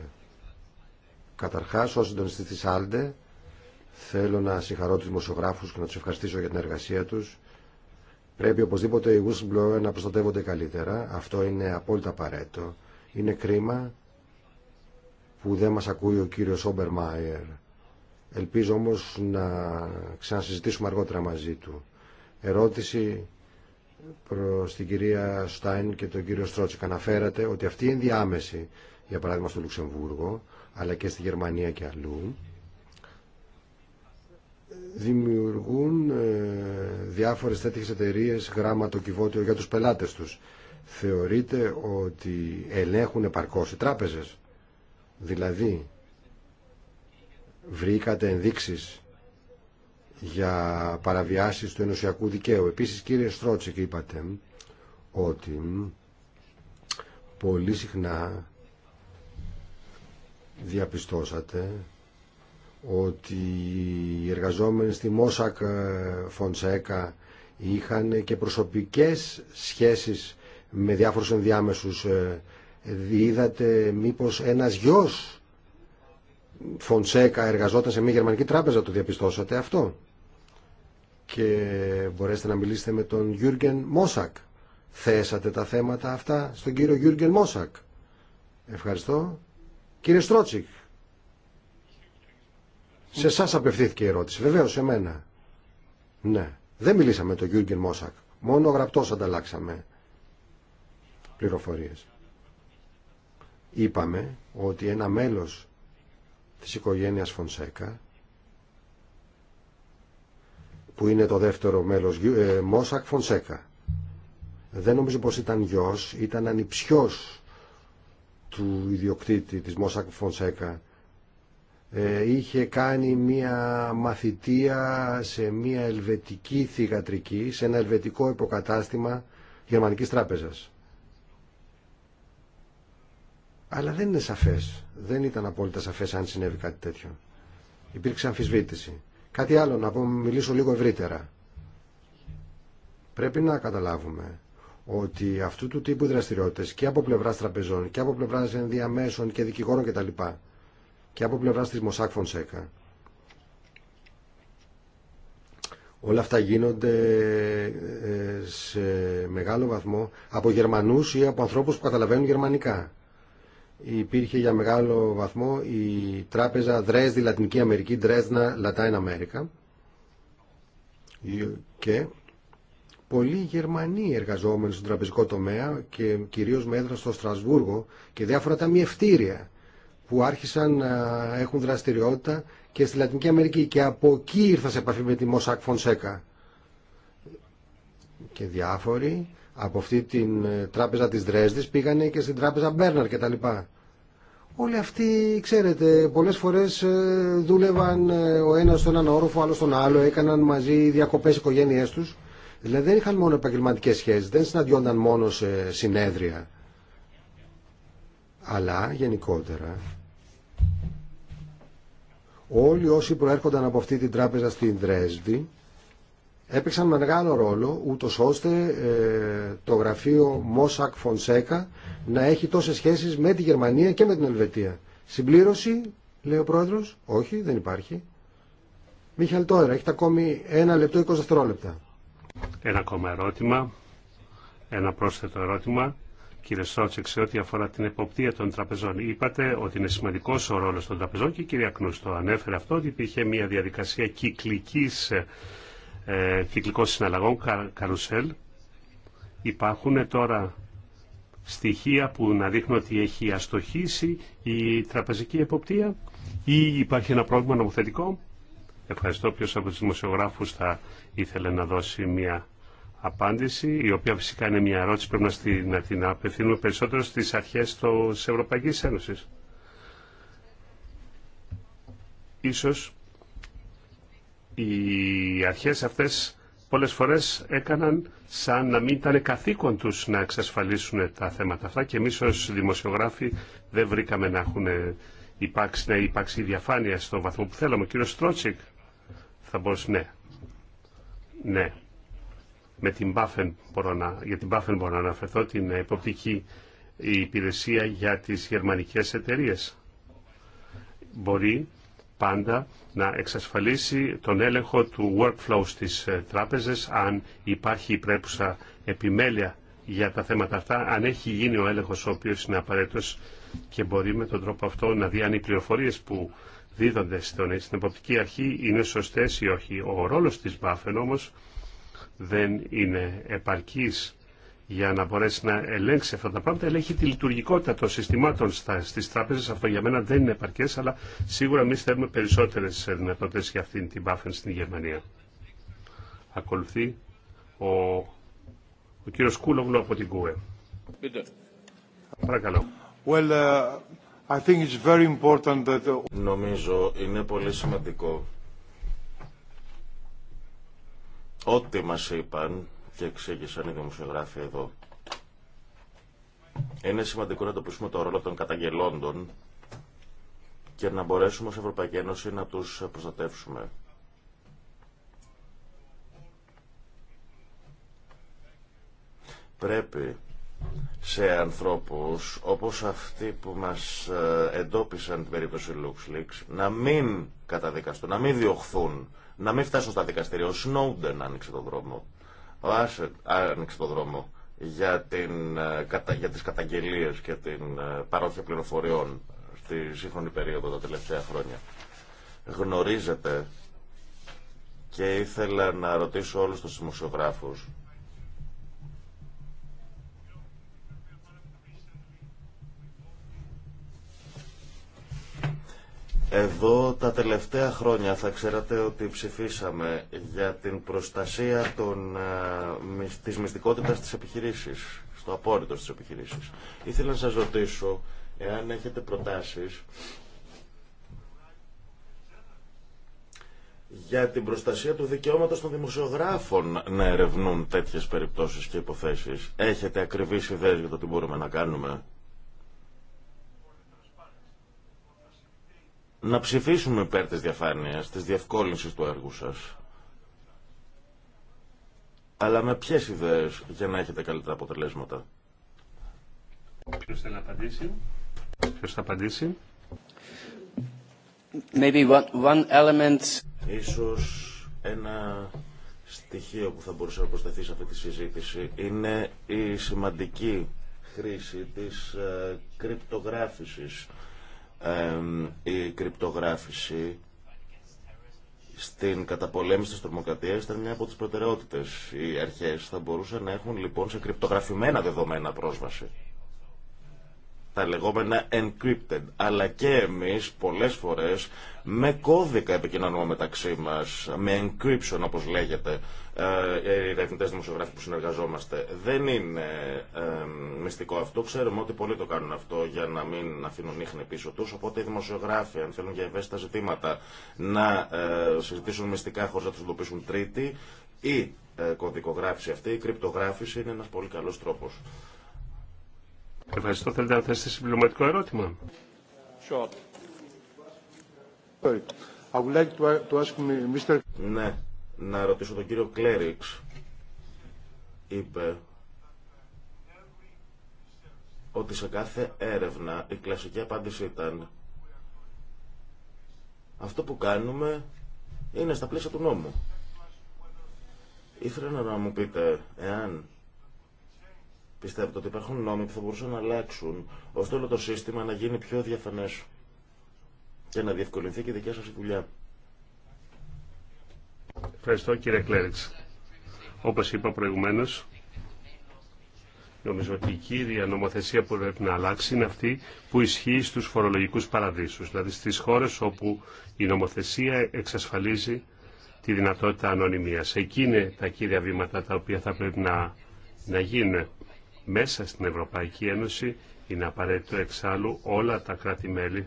Καταρχά, ω συντονιστή τη Άλντε, θέλω να συγχαρώ του δημοσιογράφου και να του ευχαριστήσω για την εργασία του. Πρέπει οπωσδήποτε οι whistleblower να προστατεύονται καλύτερα. Αυτό είναι απόλυτα απαραίτητο. Είναι κρίμα που δεν μας ακούει ο κύριος Όμπερ Μάιερ Ελπίζω όμως να ξανασυζητήσουμε αργότερα μαζί του. Ερώτηση προς την κυρία Στάιν και τον κύριο Στρότσικ. Αναφέρατε ότι αυτή η ενδιάμεση, για παράδειγμα στο Λουξεμβούργο, αλλά και στη Γερμανία και αλλού, δημιουργούν ε, διάφορες τέτοιες εταιρείε γράμματο κυβότιο για τους πελάτες τους. Θεωρείτε ότι ελέγχουν επαρκώς οι τράπεζες. Δηλαδή, βρήκατε ενδείξεις για παραβιάσεις του ενωσιακού δικαίου. Επίσης κύριε Στρότσικ είπατε ότι πολύ συχνά διαπιστώσατε ότι οι εργαζόμενοι στη Μόσακ ε, Φονσέκα είχαν και προσωπικές σχέσεις με διάφορους ενδιάμεσους. Ε, είδατε μήπως ένας γιος Φονσέκα εργαζόταν σε μια γερμανική τράπεζα, το διαπιστώσατε αυτό. Και μπορέσετε να μιλήσετε με τον Γιούργεν Μόσακ. Θέσατε τα θέματα αυτά στον κύριο Γιούργεν Μόσακ. Ευχαριστώ. Κύριε Στρότσικ, σε εσά απευθύνθηκε η ερώτηση. Βεβαίω, σε μένα. Ναι. Δεν μιλήσαμε με τον Γιούργεν Μόσακ. Μόνο γραπτό ανταλλάξαμε πληροφορίε. Είπαμε ότι ένα μέλος της οικογένειας Φονσέκα που είναι το δεύτερο μέλος ε, Μόσακ Φονσέκα. Δεν νομίζω πως ήταν γιος, ήταν ανιψιός του ιδιοκτήτη της Μόσακ Φονσέκα. Ε, είχε κάνει μία μαθητεία σε μία ελβετική θηγατρική, σε ένα ελβετικό υποκατάστημα γερμανικής τράπεζας. Αλλά δεν είναι σαφές. Δεν ήταν απόλυτα σαφέ αν συνέβη κάτι τέτοιο. Υπήρξε αμφισβήτηση. Κάτι άλλο να πω, μιλήσω λίγο ευρύτερα. Πρέπει να καταλάβουμε ότι αυτού του τύπου δραστηριότητε και από πλευρά τραπεζών και από πλευρά ενδιαμέσων και δικηγόρων κτλ. Και, και από πλευρά της Μοσάκ Φονσέκα Όλα αυτά γίνονται ε, σε μεγάλο βαθμό από Γερμανούς ή από ανθρώπους που καταλαβαίνουν γερμανικά υπήρχε για μεγάλο βαθμό η τράπεζα Δρέσδη Λατινική Αμερική, Δρέσνα Λατάιν Αμέρικα και πολλοί Γερμανοί εργαζόμενοι στον τραπεζικό τομέα και κυρίως με έδρα στο Στρασβούργο και διάφορα ταμιευτήρια που άρχισαν να έχουν δραστηριότητα και στη Λατινική Αμερική και από εκεί ήρθα σε επαφή με τη Μοσάκ Φονσέκα και διάφοροι από αυτή την ε, τράπεζα της Δρέσδης πήγανε και στην τράπεζα Μπέρναρ κτλ. Όλοι αυτοί, ξέρετε, πολλές φορές ε, δούλευαν ε, ο ένας στον έναν όροφο, ο άλλος στον άλλο, έκαναν μαζί διακοπές οικογένειές τους. Δηλαδή δεν είχαν μόνο επαγγελματικές σχέσεις, δεν συναντιόνταν μόνο σε συνέδρια. Αλλά γενικότερα όλοι όσοι προέρχονταν από αυτή την τράπεζα στην Δρέσδη έπαιξαν μεγάλο ρόλο ούτω ώστε ε, το γραφείο Mossack Fonseca να έχει τόσε σχέσει με τη Γερμανία και με την Ελβετία. Συμπλήρωση, λέει ο πρόεδρο, όχι, δεν υπάρχει. Μίχαλ Τόερα, έχετε ακόμη ένα λεπτό 20 δευτερόλεπτα. Ένα ακόμα ερώτημα, ένα πρόσθετο ερώτημα. Κύριε Στρότσεξ, σε ό,τι αφορά την εποπτεία των τραπεζών, είπατε ότι είναι σημαντικό ο ρόλο των τραπεζών και η κυρία Κνούστο ανέφερε αυτό ότι υπήρχε μια διαδικασία κυκλική ε, ε, κυκλικών συναλλαγών, καρουσέλ. Υπάρχουν τώρα στοιχεία που να δείχνουν ότι έχει αστοχήσει η τραπεζική εποπτεία ή υπάρχει ένα πρόβλημα νομοθετικό. Ευχαριστώ ποιος από τους δημοσιογράφους θα ήθελε να δώσει μια απάντηση, η οποία φυσικά είναι μια ερώτηση πρέπει να, να την απευθύνουμε περισσότερο στις αρχές της Ευρωπαϊκής Ένωσης. Ίσως οι αρχές αυτές πολλές φορές έκαναν σαν να μην ήταν καθήκον τους να εξασφαλίσουν τα θέματα αυτά και εμείς ως δημοσιογράφοι δεν βρήκαμε να έχουν υπάρξει, να υπάρξει διαφάνεια στο βαθμό που θέλαμε. Ο κύριος Στρότσικ θα μπορούσε ναι. Ναι. Με την Buffen μπορώ να, για την Buffen μπορώ να αναφερθώ την υποπτική υπηρεσία για τις γερμανικές εταιρείες. Μπορεί πάντα να εξασφαλίσει τον έλεγχο του workflow στις ε, τράπεζες αν υπάρχει η πρέπουσα επιμέλεια για τα θέματα αυτά, αν έχει γίνει ο έλεγχος ο οποίος είναι απαραίτητος και μπορεί με τον τρόπο αυτό να δει αν οι πληροφορίες που δίδονται στην εποπτική αρχή είναι σωστές ή όχι. Ο ρόλος της Μπάφεν όμως δεν είναι επαρκής για να μπορέσει να ελέγξει αυτά τα πράγματα, ελέγχει τη λειτουργικότητα των συστημάτων στι τράπεζε. Αυτό για μένα δεν είναι επαρκέ, αλλά σίγουρα εμεί θέλουμε περισσότερε δυνατότητε για αυτήν την Μπάφεν στην Γερμανία. Ακολουθεί ο, ο κύριο Κούλογλου από την ΚΟΕ. Παρακαλώ. Well, uh, I think it's very important that... Νομίζω είναι πολύ σημαντικό ό,τι μας είπαν και εξήγησαν οι δημοσιογράφοι εδώ. Είναι σημαντικό να εντοπίσουμε το ρόλο των καταγγελόντων και να μπορέσουμε ως Ευρωπαϊκή Ένωση να τους προστατεύσουμε. Πρέπει σε ανθρώπους όπως αυτοί που μας ε, εντόπισαν την περίπτωση LuxLeaks να μην καταδικαστούν, να μην διωχθούν, να μην φτάσουν στα δικαστήρια. Ο Σνόντεν άνοιξε τον δρόμο. Ο Άσερ άνοιξε το δρόμο για, την, ε, για τις καταγγελίες και την ε, παρόχεια πληροφοριών στη σύγχρονη περίοδο τα τελευταία χρόνια. Γνωρίζετε και ήθελα να ρωτήσω όλους τους δημοσιογράφους Εδώ τα τελευταία χρόνια θα ξέρατε ότι ψηφίσαμε για την προστασία των, ε, της μυστικότητας της επιχειρήσης, στο απόρριτο της επιχειρήσης. Ήθελα να σας ρωτήσω εάν έχετε προτάσεις για την προστασία του δικαιώματος των δημοσιογράφων να ερευνούν τέτοιες περιπτώσεις και υποθέσεις. Έχετε ακριβείς ιδέες για το τι μπορούμε να κάνουμε. να ψηφίσουμε υπέρ της διαφάνειας, της διευκόλυνσης του έργου σας. Αλλά με ποιες ιδέες για να έχετε καλύτερα αποτελέσματα. Ποιος θέλει Maybe one, element. Ίσως ένα στοιχείο που θα μπορούσε να προσθεθεί σε αυτή τη συζήτηση είναι η σημαντική χρήση της ε, κρυπτογράφησης η κρυπτογράφηση στην καταπολέμηση της τρομοκρατίας ήταν μια από τις προτεραιότητες. Οι αρχές θα μπορούσαν να έχουν λοιπόν σε κρυπτογραφημένα δεδομένα πρόσβαση τα λεγόμενα encrypted, αλλά και εμείς πολλές φορές με κώδικα επικοινωνούμε μεταξύ μας, με encryption όπως λέγεται, ε, οι ερευνητές δημοσιογράφοι που συνεργαζόμαστε. Δεν είναι ε, μυστικό αυτό, ξέρουμε ότι πολλοί το κάνουν αυτό για να μην αφήνουν ίχνη πίσω τους, οπότε οι δημοσιογράφοι αν θέλουν για ευαίσθητα ζητήματα να ε, συζητήσουν μυστικά χωρίς να τους εντοπίσουν τρίτη, η ε, κωδικογράφηση αυτή, η κρυπτογράφηση είναι ένας πολύ καλός τρόπος. Ευχαριστώ. Θέλετε να θέσετε συμπληρωματικό ερώτημα. Ναι, να ρωτήσω τον κύριο Κλέριξ. Είπε ότι σε κάθε έρευνα η κλασική απάντηση ήταν αυτό που κάνουμε είναι στα πλαίσια του νόμου. Ήθελα να μου πείτε εάν Πιστεύετε ότι υπάρχουν νόμοι που θα μπορούσαν να αλλάξουν ώστε όλο το σύστημα να γίνει πιο διαφανές και να διευκολυνθεί και η δικιά σα δουλειά. Ευχαριστώ κύριε Κλέριξ. Όπως είπα προηγουμένως, νομίζω ότι η κύρια νομοθεσία που πρέπει να αλλάξει είναι αυτή που ισχύει στους φορολογικούς παραδείσους, δηλαδή στις χώρες όπου η νομοθεσία εξασφαλίζει τη δυνατότητα ανωνυμίας. Εκεί είναι τα κύρια βήματα τα οποία θα πρέπει να, να γίνουν μέσα στην Ευρωπαϊκή Ένωση είναι απαραίτητο εξάλλου όλα τα κράτη-μέλη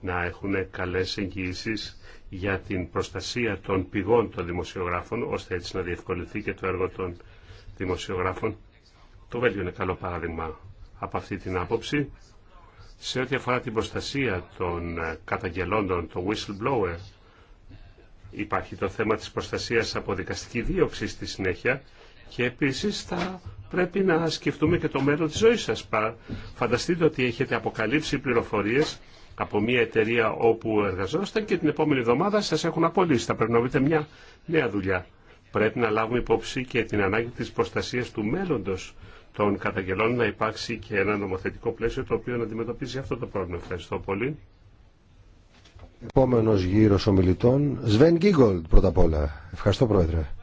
να έχουν καλές εγγυήσεις για την προστασία των πηγών των δημοσιογράφων, ώστε έτσι να διευκολυνθεί και το έργο των δημοσιογράφων. Το Βέλγιο είναι καλό παράδειγμα από αυτή την άποψη. Σε ό,τι αφορά την προστασία των ε, καταγγελόντων, το whistleblower, υπάρχει το θέμα της προστασίας από δικαστική δίωξη στη συνέχεια και επίσης πρέπει να σκεφτούμε και το μέλλον της ζωής σας. Φανταστείτε ότι έχετε αποκαλύψει πληροφορίες από μια εταιρεία όπου εργαζόσατε και την επόμενη εβδομάδα σας έχουν απολύσει. Θα πρέπει να βρείτε μια νέα δουλειά. Πρέπει να λάβουμε υπόψη και την ανάγκη της προστασίας του μέλλοντος των καταγγελών να υπάρξει και ένα νομοθετικό πλαίσιο το οποίο να αντιμετωπίζει αυτό το πρόβλημα. Ευχαριστώ πολύ. Επόμενος γύρος ομιλητών, Σβέν Γκίγκολτ πρώτα απ' όλα. Ευχαριστώ Πρόεδρε.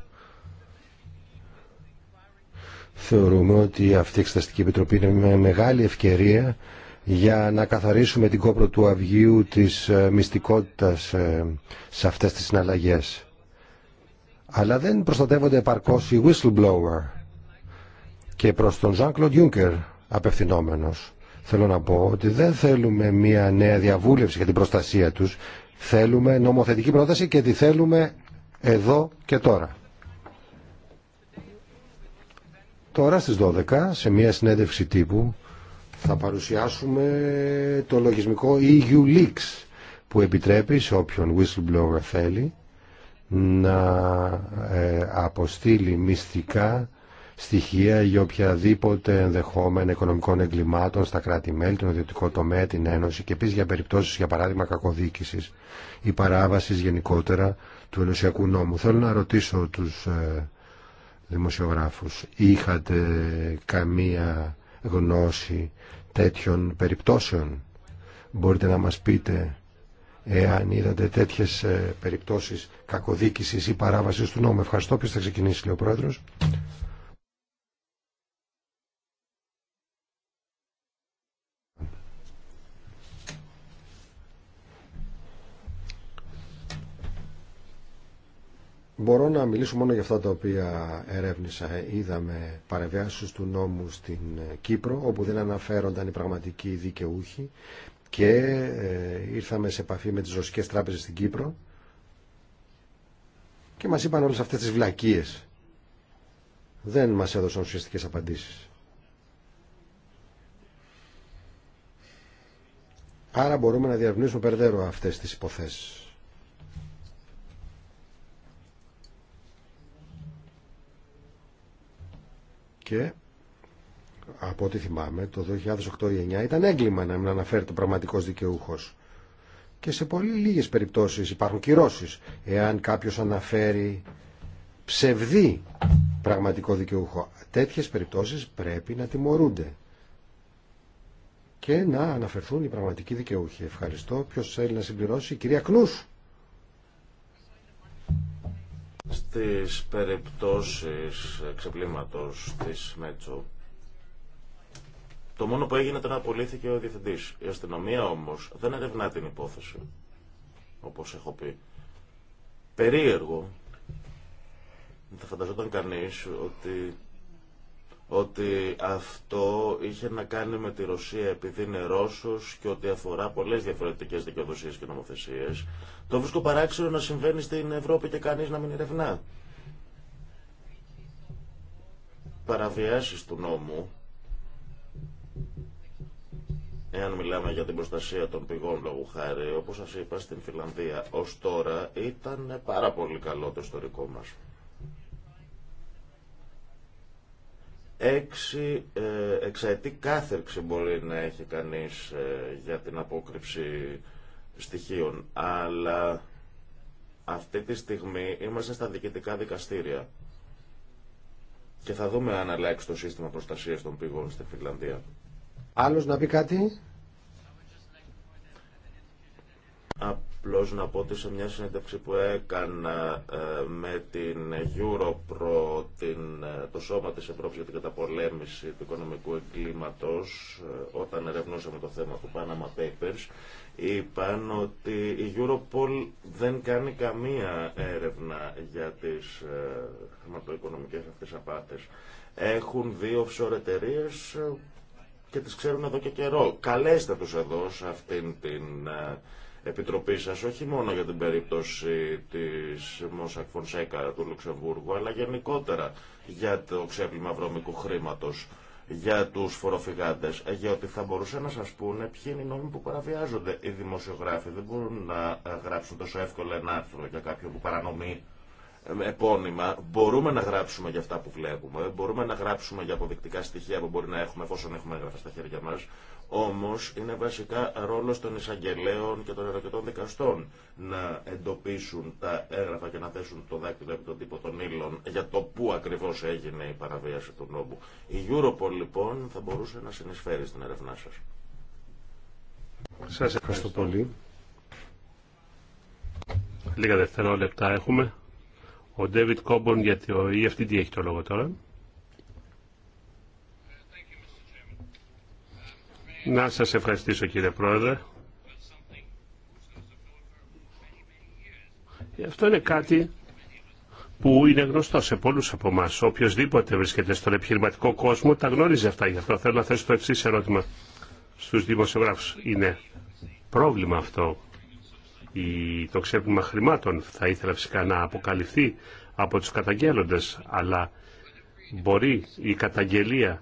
θεωρούμε ότι αυτή η Εξεταστική Επιτροπή είναι μια μεγάλη ευκαιρία για να καθαρίσουμε την κόπρο του Αυγίου της ε, μυστικότητας ε, σε αυτές τις συναλλαγές. Αλλά δεν προστατεύονται επαρκώς οι whistleblower και προς τον Jean-Claude Juncker απευθυνόμενος. Θέλω να πω ότι δεν θέλουμε μια νέα διαβούλευση για την προστασία τους. Θέλουμε νομοθετική πρόταση και τη θέλουμε εδώ και τώρα. Τώρα στις 12 σε μια συνέντευξη τύπου θα παρουσιάσουμε το λογισμικό EU Leaks που επιτρέπει σε όποιον whistleblower θέλει να ε, αποστείλει μυστικά στοιχεία για οποιαδήποτε ενδεχόμενα οικονομικών εγκλημάτων στα κράτη-μέλη, τον ιδιωτικό τομέα, την Ένωση και επίση για περιπτώσεις, για παράδειγμα, κακοδίκησης ή παράβαση γενικότερα του ενωσιακού νόμου. Θέλω να ρωτήσω του ε, δημοσιογράφους. Είχατε καμία γνώση τέτοιων περιπτώσεων. Μπορείτε να μας πείτε εάν είδατε τέτοιες ε, περιπτώσεις κακοδίκησης ή παράβασης του νόμου. Ευχαριστώ. Ποιος θα ξεκινήσει, λέει Πρόεδρος. Μπορώ να μιλήσω μόνο για αυτά τα οποία ερεύνησα. Είδαμε παρεμβιάσει του νόμου στην ε, Κύπρο, όπου δεν αναφέρονταν οι πραγματικοί δικαιούχοι και ε, ήρθαμε σε επαφή με τις ρωσικές τράπεζες στην Κύπρο και μας είπαν όλες αυτές τις βλακίες. Δεν μας έδωσαν ουσιαστικές απαντήσεις. Άρα μπορούμε να διαρμηνήσουμε περδέρω αυτές τις υποθέσεις. και από ό,τι θυμάμαι το 2008-2009 ήταν έγκλημα να μην αναφέρει το πραγματικός δικαιούχος και σε πολύ λίγες περιπτώσεις υπάρχουν κυρώσεις εάν κάποιος αναφέρει ψευδή πραγματικό δικαιούχο. Τέτοιες περιπτώσεις πρέπει να τιμωρούνται και να αναφερθούν οι πραγματικοί δικαιούχοι. Ευχαριστώ. Ποιος θέλει να συμπληρώσει. Η κυρία Κνούς. Στις περιπτώσεις ξεπλήματος της Μέτσο, το μόνο που έγινε ήταν να απολύθηκε ο διευθυντής. Η αστυνομία όμως δεν ερευνά την υπόθεση, όπως έχω πει. Περίεργο, θα φανταζόταν κανείς ότι ότι αυτό είχε να κάνει με τη Ρωσία επειδή είναι Ρώσος και ότι αφορά πολλές διαφορετικές δικαιοδοσίες και νομοθεσίες. Το βρίσκω παράξενο να συμβαίνει στην Ευρώπη και κανείς να μην ερευνά. Παραβιάσεις του νόμου, εάν μιλάμε για την προστασία των πηγών λόγου χάρη, όπως σας είπα στην Φιλανδία, ως τώρα ήταν πάρα πολύ καλό το ιστορικό μας. έξι ε, εξαετή κάθερξη μπορεί να έχει κανείς ε, για την απόκρυψη στοιχείων, αλλά αυτή τη στιγμή είμαστε στα διοικητικά δικαστήρια και θα δούμε αν αλλάξει το σύστημα προστασίας των πηγών στη Φιλανδία. Άλλος να πει κάτι? Απλώς να πω ότι σε μια συνέντευξη που έκανα ε, με την Europro, την, ε, το σώμα της Ευρώπης για την καταπολέμηση του οικονομικού εγκλήματος, ε, όταν ερευνούσαμε το θέμα του Panama Papers, είπαν ότι η Europol δεν κάνει καμία έρευνα για τις χρηματοοικονομικές αυτές απάτες. Έχουν δύο offshore και τις ξέρουν εδώ και καιρό. Καλέστε τους εδώ σε αυτήν την Επιτροπή σα όχι μόνο για την περίπτωση της Μόσακ Φονσέκα του Λουξεμβούργου, αλλά γενικότερα για το ξέπλυμα βρώμικου χρήματος, για τους φοροφυγάντες, για ότι θα μπορούσαν να σα πούνε ποιοι είναι οι νόμοι που παραβιάζονται. Οι δημοσιογράφοι δεν μπορούν να γράψουν τόσο εύκολα ένα άρθρο για κάποιον που παρανομεί επώνυμα, μπορούμε να γράψουμε για αυτά που βλέπουμε, μπορούμε να γράψουμε για αποδεικτικά στοιχεία που μπορεί να έχουμε εφόσον έχουμε έγγραφα στα χέρια μα. Όμω είναι βασικά ρόλο των εισαγγελέων και των ερωτητών δικαστών να εντοπίσουν τα έγγραφα και να θέσουν το δάκτυλο επί τον τύπο των ύλων για το πού ακριβώ έγινε η παραβίαση του νόμου. Η Europol λοιπόν θα μπορούσε να συνεισφέρει στην έρευνά σα. Σα ευχαριστώ πολύ. Λίγα δευτερόλεπτα έχουμε. Ο Ντέβιτ Κόμπον γιατί το EFTD έχει το λόγο τώρα. Να σας ευχαριστήσω κύριε Πρόεδρε. Αυτό είναι κάτι που είναι γνωστό σε πολλούς από εμά. δίποτε βρίσκεται στον επιχειρηματικό κόσμο τα γνώριζε αυτά. Γι' αυτό θέλω να θέσω το εξή ερώτημα στους δημοσιογράφους. Είναι πρόβλημα αυτό το ξέπλυμα χρημάτων θα ήθελα φυσικά να αποκαλυφθεί από τους καταγγέλλοντες, αλλά μπορεί η καταγγελία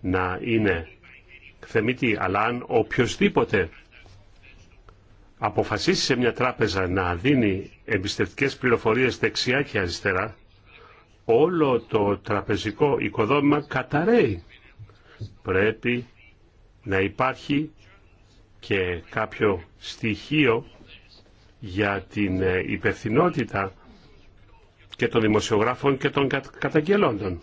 να είναι θεμητή, αλλά αν οποιοδήποτε αποφασίσει σε μια τράπεζα να δίνει εμπιστευτικές πληροφορίες δεξιά και αριστερά, όλο το τραπεζικό οικοδόμημα καταραίει. Πρέπει να υπάρχει και κάποιο στοιχείο για την ε, υπευθυνότητα και των δημοσιογράφων και των καταγγελόντων.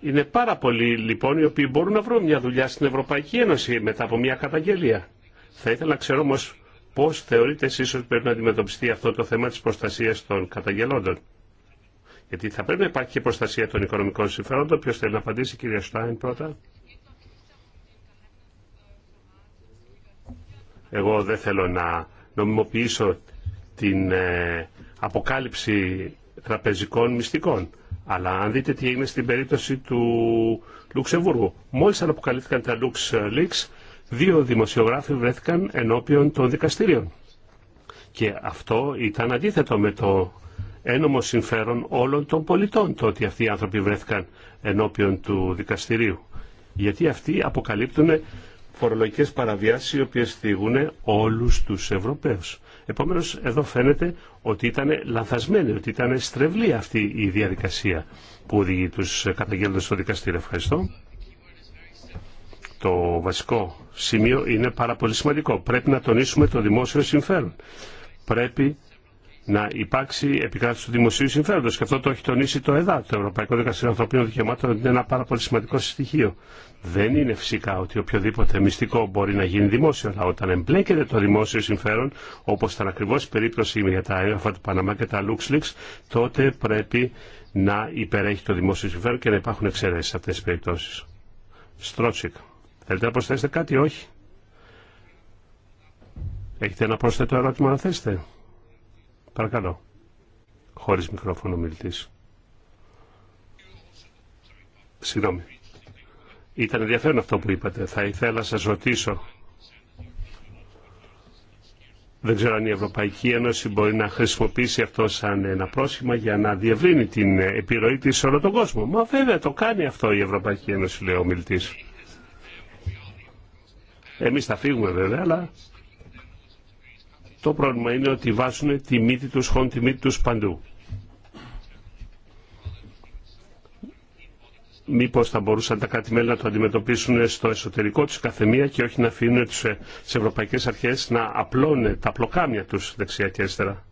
Είναι πάρα πολλοί λοιπόν οι οποίοι μπορούν να βρουν μια δουλειά στην Ευρωπαϊκή Ένωση μετά από μια καταγγελία. Θα ήθελα να ξέρω όμω πώ θεωρείτε εσείς ότι πρέπει να αντιμετωπιστεί αυτό το θέμα τη προστασία των καταγγελόντων. Γιατί θα πρέπει να υπάρχει και προστασία των οικονομικών συμφερόντων. Ποιος θέλει να απαντήσει, κυρία Στάιν, πρώτα. Εγώ δεν θέλω να νομιμοποιήσω την ε, αποκάλυψη τραπεζικών μυστικών. Αλλά αν δείτε τι έγινε στην περίπτωση του Λουξεμβούργου. Μόλις αναποκαλύφθηκαν τα Lux Leaks, δύο δημοσιογράφοι βρέθηκαν ενώπιον των δικαστήριων. Και αυτό ήταν αντίθετο με το ένομο συμφέρον όλων των πολιτών, το ότι αυτοί οι άνθρωποι βρέθηκαν ενώπιον του δικαστηρίου. Γιατί αυτοί αποκαλύπτουν φορολογικές παραβιάσεις οι οποίες θίγουν όλους τους Ευρωπαίους. Επομένως εδώ φαίνεται ότι ήταν λανθασμένη, ότι ήταν στρεβλή αυτή η διαδικασία που οδηγεί τους καταγγέλλοντες στο δικαστήριο. Ευχαριστώ. Το βασικό σημείο είναι πάρα πολύ σημαντικό. Πρέπει να τονίσουμε το δημόσιο συμφέρον. Πρέπει να υπάρξει επικράτηση του δημοσίου συμφέροντο. Και αυτό το έχει τονίσει το ΕΔΑ, το Ευρωπαϊκό Δικαστήριο Ανθρωπίνων Δικαιωμάτων, είναι ένα πάρα πολύ σημαντικό στοιχείο. Δεν είναι φυσικά ότι οποιοδήποτε μυστικό μπορεί να γίνει δημόσιο, αλλά όταν εμπλέκεται το δημόσιο συμφέρον, όπω ήταν ακριβώ η περίπτωση για τα έγγραφα του Παναμά και τα LuxLeaks, τότε πρέπει να υπερέχει το δημόσιο συμφέρον και να υπάρχουν εξαιρέσει σε αυτέ τι περιπτώσει. Στρότσικ. Θέλετε να προσθέσετε κάτι, όχι. Έχετε ένα πρόσθετο ερώτημα να θέσετε. Παρακαλώ. Χωρίς μικρόφωνο μιλητής. Συγγνώμη. Ήταν ενδιαφέρον αυτό που είπατε. Θα ήθελα να σας ρωτήσω. Δεν ξέρω αν η Ευρωπαϊκή Ένωση μπορεί να χρησιμοποιήσει αυτό σαν ένα πρόσχημα για να διευρύνει την επιρροή της σε όλο τον κόσμο. Μα βέβαια το κάνει αυτό η Ευρωπαϊκή Ένωση, λέει ο μιλητής. Εμείς θα φύγουμε βέβαια, αλλά το πρόβλημα είναι ότι βάζουν τη μύτη τους, χώνουν τη μύτη τους παντού. μήπως θα μπορούσαν τα κάτι μελη να το αντιμετωπίσουν στο εσωτερικό τους καθεμία και όχι να αφήνουν ε, τις, ευρωπαϊκέ ευρωπαϊκές αρχές να απλώνουν τα πλοκάμια τους δεξιά και αριστερά.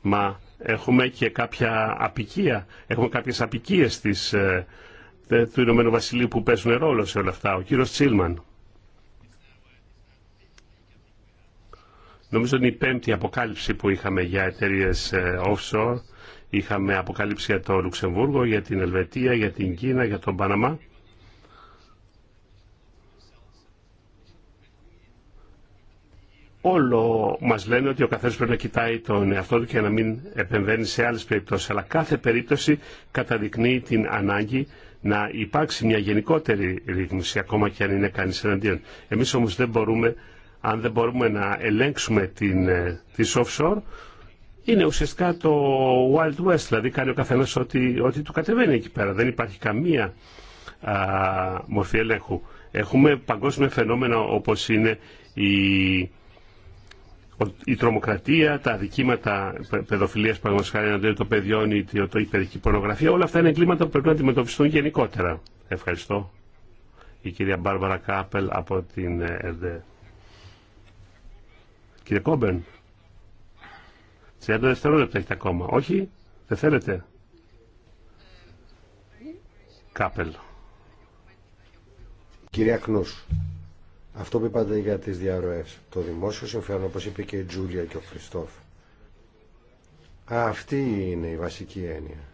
Μα έχουμε και κάποια απικία, έχουμε κάποιες απικίες της, ε, του Ηνωμένου Βασιλείου που παίζουν ρόλο σε όλα αυτά. Ο κύριος Τσίλμαν. Νομίζω είναι η πέμπτη αποκάλυψη που είχαμε για εταιρείε ε, offshore. Είχαμε αποκάλυψη για το Λουξεμβούργο, για την Ελβετία, για την Κίνα, για τον Παναμά. όλο μας λένε ότι ο καθένα πρέπει να κοιτάει τον εαυτό του και να μην επεμβαίνει σε άλλε περιπτώσει, Αλλά κάθε περίπτωση καταδεικνύει την ανάγκη να υπάρξει μια γενικότερη ρύθμιση, ακόμα και αν είναι κανεί εναντίον. Εμεί όμω δεν μπορούμε αν δεν μπορούμε να ελέγξουμε την, ε, τις offshore, είναι ουσιαστικά το Wild West, δηλαδή κάνει ο καθένας ό,τι, ό,τι του κατεβαίνει εκεί πέρα. Δεν υπάρχει καμία α, μορφή ελέγχου. Έχουμε παγκόσμια φαινόμενα όπως είναι η, η τρομοκρατία, τα αδικήματα παιδοφιλίας παγκοσχάρη αντίον το παιδιών ή το υπερική πορνογραφία. Όλα αυτά είναι εγκλήματα που πρέπει να αντιμετωπιστούν γενικότερα. Ευχαριστώ. Η το παιδική πορνογραφια ολα αυτα Μπάρμπαρα Κάπελ κυρια Μπάρβαρα καπελ απο την ε, ΕΔΕ. Κύριε Κόμπερν, 30 δευτερόλεπτα έχετε ακόμα. Όχι, δεν θέλετε. Κάπελ. Κύριε Κνούς, αυτό που είπατε για τις διαρροές, το δημόσιο συμφέρον, όπως είπε και η Τζούλια και ο Χριστόφ, αυτή είναι η βασική έννοια.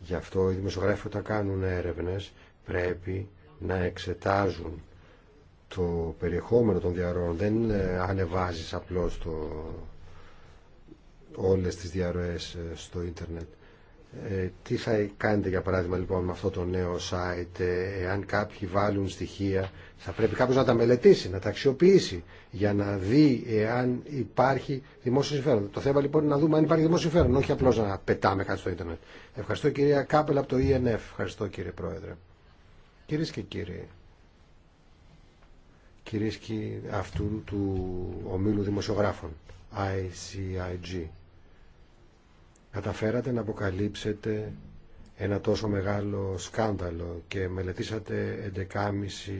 Γι' αυτό οι δημοσιογράφοι όταν κάνουν έρευνες πρέπει να εξετάζουν το περιεχόμενο των διαρροών δεν ε, ανεβάζεις απλώς το, όλες τις διαρροές ε, στο ίντερνετ. Ε, τι θα κάνετε για παράδειγμα λοιπόν με αυτό το νέο site, εάν κάποιοι βάλουν στοιχεία, θα πρέπει κάποιος να τα μελετήσει, να τα αξιοποιήσει για να δει εάν υπάρχει δημόσιο συμφέρον. Το θέμα λοιπόν είναι να δούμε αν υπάρχει δημόσιο συμφέρον, όχι απλώς να πετάμε κάτι στο ίντερνετ. Ευχαριστώ κυρία Κάπελα από το ENF, ευχαριστώ κύριε Πρόεδρε. Κυρίε και κύριοι, και αυτού του ομίλου δημοσιογράφων, ICIG. Καταφέρατε να αποκαλύψετε ένα τόσο μεγάλο σκάνδαλο και μελετήσατε 11,5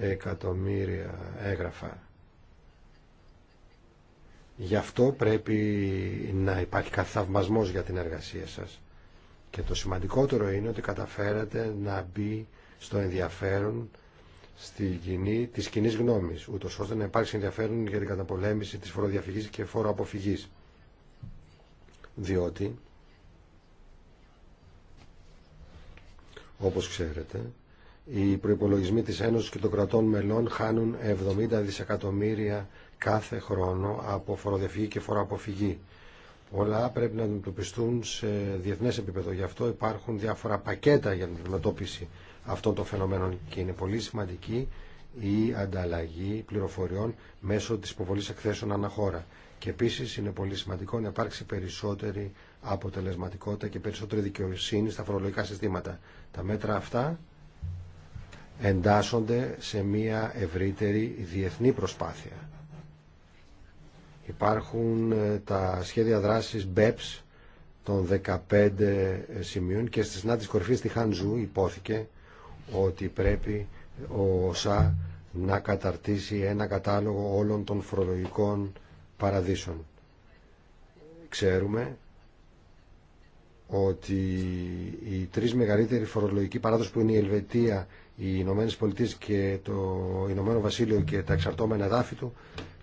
εκατομμύρια έγγραφα. Γι' αυτό πρέπει να υπάρχει καθαυμασμός για την εργασία σας. Και το σημαντικότερο είναι ότι καταφέρατε να μπει στο ενδιαφέρον στη κοινή, της κοινής γνώμης, ούτως ώστε να υπάρξει ενδιαφέρον για την καταπολέμηση της φοροδιαφυγής και φοροαποφυγής. Διότι, όπως ξέρετε, οι προϋπολογισμοί της Ένωσης και των κρατών μελών χάνουν 70 δισεκατομμύρια κάθε χρόνο από φοροδιαφυγή και φοροαποφυγή. όλα πρέπει να αντιμετωπιστούν σε διεθνές επίπεδο. Γι' αυτό υπάρχουν διάφορα πακέτα για την αντιμετώπιση αυτό το φαινομένων και είναι πολύ σημαντική η ανταλλαγή πληροφοριών μέσω της υποβολή εκθέσεων αναχώρα. Και επίσης είναι πολύ σημαντικό να υπάρξει περισσότερη αποτελεσματικότητα και περισσότερη δικαιοσύνη στα φορολογικά συστήματα. Τα μέτρα αυτά εντάσσονται σε μια ευρύτερη διεθνή προσπάθεια. Υπάρχουν ε, τα σχέδια δράσης BEPS των 15 σημείων και στη συνάντηση κορυφή στη Χανζού υπόθηκε ότι πρέπει ο ΩΣΑ να καταρτήσει ένα κατάλογο όλων των φορολογικών παραδείσων. Ξέρουμε ότι οι τρεις μεγαλύτεροι φορολογικοί παράδοσοι που είναι η Ελβετία, οι Ηνωμένε Πολιτείε και το Ηνωμένο Βασίλειο και τα εξαρτώμενα εδάφη του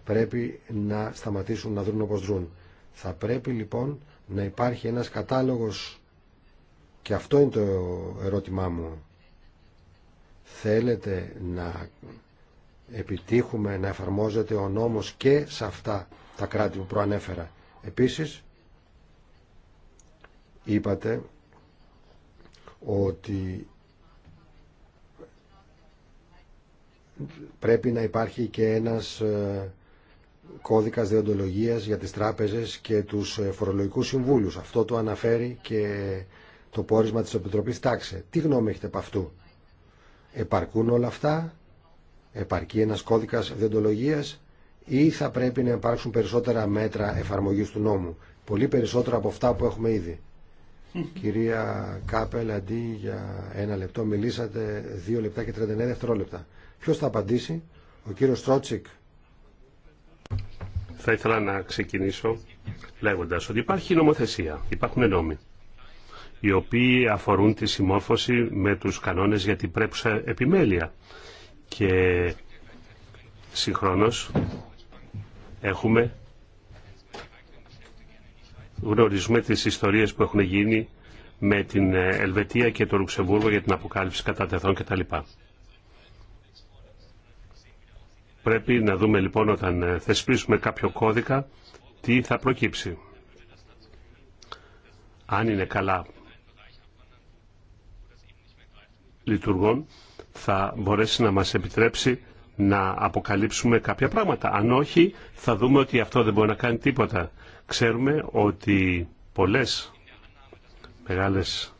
πρέπει να σταματήσουν να δρουν όπως δρουν. Θα πρέπει λοιπόν να υπάρχει ένας κατάλογος και αυτό είναι το ερώτημά μου Θέλετε να επιτύχουμε να εφαρμόζεται ο νόμος και σε αυτά τα κράτη που προανέφερα. Επίσης, είπατε ότι πρέπει να υπάρχει και ένας ε, κώδικας διοντολογίας για τις τράπεζες και τους ε, φορολογικούς συμβούλους. Αυτό το αναφέρει και το πόρισμα της Επιτροπής Τάξε. Τι γνώμη έχετε από αυτού. Επαρκούν όλα αυτά, επαρκεί ένας κώδικας δεντολογίας ή θα πρέπει να υπάρξουν περισσότερα μέτρα εφαρμογής του νόμου, πολύ περισσότερα από αυτά που έχουμε ήδη. Κυρία Κάπελ, αντί για ένα λεπτό μιλήσατε δύο λεπτά και 39 δευτερόλεπτα. Ποιος θα απαντήσει, ο κύριος Τρότσικ. Θα ήθελα να ξεκινήσω λέγοντας ότι υπάρχει νομοθεσία, υπάρχουν νόμοι οι οποίοι αφορούν τη συμμόρφωση με τους κανόνες για την πρέπουσα επιμέλεια. Και συγχρόνως έχουμε γνωρίζουμε τις ιστορίες που έχουν γίνει με την Ελβετία και το Λουξεμβούργο για την αποκάλυψη τεθών κτλ. Πρέπει να δούμε λοιπόν όταν θεσπίσουμε κάποιο κώδικα τι θα προκύψει. Αν είναι καλά λειτουργών θα μπορέσει να μας επιτρέψει να αποκαλύψουμε κάποια πράγματα. Αν όχι, θα δούμε ότι αυτό δεν μπορεί να κάνει τίποτα. Ξέρουμε ότι πολλές μεγάλες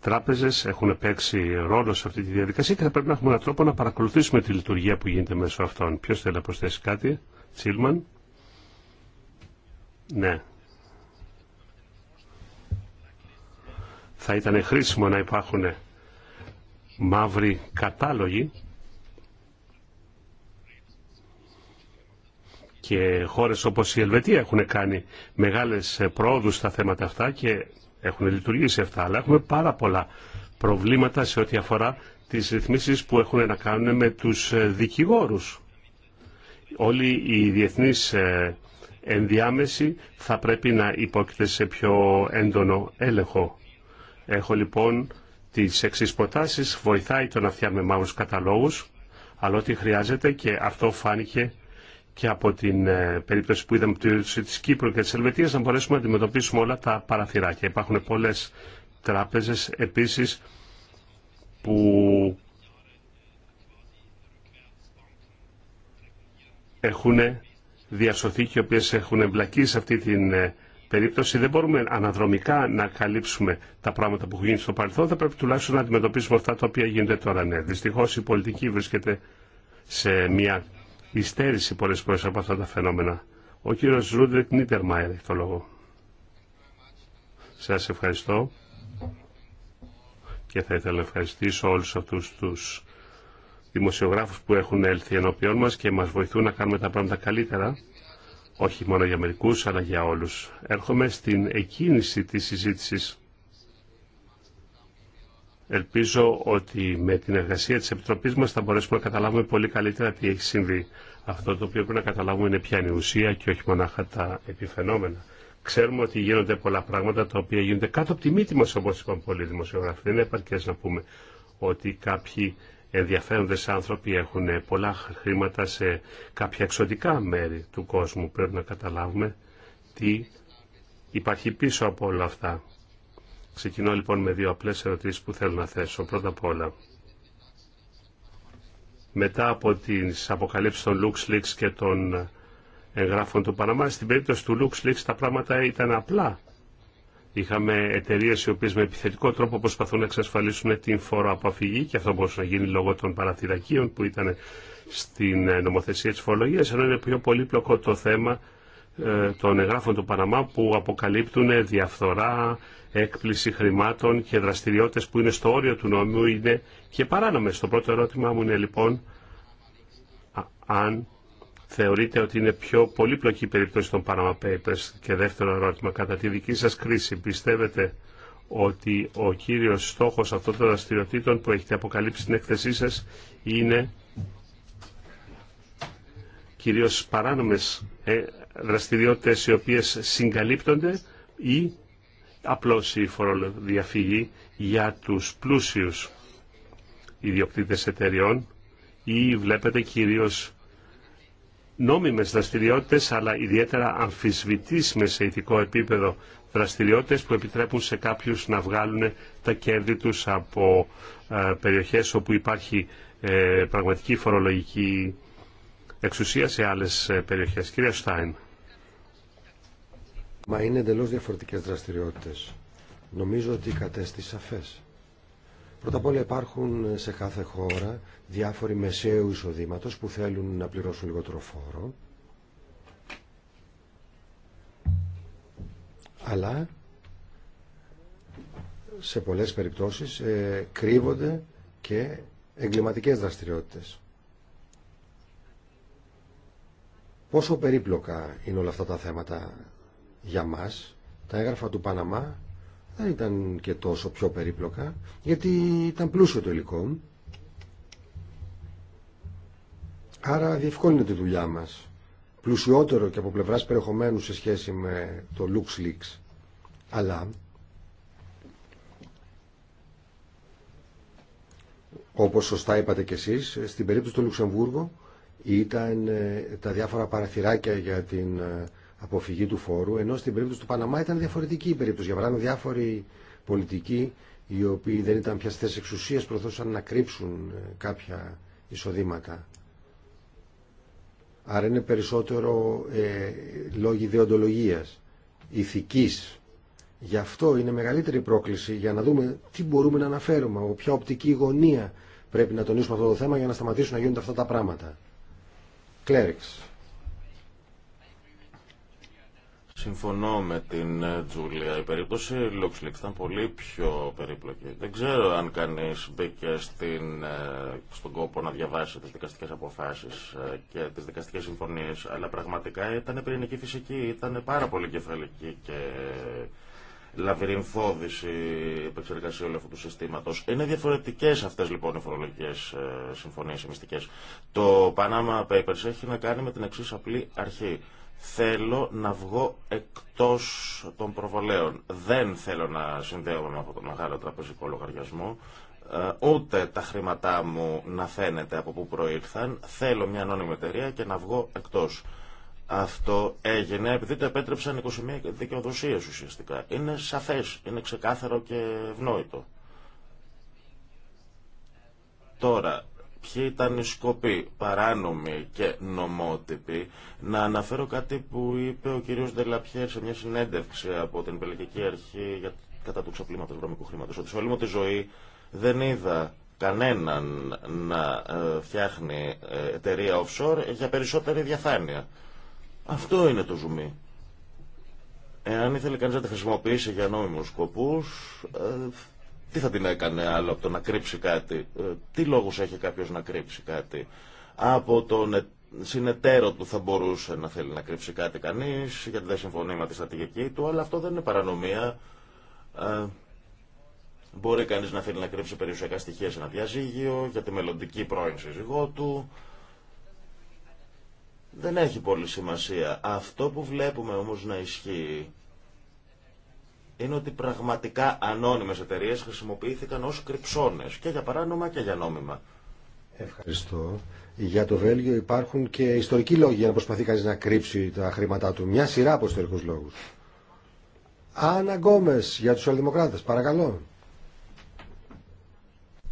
τράπεζες έχουν παίξει ρόλο σε αυτή τη διαδικασία και θα πρέπει να έχουμε έναν τρόπο να παρακολουθήσουμε τη λειτουργία που γίνεται μέσω αυτών. Ποιο θέλει να προσθέσει κάτι, Τσίλμαν. Ναι. Θα ήταν χρήσιμο να υπάρχουν μαύροι κατάλογοι και χώρες όπως η Ελβετία έχουν κάνει μεγάλες πρόοδους στα θέματα αυτά και έχουν λειτουργήσει αυτά, αλλά έχουμε πάρα πολλά προβλήματα σε ό,τι αφορά τις ρυθμίσεις που έχουν να κάνουν με τους ε, δικηγόρους. Όλοι οι διεθνείς ε, ενδιάμεση θα πρέπει να υπόκειται σε πιο έντονο έλεγχο. Έχω λοιπόν τι εξή προτάσεις. Βοηθάει το να φτιάμε μαύρους καταλόγους, αλλά ό,τι χρειάζεται και αυτό φάνηκε και από την ε, περίπτωση που είδαμε της Κύπρου και της Ελβετίας να μπορέσουμε να αντιμετωπίσουμε όλα τα παραθυράκια. Υπάρχουν πολλές τράπεζες επίσης που έχουν διασωθεί και οι οποίες έχουν εμπλακεί σε αυτή την ε, περίπτωση δεν μπορούμε αναδρομικά να καλύψουμε τα πράγματα που έχουν γίνει στο παρελθόν, θα πρέπει τουλάχιστον να αντιμετωπίσουμε αυτά τα οποία γίνονται τώρα. Ναι, δυστυχώ η πολιτική βρίσκεται σε μια υστέρηση πολλέ φορέ από αυτά τα φαινόμενα. Ο κύριο Ρούντρικ Νίτερμαερ έχει το λόγο. Σα ευχαριστώ και θα ήθελα να ευχαριστήσω όλου αυτού του δημοσιογράφου που έχουν έλθει ενώπιόν μα και μα βοηθούν να κάνουμε τα πράγματα καλύτερα όχι μόνο για μερικούς αλλά για όλους. Έρχομαι στην εκκίνηση της συζήτησης. Ελπίζω ότι με την εργασία της Επιτροπής μας θα μπορέσουμε να καταλάβουμε πολύ καλύτερα τι έχει συμβεί. Αυτό το οποίο πρέπει να καταλάβουμε είναι ποια είναι η ουσία και όχι μονάχα τα επιφαινόμενα. Ξέρουμε ότι γίνονται πολλά πράγματα τα οποία γίνονται κάτω από τη μύτη μας όπως είπαμε πολλοί δημοσιογράφοι. Δεν είναι επαρκές να πούμε ότι κάποιοι ενδιαφέροντες άνθρωποι έχουν πολλά χρήματα σε κάποια εξωτικά μέρη του κόσμου. Πρέπει να καταλάβουμε τι υπάρχει πίσω από όλα αυτά. Ξεκινώ λοιπόν με δύο απλές ερωτήσεις που θέλω να θέσω. Πρώτα απ' όλα, μετά από τις αποκαλύψεις των LuxLeaks και των εγγράφων του Παναμά, στην περίπτωση του LuxLeaks τα πράγματα ήταν απλά Είχαμε εταιρείε οι οποίε με επιθετικό τρόπο προσπαθούν να εξασφαλίσουν την φόρο αποφυγή και αυτό μπορούσε να γίνει λόγω των παραθυρακίων που ήταν στην ε, νομοθεσία τη φορολογία. Ενώ είναι πιο πολύπλοκο το θέμα ε, των εγγράφων του Παναμά που αποκαλύπτουν διαφθορά, έκπληση χρημάτων και δραστηριότητε που είναι στο όριο του νόμιου είναι και παράνομε. Το πρώτο ερώτημά μου είναι λοιπόν αν Θεωρείτε ότι είναι πιο πολύπλοκη η περίπτωση των Panama Papers και δεύτερο ερώτημα. Κατά τη δική σας κρίση πιστεύετε ότι ο κύριος στόχος αυτών των δραστηριοτήτων που έχετε αποκαλύψει στην έκθεσή σας είναι κυρίως παράνομες ε, δραστηριότητες οι οποίες συγκαλύπτονται ή απλώς η φοροδιαφυγή για τους πλούσιους ιδιοκτήτες εταιριών ή βλέπετε κυρίως νόμιμες δραστηριότητες αλλά ιδιαίτερα με σε ηθικό επίπεδο δραστηριότητες που επιτρέπουν σε κάποιους να βγάλουν τα κέρδη τους από ε, περιοχές όπου υπάρχει ε, πραγματική φορολογική εξουσία σε άλλες ε, περιοχές. Κύριε Στάιν. Μα είναι εντελώ διαφορετικές δραστηριότητες. Νομίζω ότι κατέστη σαφές. Πρώτα απ' όλα υπάρχουν σε κάθε χώρα διάφοροι μεσαίου εισοδήματος που θέλουν να πληρώσουν λιγότερο φόρο. Αλλά σε πολλές περιπτώσεις ε, κρύβονται και εγκληματικές δραστηριότητες. Πόσο περίπλοκα είναι όλα αυτά τα θέματα για μας. Τα έγγραφα του Παναμά δεν ήταν και τόσο πιο περίπλοκα, γιατί ήταν πλούσιο το υλικό. Άρα διευκόλυνε τη δουλειά μας. Πλουσιότερο και από πλευράς περιεχομένου σε σχέση με το LuxLeaks. Αλλά, όπως σωστά είπατε κι εσείς, στην περίπτωση του Λουξεμβούργου ήταν ε, τα διάφορα παραθυράκια για την ε, αποφυγή του φόρου, ενώ στην περίπτωση του Παναμά ήταν διαφορετική η περίπτωση. Για παράδειγμα, διάφοροι πολιτικοί οι οποίοι δεν ήταν πια θέσει εξουσία προθώσαν να κρύψουν ε, κάποια εισοδήματα. Άρα είναι περισσότερο ε, λόγοι ιδεοντολογία, ηθική. Γι' αυτό είναι μεγαλύτερη πρόκληση για να δούμε τι μπορούμε να αναφέρουμε, από ποια οπτική γωνία πρέπει να τονίσουμε αυτό το θέμα για να σταματήσουν να γίνονται αυτά τα πράγματα. Κλέρεξ. Συμφωνώ με την ε, Τζούλια. Η περίπτωση LuxLeaks ήταν πολύ πιο περίπλοκη. Δεν ξέρω αν κανεί μπήκε στην, ε, στον κόπο να διαβάσει τι δικαστικέ αποφάσει ε, και τι δικαστικέ συμφωνίε, αλλά πραγματικά ήταν πυρηνική φυσική. Ήταν πάρα πολύ κεφαλική και λαβυρινθώδηση επεξεργασία όλου αυτού του συστήματο. Είναι διαφορετικέ αυτέ λοιπόν οι φορολογικέ συμφωνίε, οι μυστικέ. Το Panama Papers έχει να κάνει με την εξή απλή αρχή θέλω να βγω εκτός των προβολέων. Δεν θέλω να συνδέομαι με αυτό το μεγάλο τραπεζικό λογαριασμό, ε, ούτε τα χρήματά μου να φαίνεται από πού προήλθαν. Θέλω μια ανώνυμη εταιρεία και να βγω εκτός. Αυτό έγινε επειδή το επέτρεψαν 21 δικαιοδοσίες ουσιαστικά. Είναι σαφές, είναι ξεκάθαρο και ευνόητο. Τώρα, ποιοι ήταν οι σκοποί, παράνομοι και νομότυποι. Να αναφέρω κάτι που είπε ο κύριος Δελαπιέρ σε μια συνέντευξη από την Βελγική Αρχή για, κατά του ξαπλήματος βρώμικου χρήματος, ότι σε όλη μου τη ζωή δεν είδα κανέναν να ε, φτιάχνει ε, εταιρεία offshore για περισσότερη διαφάνεια. Αυτό είναι το ζουμί. Εάν ήθελε κανείς να τη χρησιμοποιήσει για νόμιμους σκοπούς, ε, τι θα την έκανε άλλο από το να κρύψει κάτι. Ε, τι λόγους έχει κάποιος να κρύψει κάτι. Από τον ε, συνεταίρο του θα μπορούσε να θέλει να κρύψει κάτι κανείς, γιατί δεν συμφωνεί με τη στρατηγική του, αλλά αυτό δεν είναι παρανομία. Ε, μπορεί κανείς να θέλει να κρύψει περιουσιακά στοιχεία σε ένα διαζύγιο, για τη μελλοντική πρώην σύζυγό του. Δεν έχει πολύ σημασία. Αυτό που βλέπουμε όμως να ισχύει είναι ότι πραγματικά ανώνυμες εταιρείε χρησιμοποιήθηκαν ως κρυψώνες και για παράνομα και για νόμιμα. Ευχαριστώ. Για το Βέλγιο υπάρχουν και ιστορικοί λόγοι για να προσπαθεί κανείς να κρύψει τα χρήματά του. Μια σειρά από ιστορικούς λόγους. Άννα Γκόμες για τους Σοσιαλδημοκράτες. Παρακαλώ.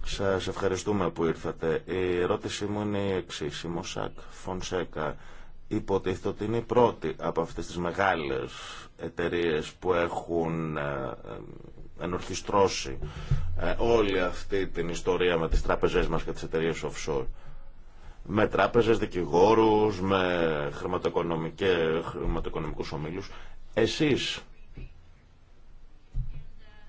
Σας ευχαριστούμε που ήρθατε. Η ερώτησή μου είναι η εξής. Η Μοσάκ Φονσέκα υποτίθεται ότι είναι η πρώτη από αυτές τις μεγάλες εταιρείες που έχουν ε, ε, ενορχιστρώσει ε, όλη αυτή την ιστορία με τις τράπεζές μας και τις εταιρείες offshore. Με τράπεζες, δικηγόρους, με χρηματοοικονομικούς ομίλους. Εσείς,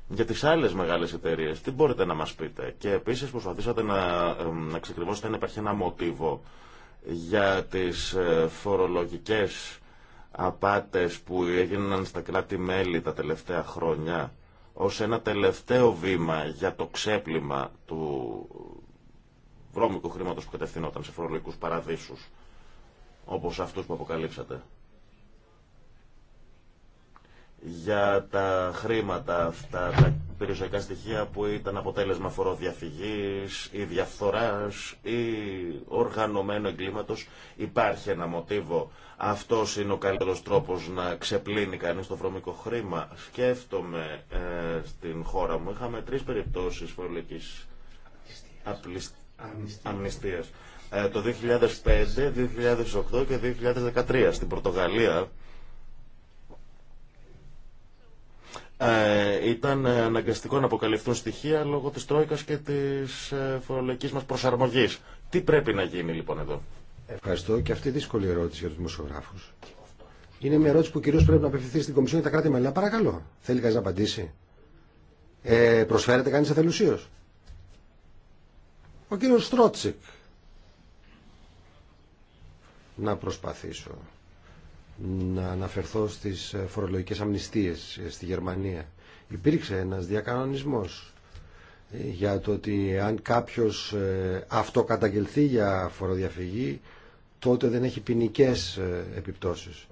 για τις άλλες μεγάλες εταιρείες, τι μπορείτε να μας πείτε. Και επίσης προσπαθήσατε να, να ξεκριβώσετε αν υπάρχει ένα μοτίβο για τις ε, φορολογικές απάτες που έγιναν στα κράτη-μέλη τα τελευταία χρόνια ως ένα τελευταίο βήμα για το ξέπλυμα του βρώμικου χρήματος που κατευθυνόταν σε φορολογικούς παραδείσους όπως αυτούς που αποκαλύψατε. Για τα χρήματα αυτά, περιουσιακά στοιχεία που ήταν αποτέλεσμα φοροδιαφυγής ή διαφθοράς ή οργανωμένο εγκλήματος. Υπάρχει ένα μοτίβο. Αυτός είναι ο καλύτερος τρόπος να ξεπλύνει κανείς το βρωμικό χρήμα. Σκέφτομαι ε, στην χώρα μου. Είχαμε τρεις περιπτώσεις φορολογικής αμνηστία. Ε, το 2005, 2008 και 2013 στην Πορτογαλία Ε, ήταν ε, αναγκαστικό να αποκαλυφθούν στοιχεία λόγω της Τρόικας και της ε, φορολογικής μας προσαρμογής. Τι πρέπει να γίνει λοιπόν εδώ. Ευχαριστώ και αυτή η δύσκολη ερώτηση για τους δημοσιογράφους. Είναι μια ερώτηση που κυρίως πρέπει να απευθυνθεί στην Κομισιόν για τα κράτη μελά. Παρακαλώ. Θέλει κανείς να απαντήσει. Ε, προσφέρεται κανείς εθελουσίως. Ο κύριος Στρότσικ. Να προσπαθήσω να αναφερθώ στις ε, φορολογικές αμνηστίες ε, στη Γερμανία. Υπήρξε ένας διακανονισμός ε, για το ότι αν κάποιος αυτοκαταγγελθεί για φοροδιαφυγή τότε δεν έχει ποινικέ επιπτώσεις.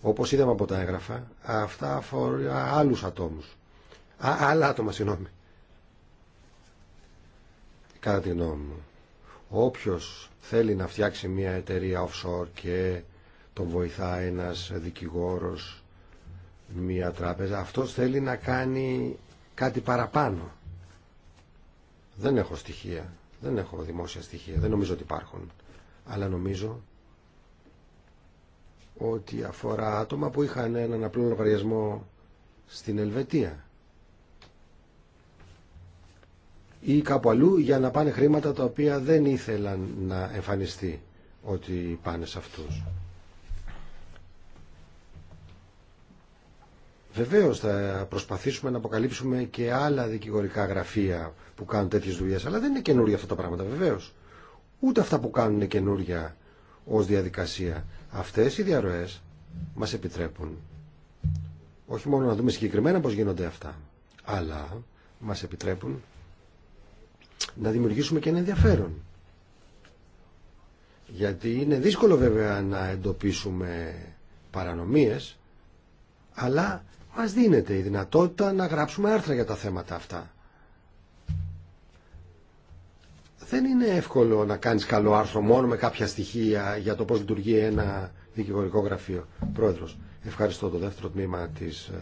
Όπως είδαμε από τα έγγραφα, αυτά αφορούν άλλους ατόμους. άλλα άτομα, συγγνώμη. Κατά τη γνώμη μου, όποιος θέλει να φτιάξει μια εταιρεία offshore και τον βοηθά ένας δικηγόρος, μία τράπεζα. Αυτός θέλει να κάνει κάτι παραπάνω. Δεν έχω στοιχεία, δεν έχω δημόσια στοιχεία, δεν νομίζω ότι υπάρχουν. Αλλά νομίζω ότι αφορά άτομα που είχαν έναν απλό λογαριασμό στην Ελβετία ή κάπου αλλού για να πάνε χρήματα τα οποία δεν ήθελαν να εμφανιστεί ότι πάνε σε αυτούς. Βεβαίω θα προσπαθήσουμε να αποκαλύψουμε και άλλα δικηγορικά γραφεία που κάνουν τέτοιε δουλειέ, αλλά δεν είναι καινούργια αυτά τα πράγματα βεβαίω. Ούτε αυτά που κάνουν είναι καινούργια ω διαδικασία. Αυτέ οι διαρροέ μα επιτρέπουν όχι μόνο να δούμε συγκεκριμένα πώ γίνονται αυτά, αλλά μα επιτρέπουν να δημιουργήσουμε και ένα ενδιαφέρον. Γιατί είναι δύσκολο βέβαια να εντοπίσουμε παρανομίες, αλλά μας δίνεται η δυνατότητα να γράψουμε άρθρα για τα θέματα αυτά. Δεν είναι εύκολο να κάνεις καλό άρθρο μόνο με κάποια στοιχεία για το πώς λειτουργεί ένα δικηγορικό γραφείο. Πρόεδρος, ευχαριστώ το δεύτερο τμήμα της ε,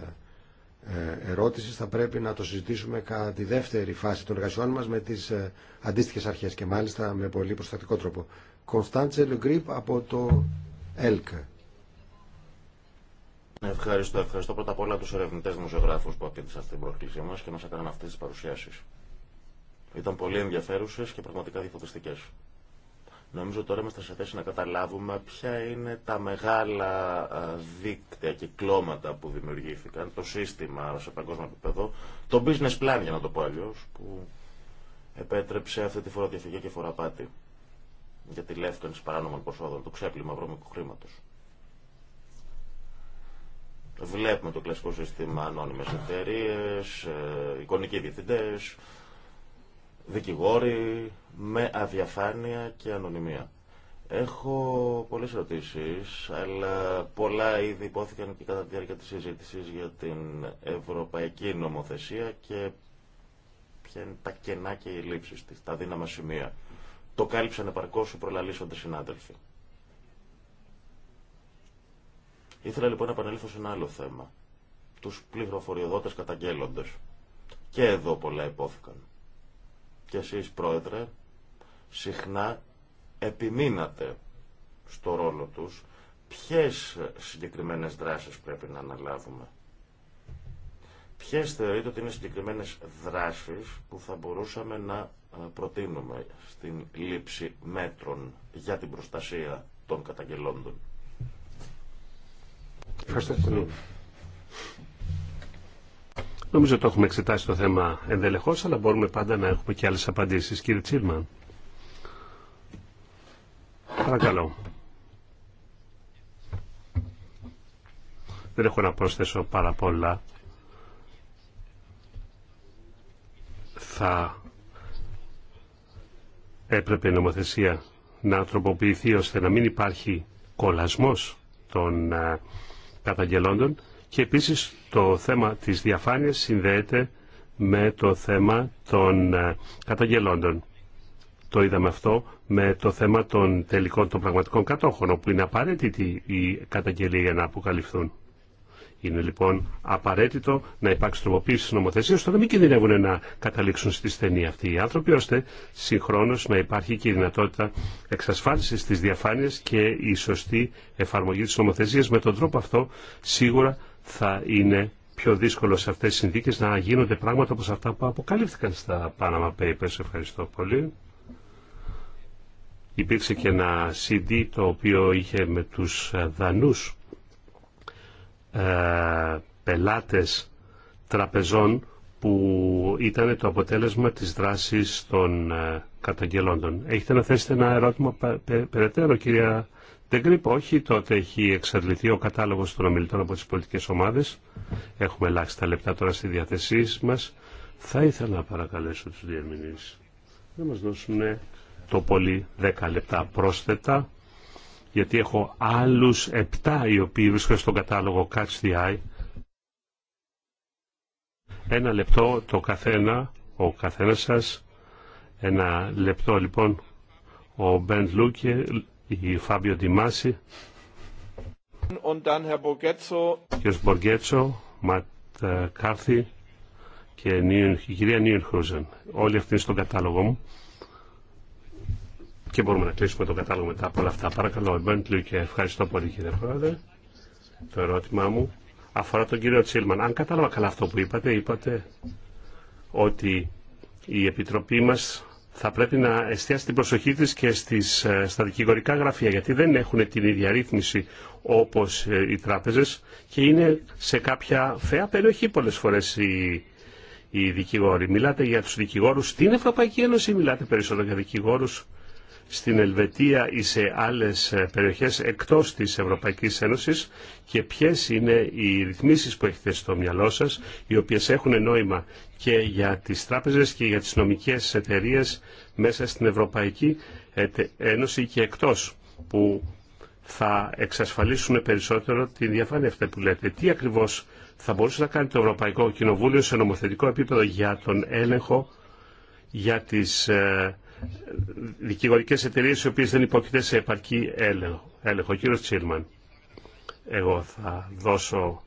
ε, ερώτησης. Θα πρέπει να το συζητήσουμε κατά τη δεύτερη φάση των εργασιών μας με τις ε, αντίστοιχες αρχές και μάλιστα με πολύ προστατικό τρόπο. Κωνσταντζε Λεγκρίπ από το ΕΛΚΑ. Ευχαριστώ. Ευχαριστώ πρώτα απ' όλα του ερευνητέ δημοσιογράφου που απήντησαν στην πρόκλησή μα και μα έκαναν αυτέ τι παρουσιάσει. Ήταν πολύ ενδιαφέρουσε και πραγματικά διαφωτιστικέ. Νομίζω τώρα είμαστε σε θέση να καταλάβουμε ποια είναι τα μεγάλα δίκτυα και κλώματα που δημιουργήθηκαν, το σύστημα σε παγκόσμιο επίπεδο, το business plan για να το πω αλλιώ, που επέτρεψε αυτή τη φοροδιαφυγή και φοραπάτη για τη λεύκανση παράνομων προσόδων, το ξέπλυμα βρώμικου χρήματο. Βλέπουμε το κλασικό σύστημα ανώνυμες εταιρείε, ε, εικονικοί διευθυντές, δικηγόροι με αδιαφάνεια και ανωνυμία. Έχω πολλές ερωτήσεις, αλλά πολλά ήδη υπόθηκαν και κατά τη διάρκεια τη συζήτηση για την ευρωπαϊκή νομοθεσία και ποια είναι τα κενά και οι λήψει τη, τα δύναμα σημεία. Το κάλυψαν επαρκώς οι προλαλήσοντες συνάδελφοι. Ήθελα λοιπόν να επανέλθω σε ένα άλλο θέμα. Τους πληροφοριοδότες καταγγέλλοντες. Και εδώ πολλά υπόθηκαν. Και εσείς πρόεδρε, συχνά επιμείνατε στο ρόλο τους ποιες συγκεκριμένες δράσεις πρέπει να αναλάβουμε. Ποιες θεωρείτε ότι είναι συγκεκριμένες δράσεις που θα μπορούσαμε να ε, προτείνουμε στην λήψη μέτρων για την προστασία των καταγγελόντων. Ευχαριστώ πολύ. Νομίζω το έχουμε εξετάσει το θέμα ενδελεχώς, αλλά μπορούμε πάντα να έχουμε και άλλες απαντήσεις. Κύριε Τσίρμαν. Παρακαλώ. Δεν έχω να προσθέσω πάρα πολλά. Θα έπρεπε η νομοθεσία να τροποποιηθεί ώστε να μην υπάρχει κολασμός των ε, καταγγελόντων και επίσης το θέμα της διαφάνειας συνδέεται με το θέμα των ε, καταγγελόντων. Το είδαμε αυτό με το θέμα των τελικών των πραγματικών κατόχων, όπου είναι απαραίτητη η καταγγελία για να αποκαλυφθούν. Είναι λοιπόν απαραίτητο να υπάρξει τροποποίηση τη νομοθεσία ώστε να μην κινδυνεύουν να καταλήξουν στη στενή αυτή οι άνθρωποι, ώστε συγχρόνω να υπάρχει και η δυνατότητα εξασφάλιση τη διαφάνεια και η σωστή εφαρμογή τη νομοθεσία. Με τον τρόπο αυτό σίγουρα θα είναι πιο δύσκολο σε αυτέ τι συνθήκε να γίνονται πράγματα όπω αυτά που αποκαλύφθηκαν στα Panama Papers. Ευχαριστώ πολύ. Υπήρξε και ένα CD το οποίο είχε με τους Δανούς ε, πελάτες τραπεζών που ήταν το αποτέλεσμα της δράσης των ε, καταγγελόντων. Έχετε να θέσετε ένα ερώτημα περαιτέρω, κυρία Τεγκρύπ. Όχι, τότε έχει εξαρτηθεί ο κατάλογος των ομιλητών από τις πολιτικές ομάδες. Έχουμε ελάχιστα λεπτά τώρα στη διάθεσή μας. Θα ήθελα να παρακαλέσω τους διερμηνείς να μας δώσουν το πολύ 10 λεπτά πρόσθετα γιατί έχω άλλους επτά οι οποίοι βρίσκονται στον κατάλογο Catch the Eye. Ένα λεπτό το καθένα, ο καθένας σας. Ένα λεπτό λοιπόν ο Μπεντ Λούκε, η Φάμπιο Ντιμάση. Κύριος Μποργέτσο, Ματ ε, Κάρθη και η κυρία Νίουν Χρούζεν. Όλοι αυτοί είναι στον κατάλογο μου. Και μπορούμε να κλείσουμε τον κατάλογο μετά από όλα αυτά. Παρακαλώ, Μπέντλου και ευχαριστώ πολύ κύριε Πρόεδρε. Το ερώτημά μου αφορά τον κύριο Τσίλμαν. Αν κατάλαβα καλά αυτό που είπατε, είπατε ότι η Επιτροπή μας θα πρέπει να εστιάσει την προσοχή της και στις, ε, στα δικηγορικά γραφεία, γιατί δεν έχουν την ίδια ρύθμιση όπως ε, οι τράπεζες και είναι σε κάποια φαιά περιοχή πολλές φορές οι, οι δικηγόροι. Μιλάτε για τους δικηγόρους στην Ευρωπαϊκή Ένωση μιλάτε περισσότερο για δικηγόρους στην Ελβετία ή σε άλλες ε, περιοχές εκτός της Ευρωπαϊκής Ένωσης και ποιες είναι οι ρυθμίσεις που έχετε στο μυαλό σας, οι οποίες έχουν νόημα και για τις τράπεζες και για τις νομικές εταιρείες μέσα στην Ευρωπαϊκή Ένωση και εκτός που θα εξασφαλίσουν περισσότερο τη διαφάνεια αυτή που λέτε. Τι ακριβώς θα μπορούσε να κάνει το Ευρωπαϊκό Κοινοβούλιο σε νομοθετικό επίπεδο για τον έλεγχο για τις ε, δικηγορικές εταιρείε οι οποίε δεν υπόκειται σε επαρκή έλεγχο. Κύριο Τσίρμαν, εγώ θα δώσω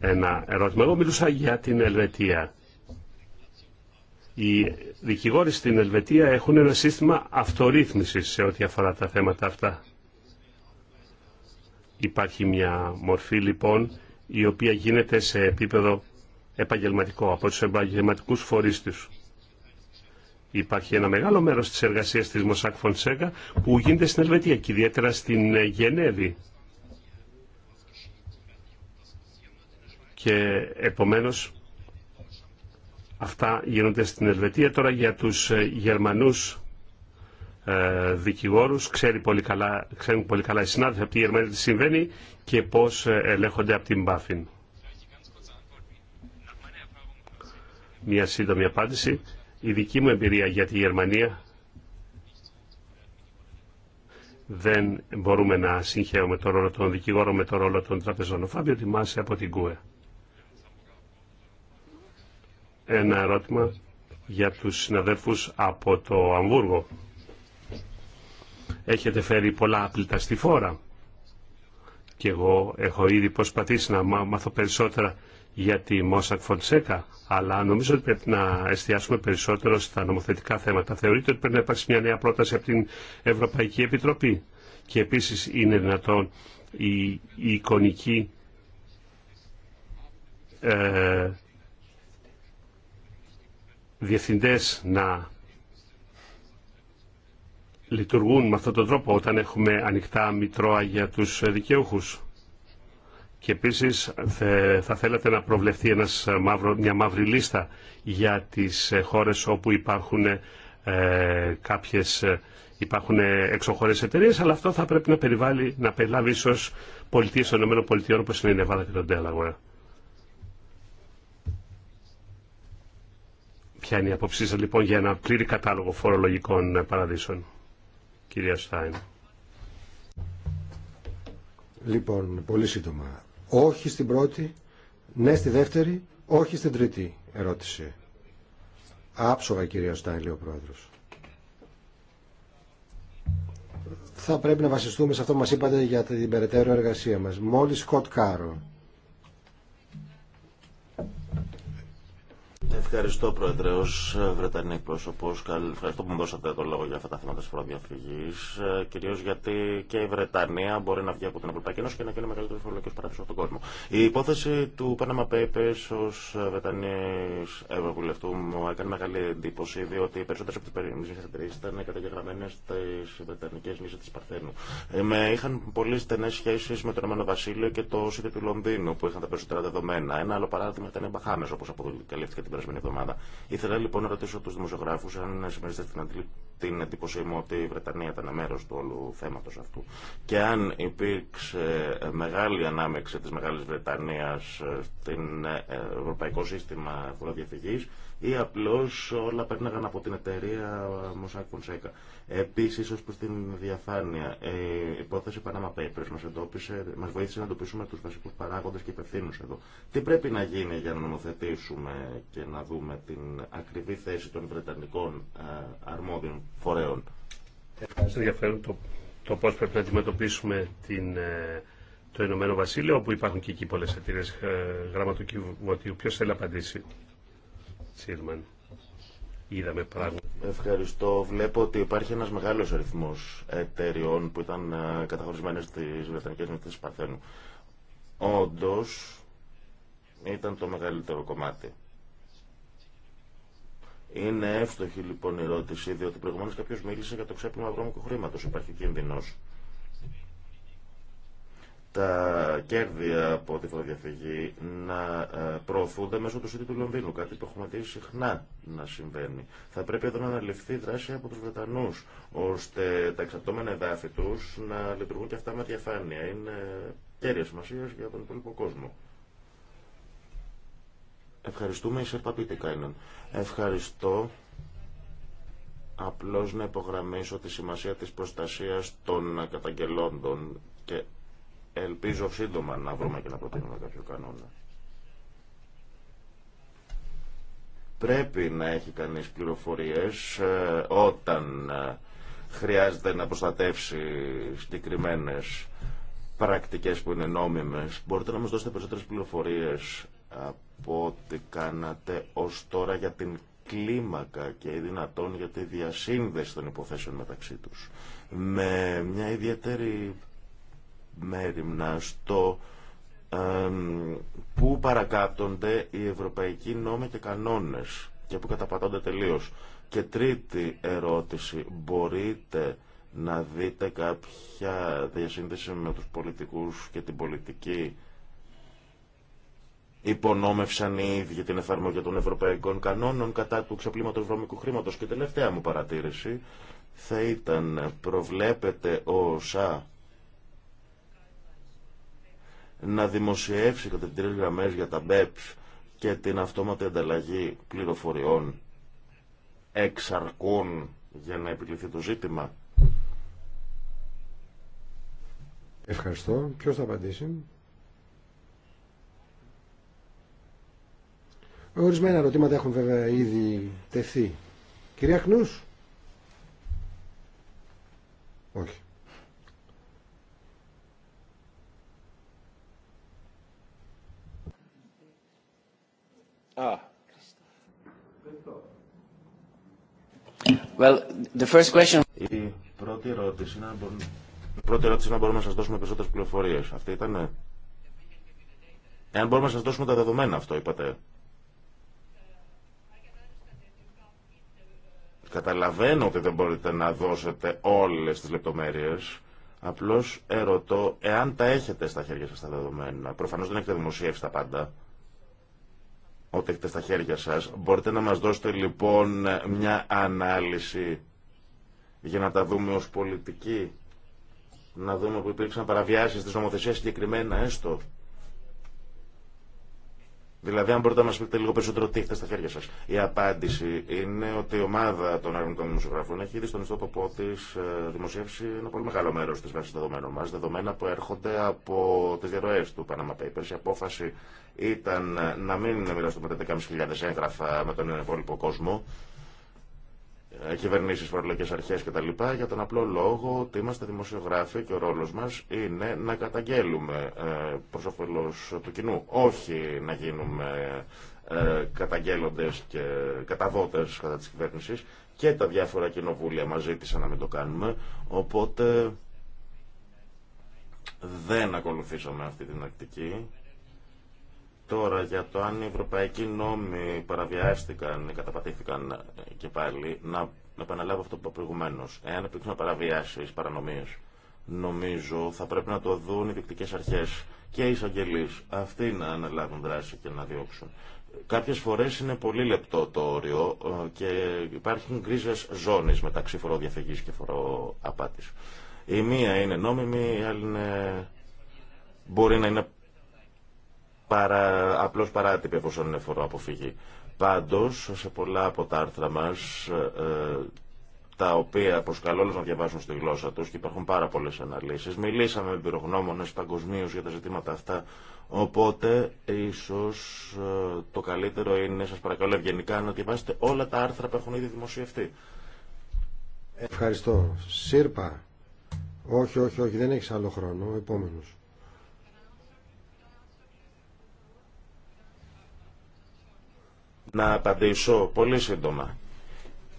ένα ερώτημα. Εγώ μιλούσα για την Ελβετία. Οι δικηγόροι στην Ελβετία έχουν ένα σύστημα αυτορύθμισης σε ό,τι αφορά τα θέματα αυτά. Υπάρχει μια μορφή λοιπόν η οποία γίνεται σε επίπεδο επαγγελματικό από τους επαγγελματικούς φορείς τους. Υπάρχει ένα μεγάλο μέρος της εργασίας της Μοσάκ Φονσέκα που γίνεται στην Ελβετία και ιδιαίτερα στην ε, Γενέβη. Και επομένως αυτά γίνονται στην Ελβετία. Τώρα για τους ε, Γερμανούς ε, δικηγόρους πολύ καλά, ξέρουν πολύ καλά οι συνάδελφοι από τη Γερμανία τι συμβαίνει και πώς ελέγχονται από την Μπάφιν. Μια σύντομη απάντηση η δική μου εμπειρία για τη Γερμανία δεν μπορούμε να συγχαίουμε το ρόλο των δικηγόρων με το ρόλο των τραπεζών. Ο Φάβιο από την ΚΟΕ. Ένα ερώτημα για τους συναδέλφους από το Αμβούργο. Έχετε φέρει πολλά άπλυτα στη φόρα. Και εγώ έχω ήδη προσπαθήσει να μάθω περισσότερα για τη Μόσακ Φονσέκα, αλλά νομίζω ότι πρέπει να εστιάσουμε περισσότερο στα νομοθετικά θέματα. Θεωρείτε ότι πρέπει να υπάρξει μια νέα πρόταση από την Ευρωπαϊκή Επιτροπή και επίσης είναι δυνατόν η, η εικονική ε, διευθυντές να λειτουργούν με αυτόν τον τρόπο όταν έχουμε ανοιχτά μητρώα για τους δικαιούχους. Και επίσης θα θέλατε να προβλεφθεί ένας ε, μαύρο, μια μαύρη λίστα για τις ε, χώρες όπου υπάρχουν ε, κάποιες ε, υπάρχουν εξωχωρές εταιρείε, αλλά αυτό θα πρέπει να περιβάλλει, να περιλάβει ίσως πολιτείες των ΗΠΑ όπως είναι η Νεβάδα και τον Τέλαγουα. Ποια είναι η αποψή σας λοιπόν για ένα πλήρη κατάλογο φορολογικών παραδείσων, κυρία Στάιν. Λοιπόν, πολύ σύντομα όχι στην πρώτη, ναι στη δεύτερη, όχι στην τρίτη ερώτηση. Άψογα κυρία Στάνιλη ο Πρόεδρος. Θα πρέπει να βασιστούμε σε αυτό που μας είπατε για την περαιτέρω εργασία μας. Μόλις Σκοτ Κάρο Ευχαριστώ, Πρόεδρε, ω ε, Βρετανή πρόσωπο. Ευχαριστώ που μου δώσατε το λόγο για αυτά τα θέματα τη φοροδιαφυγή. Ε, Κυρίω γιατί και η Βρετανία μπορεί να βγει από την Ευρωπαϊκή Ένωση και να κάνει μεγαλύτερο φορολογικό παράδεισο από τον κόσμο. Η υπόθεση του Panama Papers ω ε, Βρετανή Ευρωβουλευτού μου έκανε μεγάλη εντύπωση, διότι οι περισσότερε από τι περιορισμένε εταιρείε ήταν καταγεγραμμένε στι Βρετανικέ νήσε τη Παρθένου. Με είχαν πολύ στενέ σχέσει με το Ηνωμένο Βασίλειο και το City του Λονδίνου, που είχαν τα περισσότερα δεδομένα. Ένα άλλο παράδειγμα ήταν οι Μπαχάμε, όπω αποκαλύφθηκε την περασμένη Ήθελα λοιπόν να ρωτήσω του δημοσιογράφου αν συμμερίζετε την, την εντύπωσή μου ότι η Βρετανία ήταν μέρο του όλου θέματο αυτού και αν υπήρξε ε, μεγάλη ανάμεξη τη Μεγάλη Βρετανία ε, στην ε, ευρωπαϊκό σύστημα φοροδιαφυγή ή απλώς όλα παίρναγαν από την εταιρεία Mosaic Fonseca. Επίσης, ως προς την διαφάνεια, ε, η υπόθεση Panama Papers μας, εντόπισε, μας βοήθησε να εντοπίσουμε τους βασικούς παράγοντες και υπευθύνους εδώ. Τι πρέπει να γίνει για να νομοθετήσουμε και να δούμε την ακριβή θέση των Βρετανικών αρμόδιων φορέων. Σε Ενδιαφέρον το, το πώς πρέπει να αντιμετωπίσουμε την, ε, το Ηνωμένο Βασίλειο, όπου υπάρχουν και εκεί πολλές εταιρείες ε, γραμματοκιβωτίου. Ποιος θέλει να απαντήσει. Ευχαριστώ. Βλέπω ότι υπάρχει ένας μεγάλος αριθμός εταιριών που ήταν ε, καταχωρισμένες στις Βρετανικές Μητές Παρθένου. Όντως, ήταν το μεγαλύτερο κομμάτι. Είναι εύστοχη λοιπόν η ερώτηση, διότι προηγουμένω κάποιο μίλησε για το ξέπλυμα βρώμικου χρήματο. Υπάρχει κίνδυνο τα κέρδη από τη φοροδιαφυγή να ε, προωθούνται μέσω του City του Λονδίνου, κάτι που έχουμε δει συχνά να συμβαίνει. Θα πρέπει εδώ να αναλυφθεί δράση από τους Βρετανούς, ώστε τα εξαρτώμενα εδάφη τους να λειτουργούν και αυτά με διαφάνεια. Είναι κέρια σημασία για τον υπόλοιπο κόσμο. Ευχαριστούμε, είσαι παπίτη Κάινον. Ευχαριστώ απλώς να υπογραμμίσω τη σημασία της προστασίας των καταγγελόντων και Ελπίζω σύντομα να βρούμε και να προτείνουμε κάποιο κανόνα. Πρέπει να έχει κανείς πληροφορίες ε, όταν ε, χρειάζεται να προστατεύσει συγκεκριμένε πρακτικές που είναι νόμιμες. Μπορείτε να μας δώσετε περισσότερες πληροφορίες από ό,τι κάνατε ως τώρα για την κλίμακα και δυνατόν για τη διασύνδεση των υποθέσεων μεταξύ τους. Με μια ιδιαίτερη μέρημνα στο που παρακάπτονται οι ευρωπαϊκοί νόμοι και κανόνες και που καταπατώνται τελείως. Και τρίτη ερώτηση, μπορείτε να δείτε κάποια διασύνδεση με τους πολιτικούς και την πολιτική υπονόμευσαν οι ίδιοι την εφαρμογή των ευρωπαϊκών κανόνων κατά του ξεπλήματος βρώμικου χρήματος. Και τελευταία μου παρατήρηση θα ήταν προβλέπεται ο να δημοσιεύσει κατευθυντήριες γραμμές για τα BEPS και την αυτόματη ανταλλαγή πληροφοριών εξαρκούν για να επιληθεί το ζήτημα. Ευχαριστώ. Ποιος θα απαντήσει. Ορισμένα ερωτήματα έχουν βέβαια ήδη τεθεί. Κυρία Χνούς. Όχι. Well, the Η πρώτη ερώτηση είναι να μπορούμε, να μπορούμε σας δώσουμε περισσότερες πληροφορίες. Αυτή ήταν... Εάν μπορούμε να σας δώσουμε τα δεδομένα αυτό, είπατε. Καταλαβαίνω ότι δεν μπορείτε να δώσετε όλες τις λεπτομέρειες. Απλώς ερωτώ εάν τα έχετε στα χέρια σας τα δεδομένα. Προφανώς δεν έχετε δημοσιεύσει τα πάντα ό,τι έχετε στα χέρια σας. Μπορείτε να μας δώσετε λοιπόν μια ανάλυση για να τα δούμε ως πολιτική, να δούμε που υπήρξαν παραβιάσεις της νομοθεσίας συγκεκριμένα έστω. Δηλαδή, αν μπορείτε να μα πείτε λίγο περισσότερο τι έχετε στα χέρια σα. Η απάντηση είναι ότι η ομάδα των αρνητών δημοσιογράφων έχει ήδη στον ιστότοπό τη ε, δημοσιεύσει ένα πολύ μεγάλο μέρο τη βάση δεδομένων μα, δεδομένα που έρχονται από τι διαρροέ του Panama Papers. Η απόφαση ήταν να μην μοιραστούμε τα 10.500 έγγραφα με τον υπόλοιπο κόσμο ε, κυβερνήσεις, φορολογικές αρχές κτλ. για τον απλό λόγο ότι είμαστε δημοσιογράφοι και ο ρόλος μας είναι να καταγγέλουμε ε, προς όφελος του κοινού, όχι να γίνουμε ε, καταγγέλλοντε και καταδότε κατά τη κυβέρνηση και τα διάφορα κοινοβούλια μας ζήτησαν να μην το κάνουμε, οπότε δεν ακολουθήσαμε αυτή την ακτική Τώρα για το αν οι ευρωπαϊκοί νόμοι παραβιάστηκαν ή καταπατήθηκαν ε, και πάλι, να επαναλάβω αυτό που είπα προηγουμένω. Εάν υπήρξαν παραβιάσει, παρανομίε, νομίζω θα πρέπει να το δουν οι δικτικέ αρχέ και οι εισαγγελεί. Αυτοί να αναλάβουν δράση και να διώξουν. Κάποιε φορέ είναι πολύ λεπτό το όριο ε, και υπάρχουν γκρίζε ζώνε μεταξύ φοροδιαφυγή και φοροαπάτη. Η μία είναι νόμιμη, η άλλη είναι... μπορεί να είναι παρά, απλώς παράτυπη εφόσον είναι φοροαποφυγή. Πάντως, σε πολλά από τα άρθρα μας, ε, ε τα οποία προσκαλώ όλους να διαβάσουν στη γλώσσα τους και υπάρχουν πάρα πολλές αναλύσεις. Μιλήσαμε με πυρογνώμονες παγκοσμίω για τα ζητήματα αυτά, οπότε ίσως ε, το καλύτερο είναι, σας παρακαλώ ευγενικά, να διαβάσετε όλα τα άρθρα που έχουν ήδη δημοσιευτεί. Ευχαριστώ. Σύρπα. Όχι, όχι, όχι, δεν έχεις άλλο χρόνο. Επόμενος. Να απαντήσω πολύ σύντομα.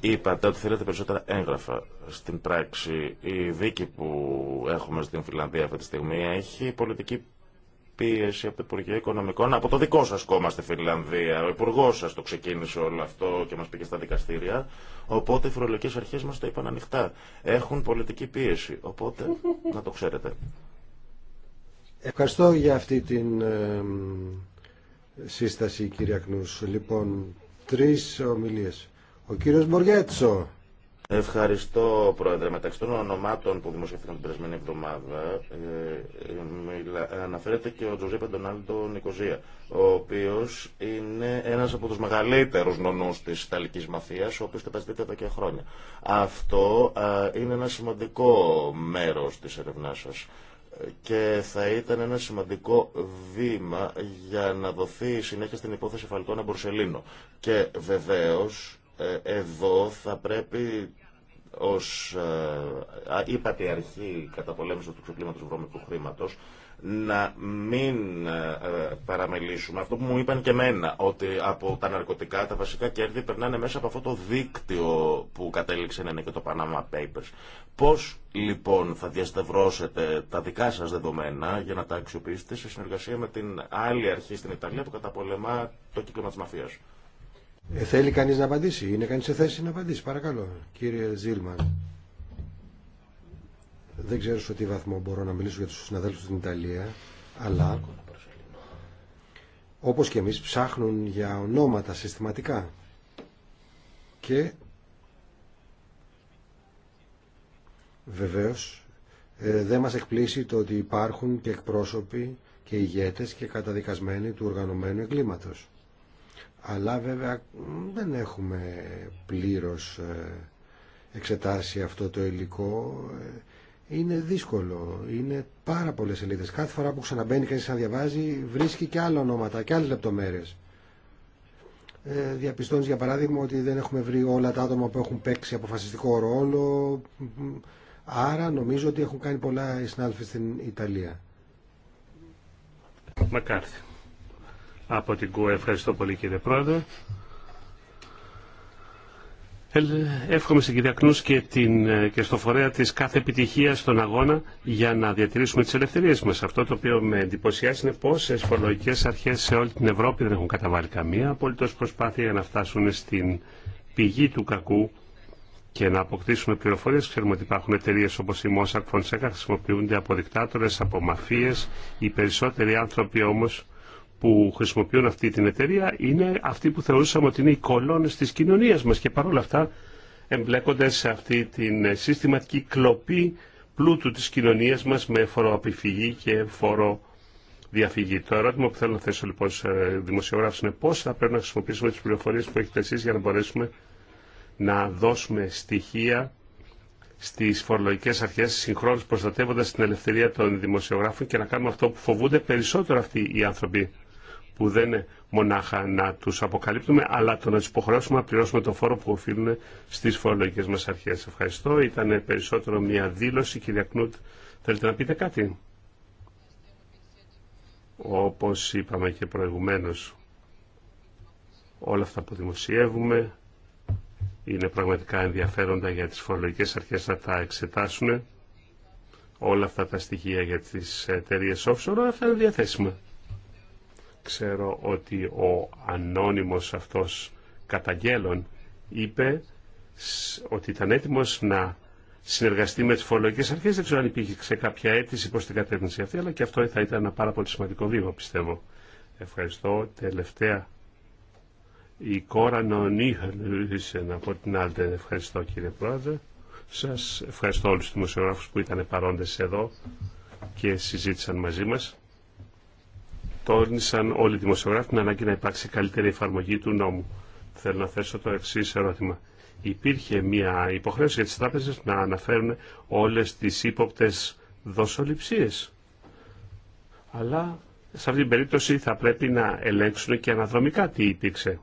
Είπατε ότι θέλετε περισσότερα έγγραφα. Στην πράξη, η δίκη που έχουμε στην Φιλανδία αυτή τη στιγμή έχει πολιτική πίεση από το Υπουργείο Οικονομικών, από το δικό σας κόμμα στη Φιλανδία. Ο Υπουργό σας το ξεκίνησε όλο αυτό και μας πήγε στα δικαστήρια. Οπότε οι φορολογικέ αρχέ μα το είπαν ανοιχτά. Έχουν πολιτική πίεση. Οπότε να το ξέρετε. Ευχαριστώ για αυτή την ε, σύσταση κύριε Ακνούς. Λοιπόν, τρεις ομιλίες. Ο κύριος Μποριέτσο. Ευχαριστώ, Πρόεδρε. Μεταξύ των ονομάτων που δημοσιεύτηκαν την περασμένη εβδομάδα ε, ε αναφέρεται και ο Τζοζέπε Ντονάλντο Νικοζία, ο οποίο είναι ένα από του μεγαλύτερου νονού τη Ιταλική μαφία, ο οποίο καταζητείται εδώ και χρόνια. Αυτό ε, είναι ένα σημαντικό μέρο τη έρευνά σα και θα ήταν ένα σημαντικό βήμα για να δοθεί συνέχεια στην υπόθεση Φαλκόνα Μπορσελίνο. Και βεβαίως ε, εδώ θα πρέπει ως ε, αρχή κατά πολέμηση του ξεκλήματος βρώμικου χρήματος να μην ε, παραμελήσουμε αυτό που μου είπαν και εμένα, ότι από τα ναρκωτικά τα βασικά κέρδη περνάνε μέσα από αυτό το δίκτυο που κατέληξε να είναι και το Panama Papers. Πώς λοιπόν θα διασταυρώσετε τα δικά σας δεδομένα για να τα αξιοποιήσετε σε συνεργασία με την άλλη αρχή στην Ιταλία που καταπολεμά το κύκλωμα της μαφίας. Ε, θέλει κανείς να απαντήσει, είναι κανείς σε θέση να απαντήσει, παρακαλώ κύριε Ζήλμαν. Δεν ξέρω σε τι βαθμό μπορώ να μιλήσω για τους συναδέλφους στην Ιταλία, αλλά όπως και εμείς ψάχνουν για ονόματα συστηματικά και βεβαίως ε, δεν μας εκπλήσει το ότι υπάρχουν και εκπρόσωποι και ηγέτες και καταδικασμένοι του οργανωμένου εγκλήματος. Αλλά βέβαια δεν έχουμε πλήρως ε, εξετάσει αυτό το υλικό ε, είναι δύσκολο. Είναι πάρα πολλές σελίδες. Κάθε φορά που ξαναμπαίνει κανείς να διαβάζει βρίσκει και άλλα ονόματα και άλλες λεπτομέρειες. Ε, διαπιστώνεις για παράδειγμα ότι δεν έχουμε βρει όλα τα άτομα που έχουν παίξει αποφασιστικό ρόλο. Άρα νομίζω ότι έχουν κάνει πολλά οι συνάδελφοι στην Ιταλία. Μακάρθι. Από την ΚΟΕ ευχαριστώ πολύ κύριε Πρόεδρε. Εύχομαι στην κυρία Κνούς και, την, και στο φορέα της κάθε επιτυχία στον αγώνα για να διατηρήσουμε τις ελευθερίες μας. Αυτό το οποίο με εντυπωσιάζει είναι πόσες φορολογικές αρχές σε όλη την Ευρώπη δεν έχουν καταβάλει καμία απολύτως προσπάθεια για να φτάσουν στην πηγή του κακού και να αποκτήσουμε πληροφορίε. Ξέρουμε ότι υπάρχουν εταιρείε όπω η Mossack Fonseca χρησιμοποιούνται από δικτάτορε, από μαφίε. Οι περισσότεροι άνθρωποι όμω που χρησιμοποιούν αυτή την εταιρεία είναι αυτοί που θεωρούσαμε ότι είναι οι κολόνες της κοινωνίας μας και παρόλα αυτά εμπλέκονται σε αυτή την συστηματική κλοπή πλούτου της κοινωνίας μας με φοροαπηφυγή και φορο διαφυγή. Το ερώτημα που θέλω να θέσω λοιπόν σε δημοσιογράφου είναι πώ θα πρέπει να χρησιμοποιήσουμε τις πληροφορίες που έχετε εσείς για να μπορέσουμε να δώσουμε στοιχεία στι φορολογικέ αρχέ συγχρόνω προστατεύοντα την ελευθερία των δημοσιογράφων και να κάνουμε αυτό που φοβούνται περισσότερο αυτοί οι άνθρωποι που δεν είναι μονάχα να τους αποκαλύπτουμε, αλλά το να του υποχρεώσουμε να πληρώσουμε το φόρο που οφείλουν στις φορολογικέ μα αρχέ. Ευχαριστώ. Ήταν περισσότερο μια δήλωση. Κυρία Κνούτ, θέλετε να πείτε κάτι. Όπως είπαμε και προηγουμένως, όλα αυτά που δημοσιεύουμε είναι πραγματικά ενδιαφέροντα για τις φορολογικές αρχές να τα εξετάσουν όλα αυτά τα στοιχεία για τις εταιρείε offshore αλλά είναι διαθέσιμα. Ξέρω ότι ο ανώνυμος αυτός καταγγέλων είπε ότι ήταν έτοιμος να συνεργαστεί με τις φορολογικές αρχές. Δεν ξέρω αν υπήρχε σε κάποια αίτηση προς την κατεύθυνση αυτή, αλλά και αυτό θα ήταν ένα πάρα πολύ σημαντικό βήμα, πιστεύω. Ευχαριστώ. Τελευταία. Η κόρα να από την άλλη. Ευχαριστώ κύριε Πρόεδρε. Σας ευχαριστώ όλους τους δημοσιογράφους που ήταν παρόντες εδώ και συζήτησαν μαζί μας τόνισαν όλοι οι δημοσιογράφοι την ανάγκη να υπάρξει καλύτερη εφαρμογή του νόμου. Θέλω να θέσω το εξή ερώτημα. Υπήρχε μια υποχρέωση για τι τράπεζε να αναφέρουν όλες τις ύποπτες δοσοληψίε. Αλλά σε αυτή την περίπτωση θα πρέπει να ελέγξουν και αναδρομικά τι υπήρξε.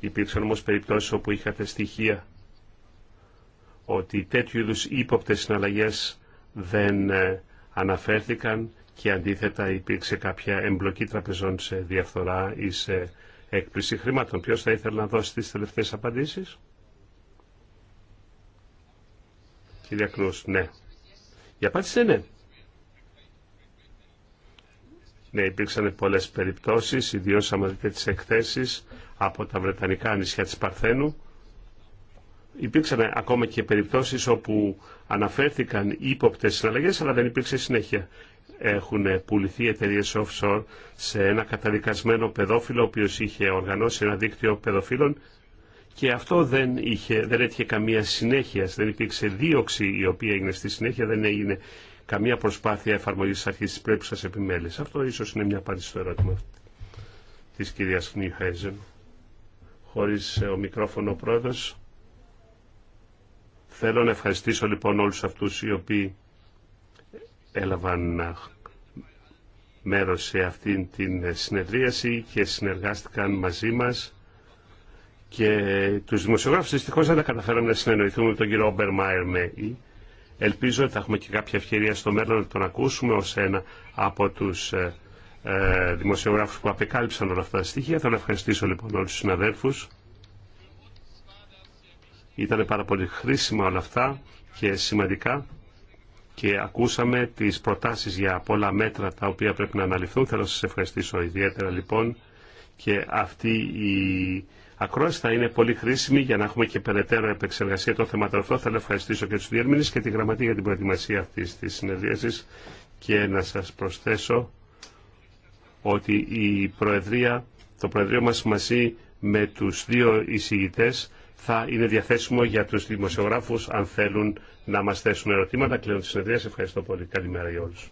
Υπήρξαν όμως περιπτώσεις όπου είχατε στοιχεία ότι τέτοιου είδου ύποπτες συναλλαγέ δεν ε, αναφέρθηκαν και αντίθετα υπήρξε κάποια εμπλοκή τραπεζών σε διαφθορά ή σε έκπληση χρημάτων. Ποιος θα ήθελε να δώσει τις τελευταίες απαντήσεις. Κύριε Κλούς, ναι. Η απάντηση είναι ναι. Ναι, υπήρξαν πολλές περιπτώσεις, ιδίως άμα δείτε τις εκθέσεις από τα Βρετανικά νησιά της Παρθένου. Υπήρξαν ακόμα και περιπτώσεις όπου αναφέρθηκαν ύποπτες συναλλαγές, αλλά δεν υπήρξε συνέχεια έχουν πουληθεί εταιρείε offshore σε ένα καταδικασμένο παιδόφιλο ο οποίο είχε οργανώσει ένα δίκτυο παιδοφίλων και αυτό δεν, είχε, δεν έτυχε καμία συνέχεια, δεν υπήρξε δίωξη η οποία έγινε στη συνέχεια, δεν έγινε καμία προσπάθεια εφαρμογής αρχής τη πρέπει σας επιμέλειας. Αυτό ίσω είναι μια απάντηση στο ερώτημα τη κυρία Κνιχάιζεν. χωρί ε, ο μικρόφωνο πρόεδρο. Θέλω να ευχαριστήσω λοιπόν όλους αυτούς οι οποίοι έλαβαν μέρος σε αυτήν την συνεδρίαση και συνεργάστηκαν μαζί μας και τους δημοσιογράφους δυστυχώς δεν καταφέραμε να συνεννοηθούμε με τον κύριο Όμπερ Μάιρ Ελπίζω ότι θα έχουμε και κάποια ευκαιρία στο μέλλον να τον ακούσουμε ως ένα από τους ε, ε δημοσιογράφους που απεκάλυψαν όλα αυτά τα στοιχεία. Θέλω να ευχαριστήσω λοιπόν όλους τους συναδέλφους. Ήταν πάρα πολύ χρήσιμα όλα αυτά και σημαντικά και ακούσαμε τις προτάσεις για πολλά μέτρα τα οποία πρέπει να αναλυθούν. Θέλω να σας ευχαριστήσω ιδιαίτερα λοιπόν και αυτή η ακρόαση θα είναι πολύ χρήσιμη για να έχουμε και περαιτέρω επεξεργασία των θεμάτων Θέλω να ευχαριστήσω και τους διερμηνείς και τη γραμματεία για την προετοιμασία αυτής της συνεδρίασης και να σας προσθέσω ότι η Προεδρία, το Προεδρείο μας μαζί με τους δύο εισηγητές θα είναι διαθέσιμο για τους δημοσιογράφους αν θέλουν να μας θέσουν ερωτήματα. Κλείνω τη συνεδρία. Ευχαριστώ πολύ. Καλημέρα για όλους.